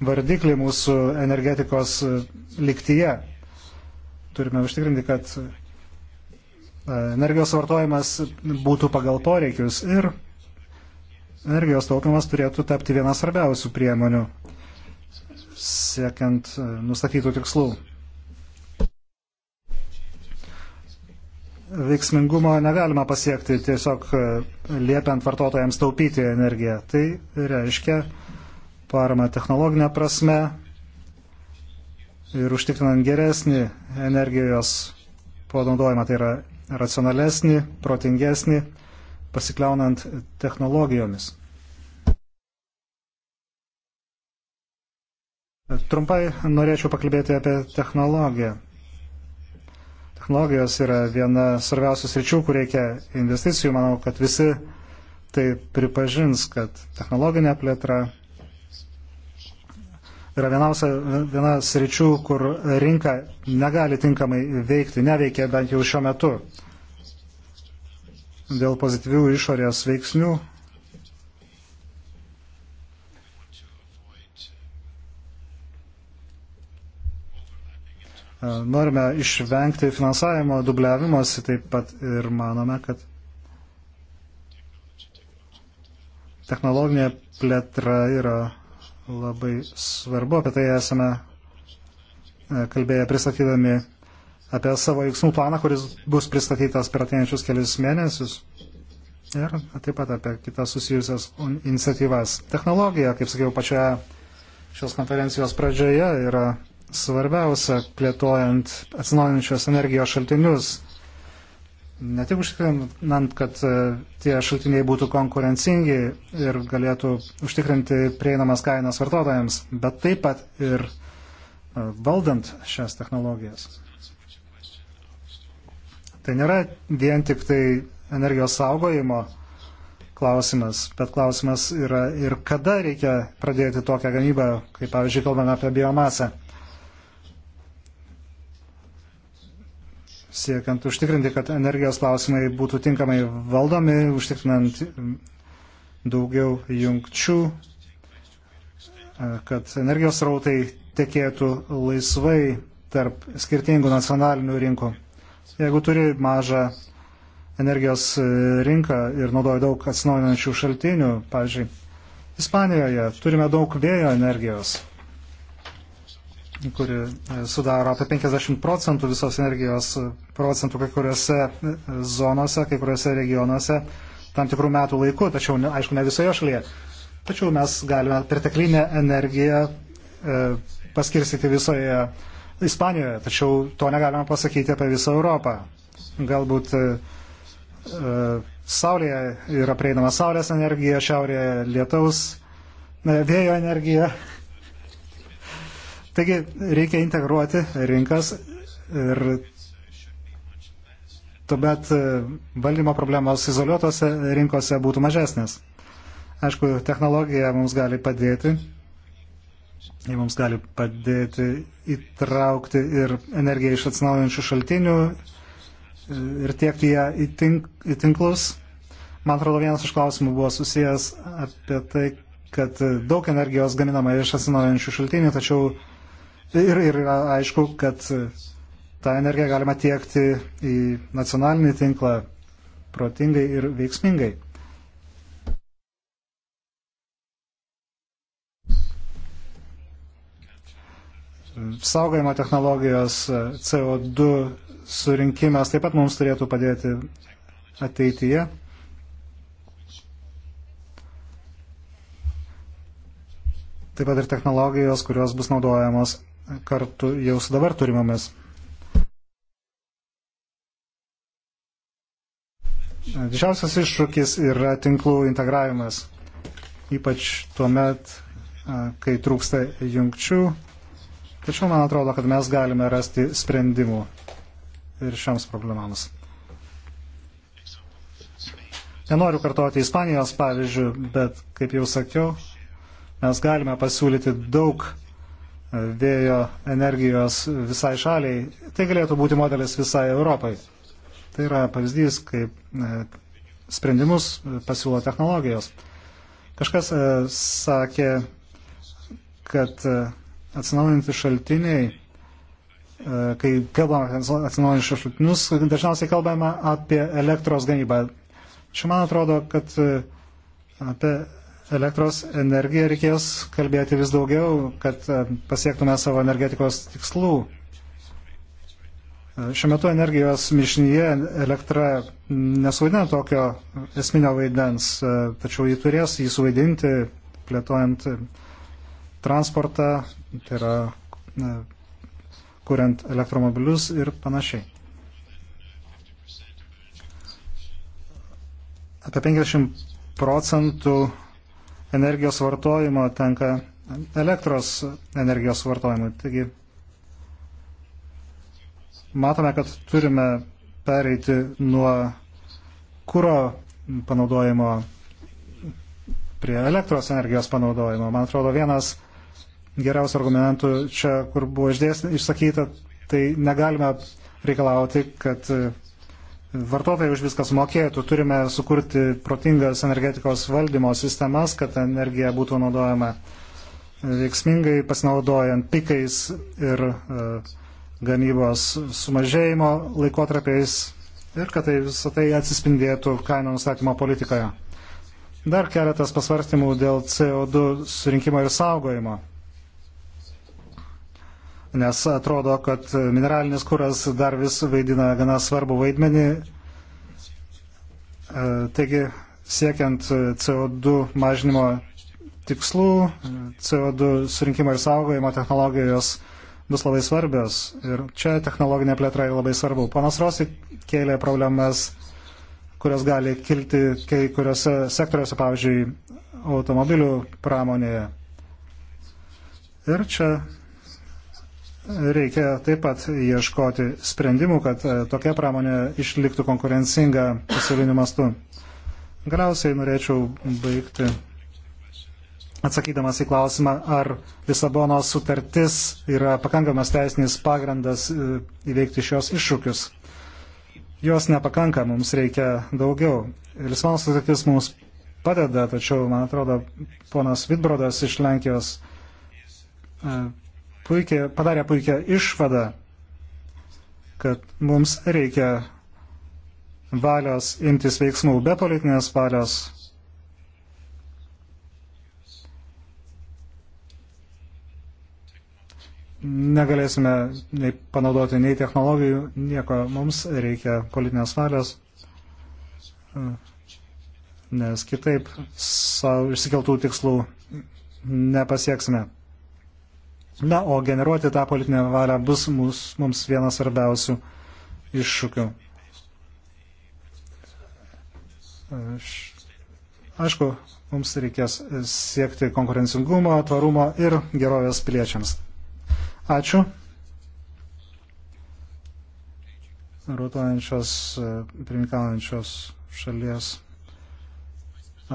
vardiklį mūsų energetikos e, liktyje. Turime užtikrinti, kad e, energijos vartojimas būtų pagal poreikius ir energijos taupimas turėtų tapti vienas svarbiausių priemonių siekiant e, nustatytų tikslų. Veiksmingumo negalima pasiekti tiesiog liepiant vartotojams taupyti energiją. Tai reiškia, paramą technologinę prasme ir užtikrinant geresnį energijos panaudojimą, tai yra racionalesnį, protingesnį, pasikliaunant technologijomis. Trumpai norėčiau pakalbėti apie technologiją. Technologijos yra viena svarbiausių sričių, kur reikia investicijų. Manau, kad visi tai pripažins, kad technologinė plėtra yra viena sričių, kur rinka negali tinkamai veikti, neveikia bent jau šiuo metu. Dėl pozityvių išorės veiksnių. Norime išvengti finansavimo dubliavimosi, taip pat ir manome, kad technologinė plėtra yra labai svarbu. Apie tai esame e, kalbėję pristatydami apie savo veiksmų planą, kuris bus pristatytas per ateinančius kelius mėnesius. Ir taip pat apie kitas susijusias iniciatyvas. Technologija, kaip sakiau, pačioje šios konferencijos pradžioje yra svarbiausia plėtojant atsinaujinančios energijos šaltinius ne tik užtikrinant, kad e, tie šaltiniai būtų konkurencingi ir galėtų užtikrinti prieinamas kainas vartotojams, bet taip pat ir e, valdant šias technologijas. Tai nėra vien tik tai energijos saugojimo klausimas, bet klausimas yra ir kada reikia pradėti tokią gamybą, kaip pavyzdžiui kalbame apie biomasę. siekiant užtikrinti, kad energijos klausimai būtų tinkamai valdomi, užtikrinant daugiau jungčių, kad energijos rautai tekėtų laisvai tarp skirtingų nacionalinių rinkų. Jeigu turi mažą energijos rinką ir naudoja daug atsinaujinančių šaltinių, pavyzdžiui, Ispanijoje turime daug vėjo energijos kuri e, sudaro apie 50 procentų visos energijos e, procentų kai kuriuose e, zonose, kai kuriuose regionuose tam tikrų metų laiku, tačiau, aišku, ne visoje šalyje. Tačiau mes galime perteklinę energiją paskirstyti visoje Ispanijoje, tačiau to negalime pasakyti apie visą Europą. Galbūt Saulėje yra prieinama Saulės energija, šiaurėje lietaus, vėjo energija, Taigi reikia integruoti rinkas ir tuomet e, valdymo problemos izoliuotose rinkose būtų mažesnės. Aišku, technologija mums gali padėti, ji mums gali padėti įtraukti ir energiją iš atsinaujančių šaltinių e, ir tiekti ją į, tink, į tinklus. Man atrodo, vienas iš klausimų buvo susijęs apie tai, kad e, daug energijos gaminama iš atsinaujančių šaltinių, tačiau Ir, ir aišku, kad tą energiją galima tiekti į nacionalinį tinklą protingai ir veiksmingai. Saugojimo technologijos CO2 surinkimas taip pat mums turėtų padėti ateityje. Taip pat ir technologijos, kurios bus naudojamos kartu jau su dabar turimomis. Didžiausias iššūkis yra tinklų integravimas, ypač tuo met, kai trūksta jungčių. Tačiau man atrodo, kad mes galime rasti sprendimų ir šiams problemams. Nenoriu kartoti Ispanijos pavyzdžių, bet, kaip jau sakiau, mes galime pasiūlyti daug vėjo energijos visai šaliai. Tai galėtų būti modelis visai Europai. Tai yra pavyzdys, kaip e, sprendimus pasiūlo technologijos. Kažkas e, sakė, kad e, atsinaujinti šaltiniai, kai kalbame apie atsinaujinčius šaltinius, dažniausiai kalbame apie elektros gamybą. Čia man atrodo, kad apie elektros energiją reikės kalbėti vis daugiau, kad e, pasiektume savo energetikos tikslų. E, šiuo metu energijos mišnyje elektra nesuvaidina tokio esminio vaidens, e, tačiau jį turės jį suvaidinti, plėtojant transportą, tai yra kuriant elektromobilius ir panašiai. Apie 50 procentų energijos vartojimo tenka elektros energijos vartojimui. Taigi matome, kad turime pereiti nuo kūro panaudojimo prie elektros energijos panaudojimo. Man atrodo, vienas geriausių argumentų čia, kur buvo išdėstė, išsakyta, tai negalime reikalauti, kad vartotojai už viską sumokėtų. Turime sukurti protingas energetikos valdymo sistemas, kad energija būtų naudojama veiksmingai, pasinaudojant pikais ir e, gamybos sumažėjimo laikotarpiais ir kad tai visą tai atsispindėtų kainų nustatymo politikoje. Dar keletas pasvarstymų dėl CO2 surinkimo ir saugojimo nes atrodo, kad mineralinis kuras dar vis vaidina gana svarbu vaidmenį. E, taigi, siekiant CO2 mažinimo tikslų, CO2 surinkimo ir saugojimo technologijos bus labai svarbios. Ir čia technologinė plėtra yra labai svarbu. Panas Rosi kėlė problemas, kurios gali kilti kai kuriuose sektoriuose, pavyzdžiui, automobilių pramonėje. Ir čia reikia taip pat ieškoti sprendimų, kad e, tokia pramonė išliktų konkurencinga pasauliniu mastu. Galiausiai norėčiau baigti atsakydamas į klausimą, ar Lisabonos sutartis yra pakankamas teisinis pagrindas e, įveikti šios iššūkius. Jos nepakanka, mums reikia daugiau. Lisabonos sutartis mums padeda, tačiau, man atrodo, ponas Vidbrodas iš Lenkijos e, puikia, padarė puikią išvadą, kad mums reikia valios imtis veiksmų be politinės valios. Negalėsime nei panaudoti nei technologijų, nieko. Mums reikia politinės valios, nes kitaip savo išsikeltų tikslų nepasieksime. Na, o generuoti tą politinę valią bus mums, mums vienas svarbiausių iššūkių. Aišku, mums reikės siekti konkurencingumo, tvarumo ir gerovės piliečiams. Ačiū. Rūtuojančios, pirmininkaujančios šalies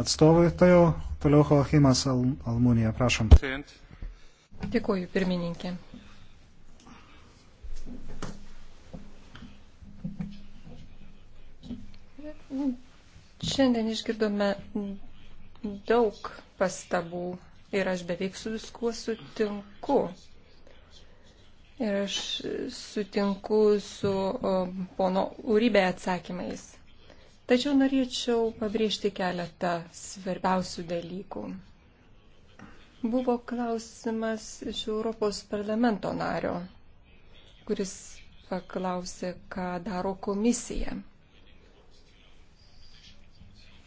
atstovai. Tai jau toliau Joachimas Al Almunija, prašom. Sint. Dėkuoju, pirmininkė. Šiandien išgirdome daug pastabų ir aš beveik su viskuo sutinku. Ir aš sutinku su pono Urybė atsakymais. Tačiau norėčiau pabrėžti keletą svarbiausių dalykų. Buvo klausimas iš Europos parlamento nario, kuris paklausė, ką daro komisija,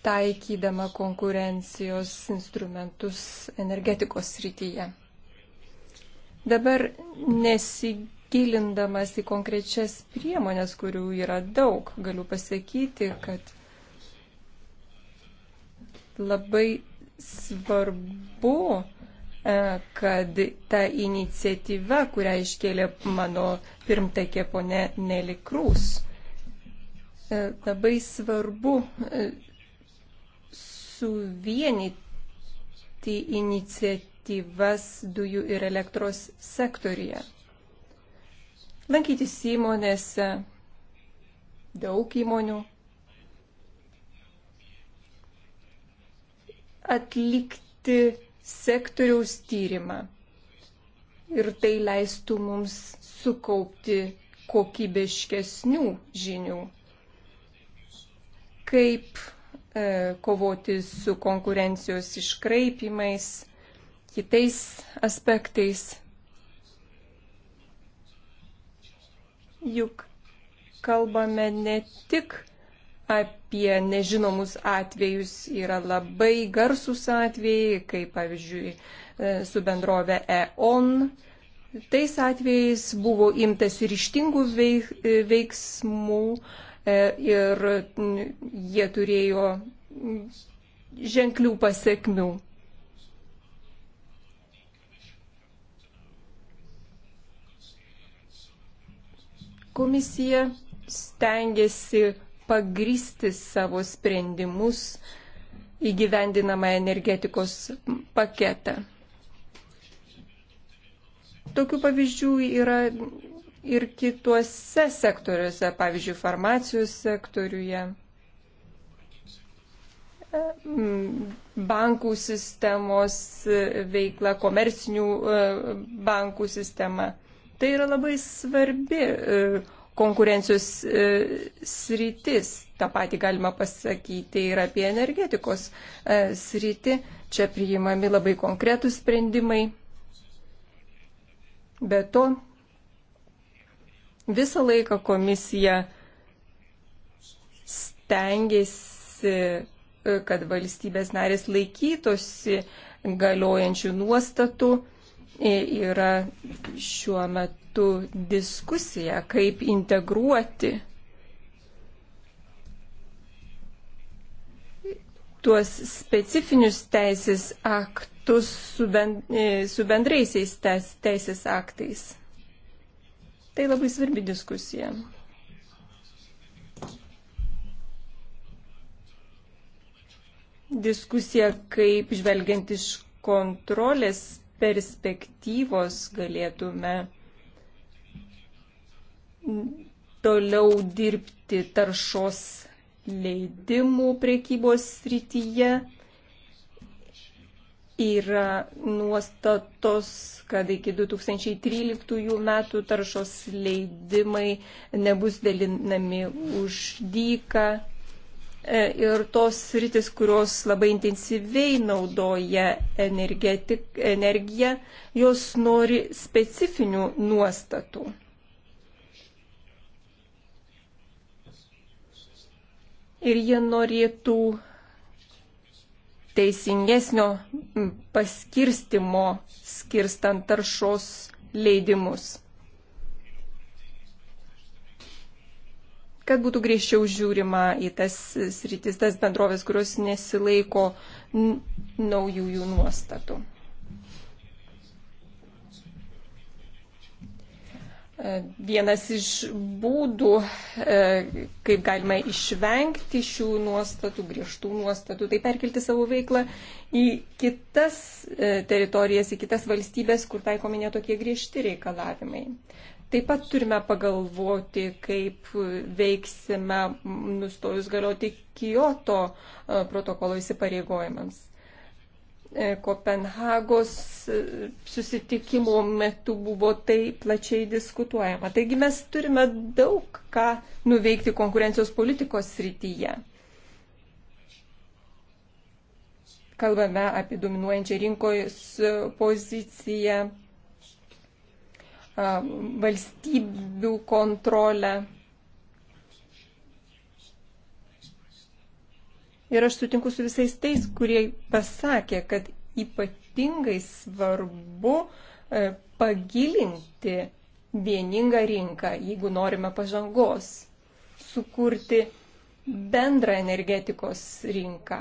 taikydama konkurencijos instrumentus energetikos srityje. Dabar nesigirėjau gilindamas į konkrečias priemonės, kurių yra daug, galiu pasakyti, kad labai svarbu E, kad ta iniciatyva, kurią iškėlė mano pirmtakė ponė Nelly Krūs, e, labai svarbu e, suvienyti iniciatyvas dujų ir elektros sektorija. Lankytis įmonėse, daug įmonių, atlikti sektoriaus tyrimą. Ir tai leistų mums sukaupti kokybiškesnių žinių, kaip e, kovoti su konkurencijos iškraipimais, kitais aspektais. Juk kalbame ne tik apie nežinomus atvejus. Yra labai garsus atvejai, kaip pavyzdžiui e, su bendrove EON. Tais atvejais buvo imtas ryštingų e, veiksmų e, ir jie turėjo ženklių pasiekmių. Komisija stengiasi pagrysti savo sprendimus įgyvendinamą energetikos paketą. Tokių pavyzdžių yra ir kituose sektoriuose, pavyzdžiui, farmacijos sektoriuje, bankų sistemos veikla, komercinių e, bankų sistema. Tai yra labai svarbi e, konkurencijos e, sritis. Ta pati galima pasakyti ir apie energetikos e, sritį. Čia priimami labai konkretūs sprendimai. Be to, visą laiką komisija stengiasi, e, kad valstybės narės laikytosi galiojančių nuostatų yra šiuo metu diskusija, kaip integruoti tuos specifinius teisės aktus su, ben, e, su bendraisiais teis, teisės aktais. Tai labai svarbi diskusija. Diskusija, kaip žvelgiant iš kontrolės perspektyvos galėtume toliau dirbti taršos leidimų priekybos srityje. Yra nuostatos, kad iki 2013 metų taršos leidimai nebus dalinami už dyką E, ir tos rytis, kurios labai intensyviai naudoja energiją, jos nori specifinių nuostatų. Ir jie norėtų teisingesnio paskirstimo skirstant taršos leidimus. kad būtų griežčiau žiūrima į tas sritis, tas bendrovės, kurios nesilaiko naujųjų nuostatų. E, vienas iš būdų, e, kaip galima išvengti šių nuostatų, griežtų nuostatų, tai perkelti savo veiklą į kitas e, teritorijas, į kitas valstybės, kur taikomi netokie griežti reikalavimai. Taip pat turime pagalvoti, kaip veiksime nustojus galioti Kyoto e, protokolo įsipareigojimams. E, Kopenhagos e, susitikimo metu buvo tai plačiai diskutuojama. Taigi mes turime daug ką nuveikti konkurencijos politikos srityje. Kalbame apie dominuojančią rinkos poziciją valstybių kontrolę. Ir aš sutinku su visais tais, kurie pasakė, kad ypatingai svarbu e, pagilinti vieningą rinką, jeigu norime pažangos, sukurti bendrą energetikos rinką.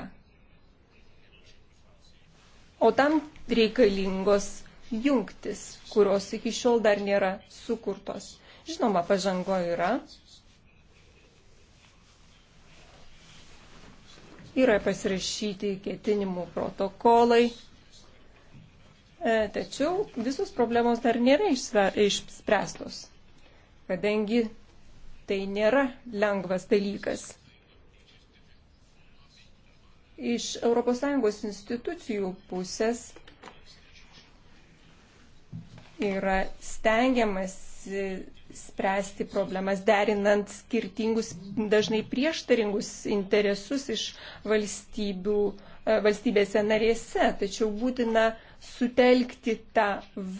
O tam reikalingos jungtis, kurios iki šiol dar nėra sukurtos. Žinoma, pažango yra. Yra pasirašyti ketinimų protokolai. E, tačiau visos problemos dar nėra išspręstos, kadangi tai nėra lengvas dalykas. Iš ES institucijų pusės yra stengiamas spręsti problemas, derinant skirtingus, dažnai prieštaringus interesus iš valstybių, e, valstybėse narėse. Tačiau būtina sutelkti tą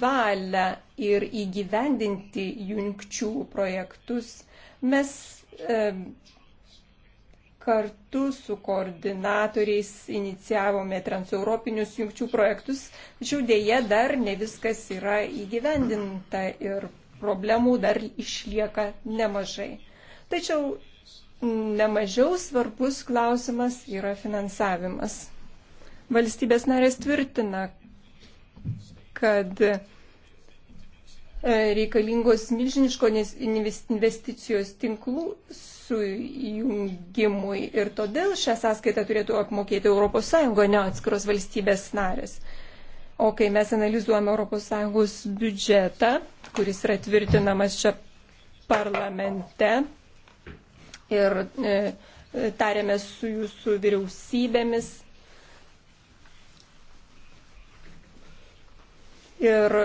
valią ir įgyvendinti jungčių projektus. Mes e, kartu su koordinatoriais inicijavome transeuropinius jungčių projektus, tačiau dėje dar ne viskas yra įgyvendinta ir problemų dar išlieka nemažai. Tačiau nemažiau svarbus klausimas yra finansavimas. Valstybės narės tvirtina, kad e, reikalingos milžiniškos investicijos tinklų sujungimui ir todėl šią sąskaitą turėtų apmokėti ES, ne atskiros valstybės narės. O kai mes analizuojame ES biudžetą, kuris yra tvirtinamas čia parlamente ir e, tarėmės su jūsų vyriausybėmis ir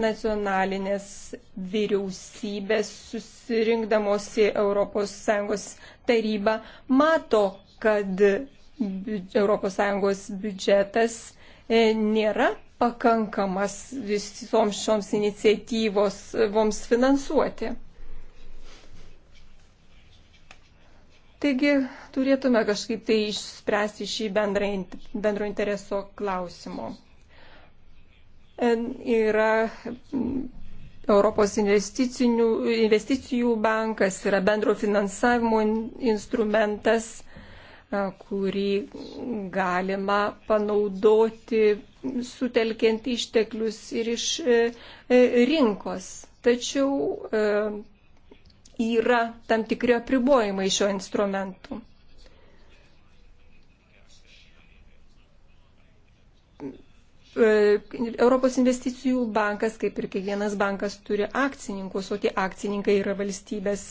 nacionalinės vyriausybės susirinkdamos į ES tarybą mato, kad ES biudžetas e, nėra pakankamas visoms šioms iniciatyvos voms finansuoti. Taigi turėtume kažkaip tai išspręsti šį bendro intereso klausimo yra Europos investicijų bankas, yra bendro finansavimo instrumentas, kurį galima panaudoti sutelkiant išteklius ir iš e, e, rinkos. Tačiau e, yra tam tikri apribojimai šio instrumentu. E, Europos investicijų bankas, kaip ir kiekvienas bankas, turi akcininkus, o tie akcininkai yra valstybės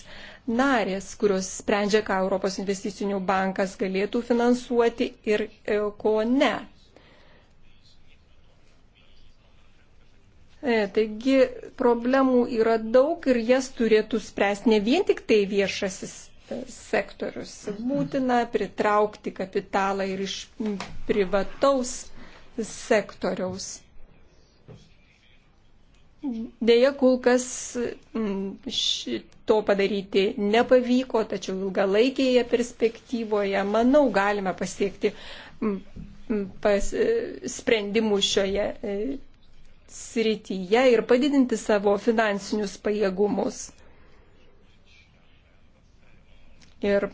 narės, kurios sprendžia, ką Europos investicinių bankas galėtų finansuoti ir e, ko ne. E, taigi problemų yra daug ir jas turėtų spręsti ne vien tik tai viešasis sektorius. Būtina pritraukti kapitalą ir iš privataus sektoriaus. Deja, kol kas mm, to padaryti nepavyko, tačiau ilgalaikėje perspektyvoje, manau, galime pasiekti mm, mm, pas, sprendimų šioje e, srityje ir padidinti savo finansinius pajėgumus. Ir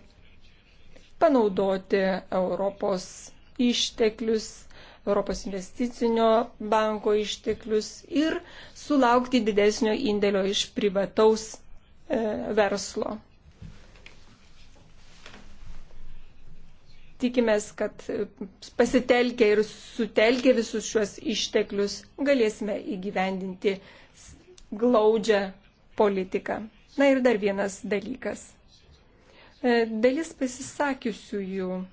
panaudoti Europos išteklius Europos investicinio banko išteklius ir sulaukti didesnio indėlio iš privataus e, verslo. Tikimės, kad e, pasitelkę ir sutelkę visus šiuos išteklius galėsime įgyvendinti glaudžią politiką. Na ir dar vienas dalykas. E, dalis pasisakiusiųjų jų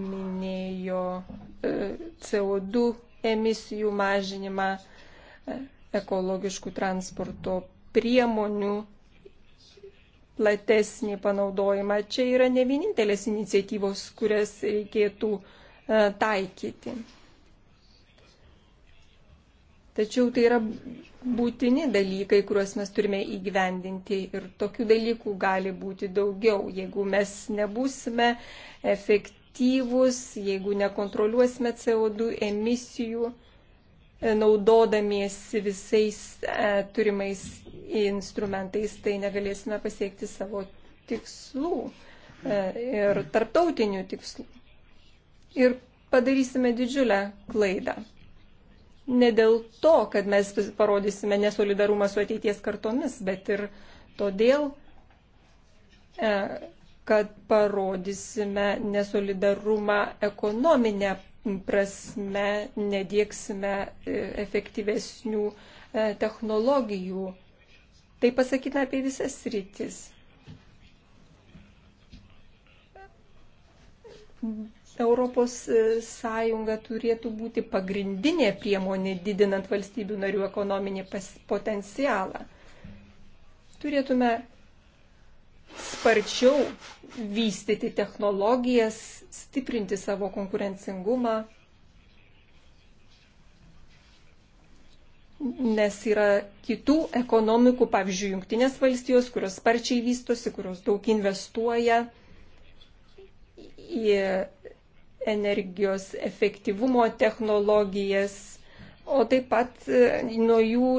minėjo e, CO2 emisijų mažinimą, e, ekologiškų transporto priemonių platesnį panaudojimą. Čia yra ne vienintelės iniciatyvos, kurias reikėtų e, taikyti. Tačiau tai yra būtini dalykai, kuriuos mes turime įgyvendinti ir tokių dalykų gali būti daugiau. Jeigu mes nebūsime efektyvi, aktyvus, jeigu nekontroliuosime CO2 emisijų, e, naudodamiesi visais e, turimais instrumentais, tai negalėsime pasiekti savo tikslų e, ir tarptautinių tikslų. Ir padarysime didžiulę klaidą. Ne dėl to, kad mes parodysime nesolidarumą su ateities kartomis, bet ir todėl, e, kad parodysime nesolidarumą ekonominę prasme, nedėksime e, efektyvesnių e, technologijų. Tai pasakyta apie visas rytis. Europos e, Sąjunga turėtų būti pagrindinė priemonė didinant valstybių narių ekonominį potencialą. Turėtume sparčiau vystyti technologijas, stiprinti savo konkurencingumą, nes yra kitų ekonomikų, pavyzdžiui, Junktinės valstijos, kurios sparčiai vystosi, kurios daug investuoja į energijos efektyvumo technologijas, o taip pat nuo jų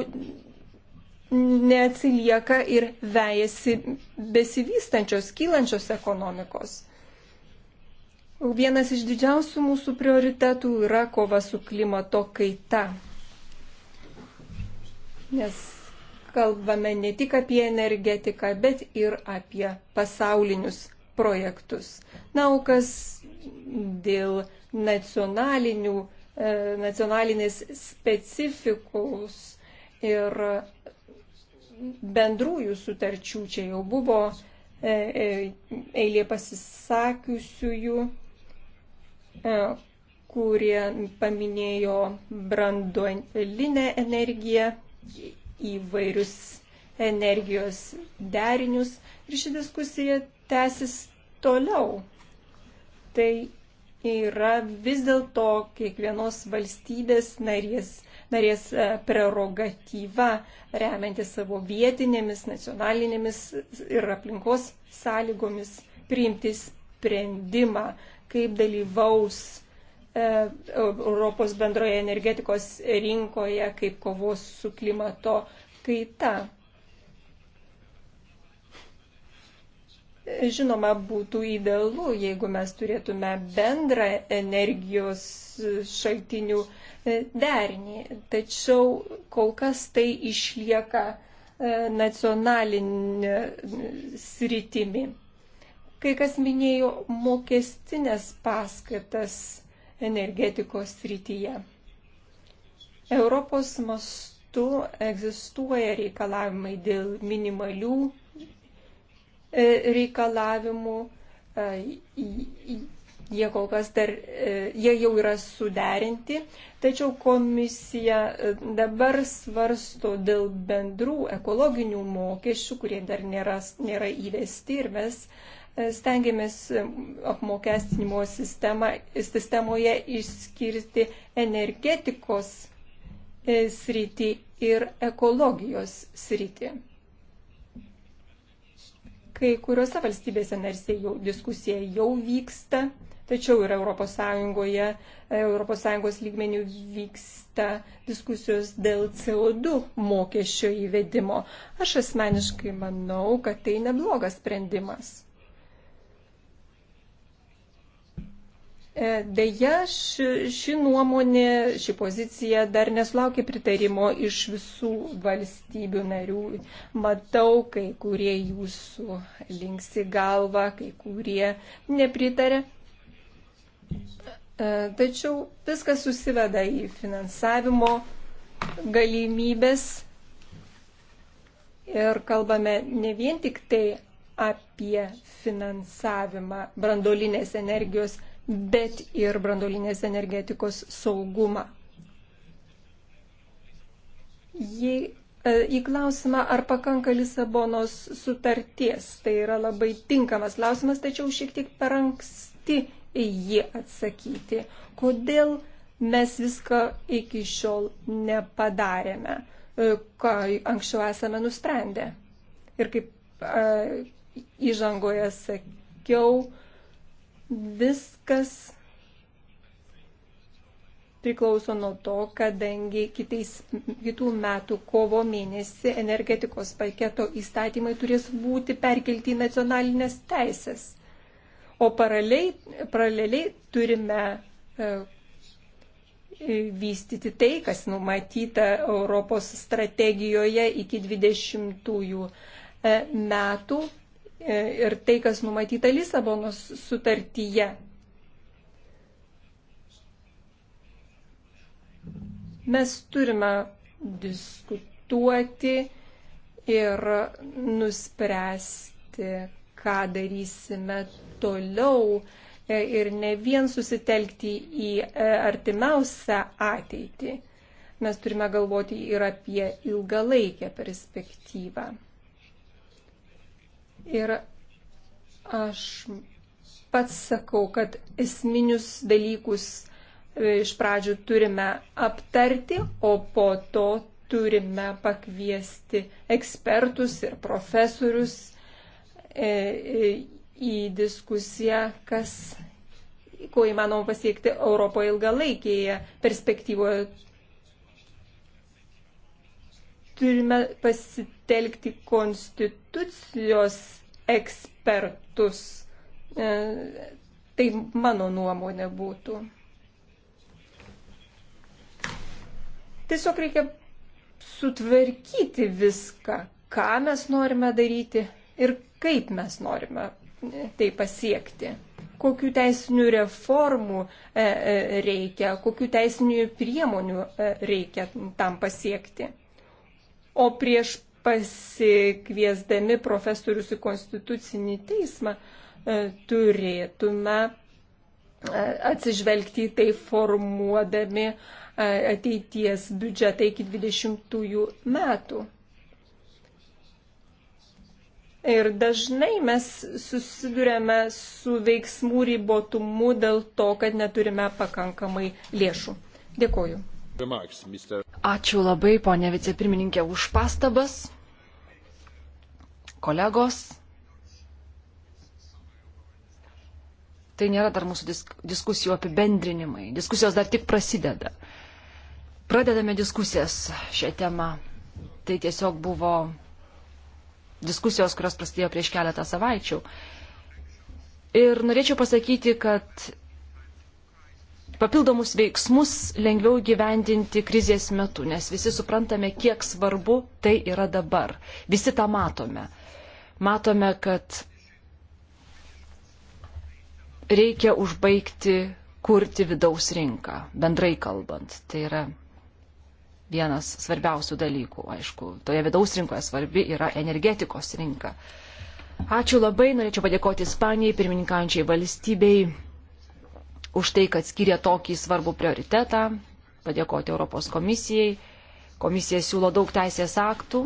neatsilieka ir vejasi besivystančios, kylančios ekonomikos. Vienas iš didžiausių mūsų prioritetų yra kova su klimato kaita. Nes kalbame ne tik apie energetiką, bet ir apie pasaulinius projektus. Na, o kas dėl nacionalinių, e, nacionalinės specifikus ir bendrųjų sutarčių. Čia jau buvo e, e, eilė pasisakiusiųjų, e, kurie paminėjo branduolinę energiją, įvairius energijos derinius ir ši diskusija tęsis toliau. Tai yra vis dėlto kiekvienos valstybės narės narės e, prerogatyva remianti savo vietinėmis, nacionalinėmis ir aplinkos sąlygomis priimti sprendimą, kaip dalyvaus e, Europos bendroje energetikos rinkoje, kaip kovos su klimato kaita. Žinoma, būtų idealu, jeigu mes turėtume bendrą energijos šaltinių e, derinį. Tačiau kol kas tai išlieka e, nacionalinė e, sritimi. Kai kas minėjo mokestinės paskatas energetikos srityje. Europos mastu egzistuoja reikalavimai dėl minimalių E, reikalavimų. E, jie kol kas dar, e, jie jau yra suderinti, tačiau komisija dabar svarsto dėl bendrų ekologinių mokesčių, kurie dar nėra, nėra įvesti ir mes stengiamės apmokestinimo sistemą, sistemoje išskirti energetikos sritį ir ekologijos sritį. Kai kuriuose valstybėse narsiai jau diskusija jau vyksta, tačiau ir ES, ES lygmenių vyksta diskusijos dėl CO2 mokesčio įvedimo. Aš asmeniškai manau, kad tai neblogas sprendimas. E, deja, ši, ši nuomonė, ši pozicija dar nesulaukia pritarimo iš visų valstybių narių. Matau, kai kurie jūsų linksi galvą, kai kurie nepritarė. E, tačiau viskas susiveda į finansavimo galimybės ir kalbame ne vien tik tai apie finansavimą brandolinės energijos bet ir brandolinės energetikos saugumą. Jei e, į klausimą, ar pakanka Lisabonos sutarties, tai yra labai tinkamas klausimas, tačiau šiek tiek per anksti į jį atsakyti. Kodėl mes viską iki šiol nepadarėme, e, ką anksčiau esame nusprendę. Ir kaip e, įžangoje sakiau, Viskas priklauso nuo to, kadangi kitais, kitų metų kovo mėnesį energetikos paketo įstatymai turės būti perkelti į nacionalinės teisės. O paraleliai, paraleliai turime e, e, vystyti tai, kas numatyta Europos strategijoje iki 20 e, metų E, ir tai, kas numatyta Lisabonos sutartyje. Mes turime diskutuoti ir nuspręsti, ką darysime toliau e, ir ne vien susitelkti į e, artimiausią ateitį. Mes turime galvoti ir apie ilgalaikę perspektyvą. Ir aš pats sakau, kad esminius dalykus e, iš pradžių turime aptarti, o po to turime pakviesti ekspertus ir profesorius e, e, į diskusiją, kas, ko įmanoma pasiekti Europoje ilgalaikėje perspektyvoje. Turime pasit pasitelkti konstitucijos ekspertus. E, tai mano nuomonė būtų. Tiesiog reikia sutvarkyti viską, ką mes norime daryti ir kaip mes norime e, tai pasiekti. Kokių teisinių reformų e, reikia, kokių teisinių priemonių reikia tam pasiekti. O prieš pasikviesdami profesorius į konstitucinį teismą e, turėtume e, atsižvelgti į tai formuodami e, ateities biudžetą iki 20 metų. Ir dažnai mes susidurėme su veiksmų ribotumu dėl to, kad neturime pakankamai lėšų. Dėkoju. Ačiū labai, ponė vicepirmininkė, už pastabas kolegos. Tai nėra dar mūsų disk diskusijų apibendrinimai. Diskusijos dar tik prasideda. Pradedame diskusijas šią temą. Tai tiesiog buvo diskusijos, kurios prasidėjo prieš keletą savaičių. Ir norėčiau pasakyti, kad papildomus veiksmus lengviau gyvendinti krizės metu, nes visi suprantame, kiek svarbu tai yra dabar. Visi tą matome matome, kad reikia užbaigti kurti vidaus rinką, bendrai kalbant. Tai yra vienas svarbiausių dalykų, aišku. Toje vidaus rinkoje svarbi yra energetikos rinka. Ačiū labai, norėčiau padėkoti Ispanijai, pirmininkančiai valstybei už tai, kad skiria tokį svarbų prioritetą, padėkoti Europos komisijai. Komisija siūlo daug teisės aktų,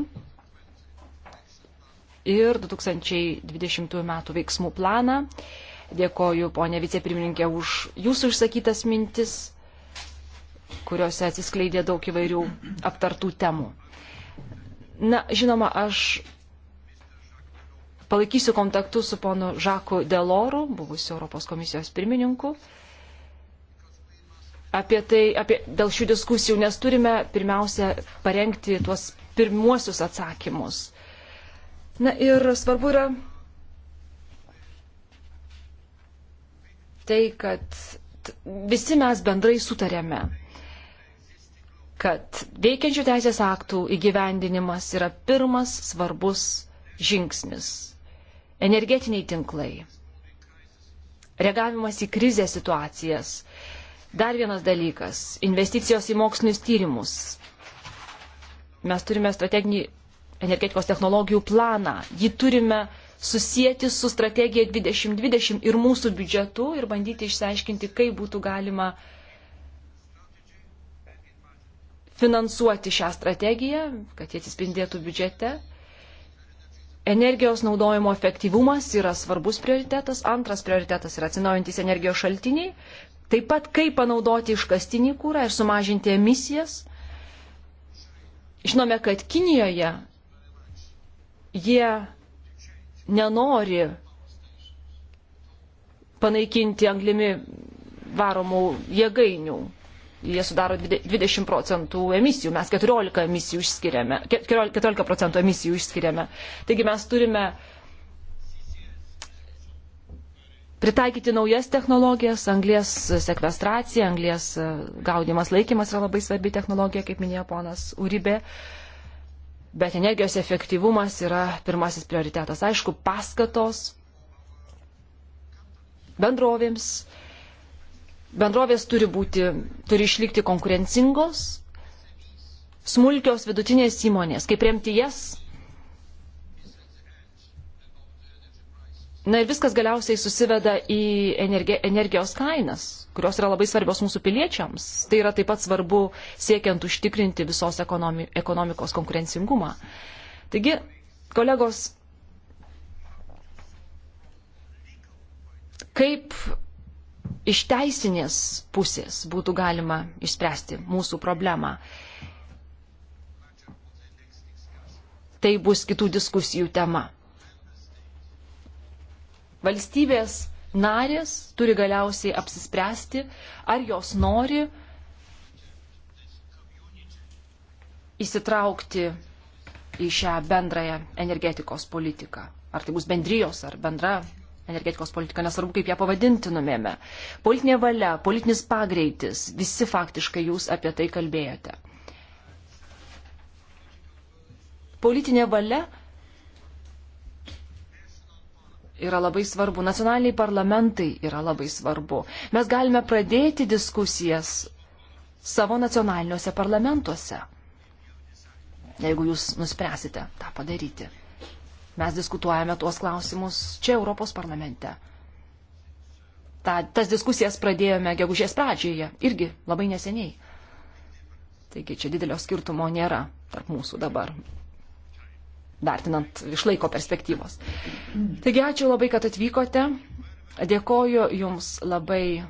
ir 2020 m. veiksmų planą. Dėkoju, ponė vicepirmininkė, už jūsų išsakytas mintis, kuriuose atsiskleidė daug įvairių aptartų temų. Na, žinoma, aš palaikysiu kontaktus su ponu Žaku Deloru, buvusiu Europos komisijos pirmininku, apie tai, apie, dėl šių diskusijų, nes turime pirmiausia parengti tuos pirmuosius atsakymus. Na ir svarbu yra tai, kad visi mes bendrai sutarėme, kad veikiančių teisės aktų įgyvendinimas yra pirmas svarbus žingsnis. Energetiniai tinklai, reagavimas į krizę situacijas. Dar vienas dalykas - investicijos į mokslinius tyrimus. Mes turime strateginį energetikos technologijų planą. Jį turime susijęti su strategija 2020 ir mūsų biudžetu ir bandyti išsiaiškinti, kaip būtų galima finansuoti šią strategiją, kad jie atsispindėtų biudžete. Energijos naudojimo efektyvumas yra svarbus prioritetas. Antras prioritetas yra atsinaujantis energijos šaltiniai. Taip pat kaip panaudoti iškastinį kūrą ir sumažinti emisijas. Žinome, kad Kinijoje jie nenori panaikinti anglimi varomų jėgainių. Jie sudaro 20 procentų emisijų, mes 14, emisijų išskiriame, 14 procentų emisijų išskiriame. Taigi mes turime pritaikyti naujas technologijas, anglės sekvestracija, anglės gaudimas laikymas yra labai svarbi technologija, kaip minėjo ponas Uribė. Uh, bet energijos efektyvumas yra pirmasis prioritetas. Aišku, paskatos bendrovėms. Bendrovės turi, būti, turi išlikti konkurencingos, smulkios vidutinės įmonės, kaip remti jas Na ir viskas galiausiai susiveda į energijos kainas, kurios yra labai svarbios mūsų piliečiams. Tai yra taip pat svarbu siekiant užtikrinti visos ekonomi ekonomikos konkurencingumą. Taigi, kolegos, kaip iš teisinės pusės būtų galima išspręsti mūsų problemą? Tai bus kitų diskusijų tema. Valstybės narės turi galiausiai apsispręsti, ar jos nori įsitraukti į šią bendrąją energetikos politiką. Ar tai bus bendrijos ar bendra energetikos politika, nesvarbu kaip ją pavadintumėme. Politinė valia, politinis pagreitis, visi faktiškai jūs apie tai kalbėjote. Politinė valia yra labai svarbu, nacionaliniai parlamentai yra labai svarbu. Mes galime pradėti diskusijas savo nacionaliniuose parlamentuose, jeigu jūs nuspręsite tą padaryti. Mes diskutuojame tuos klausimus čia Europos parlamente. Ta, tas diskusijas pradėjome gegužės pradžioje, irgi labai neseniai. Taigi čia didelio skirtumo nėra tarp mūsų dabar vertinant iš laiko perspektyvos. Taigi ačiū labai, kad atvykote. Dėkoju Jums labai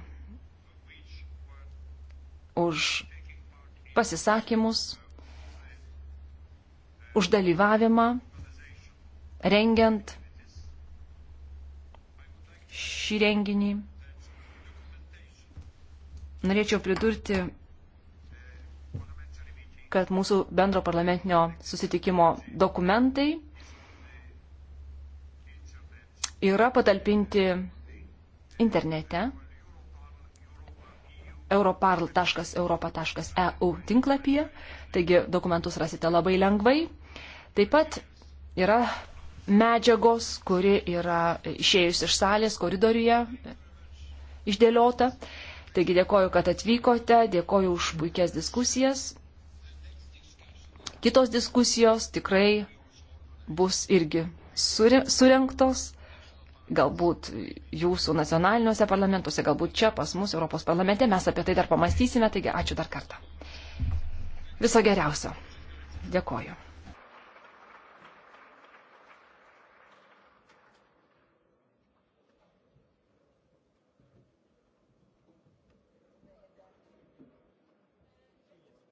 už pasisakymus, už dalyvavimą, rengiant šį renginį. Norėčiau pridurti kad mūsų bendro parlamentinio susitikimo dokumentai yra patalpinti internete europarl.europa.eu tinklapyje, taigi dokumentus rasite labai lengvai. Taip pat yra medžiagos, kuri yra išėjus iš salės koridoriuje išdėliota. Taigi dėkoju, kad atvykote, dėkoju už puikias diskusijas. Kitos diskusijos tikrai bus irgi surinktos, galbūt jūsų nacionaliniuose parlamentuose, galbūt čia pas mus Europos parlamente, mes apie tai dar pamastysime, taigi ačiū dar kartą. Viso geriausio. Dėkoju.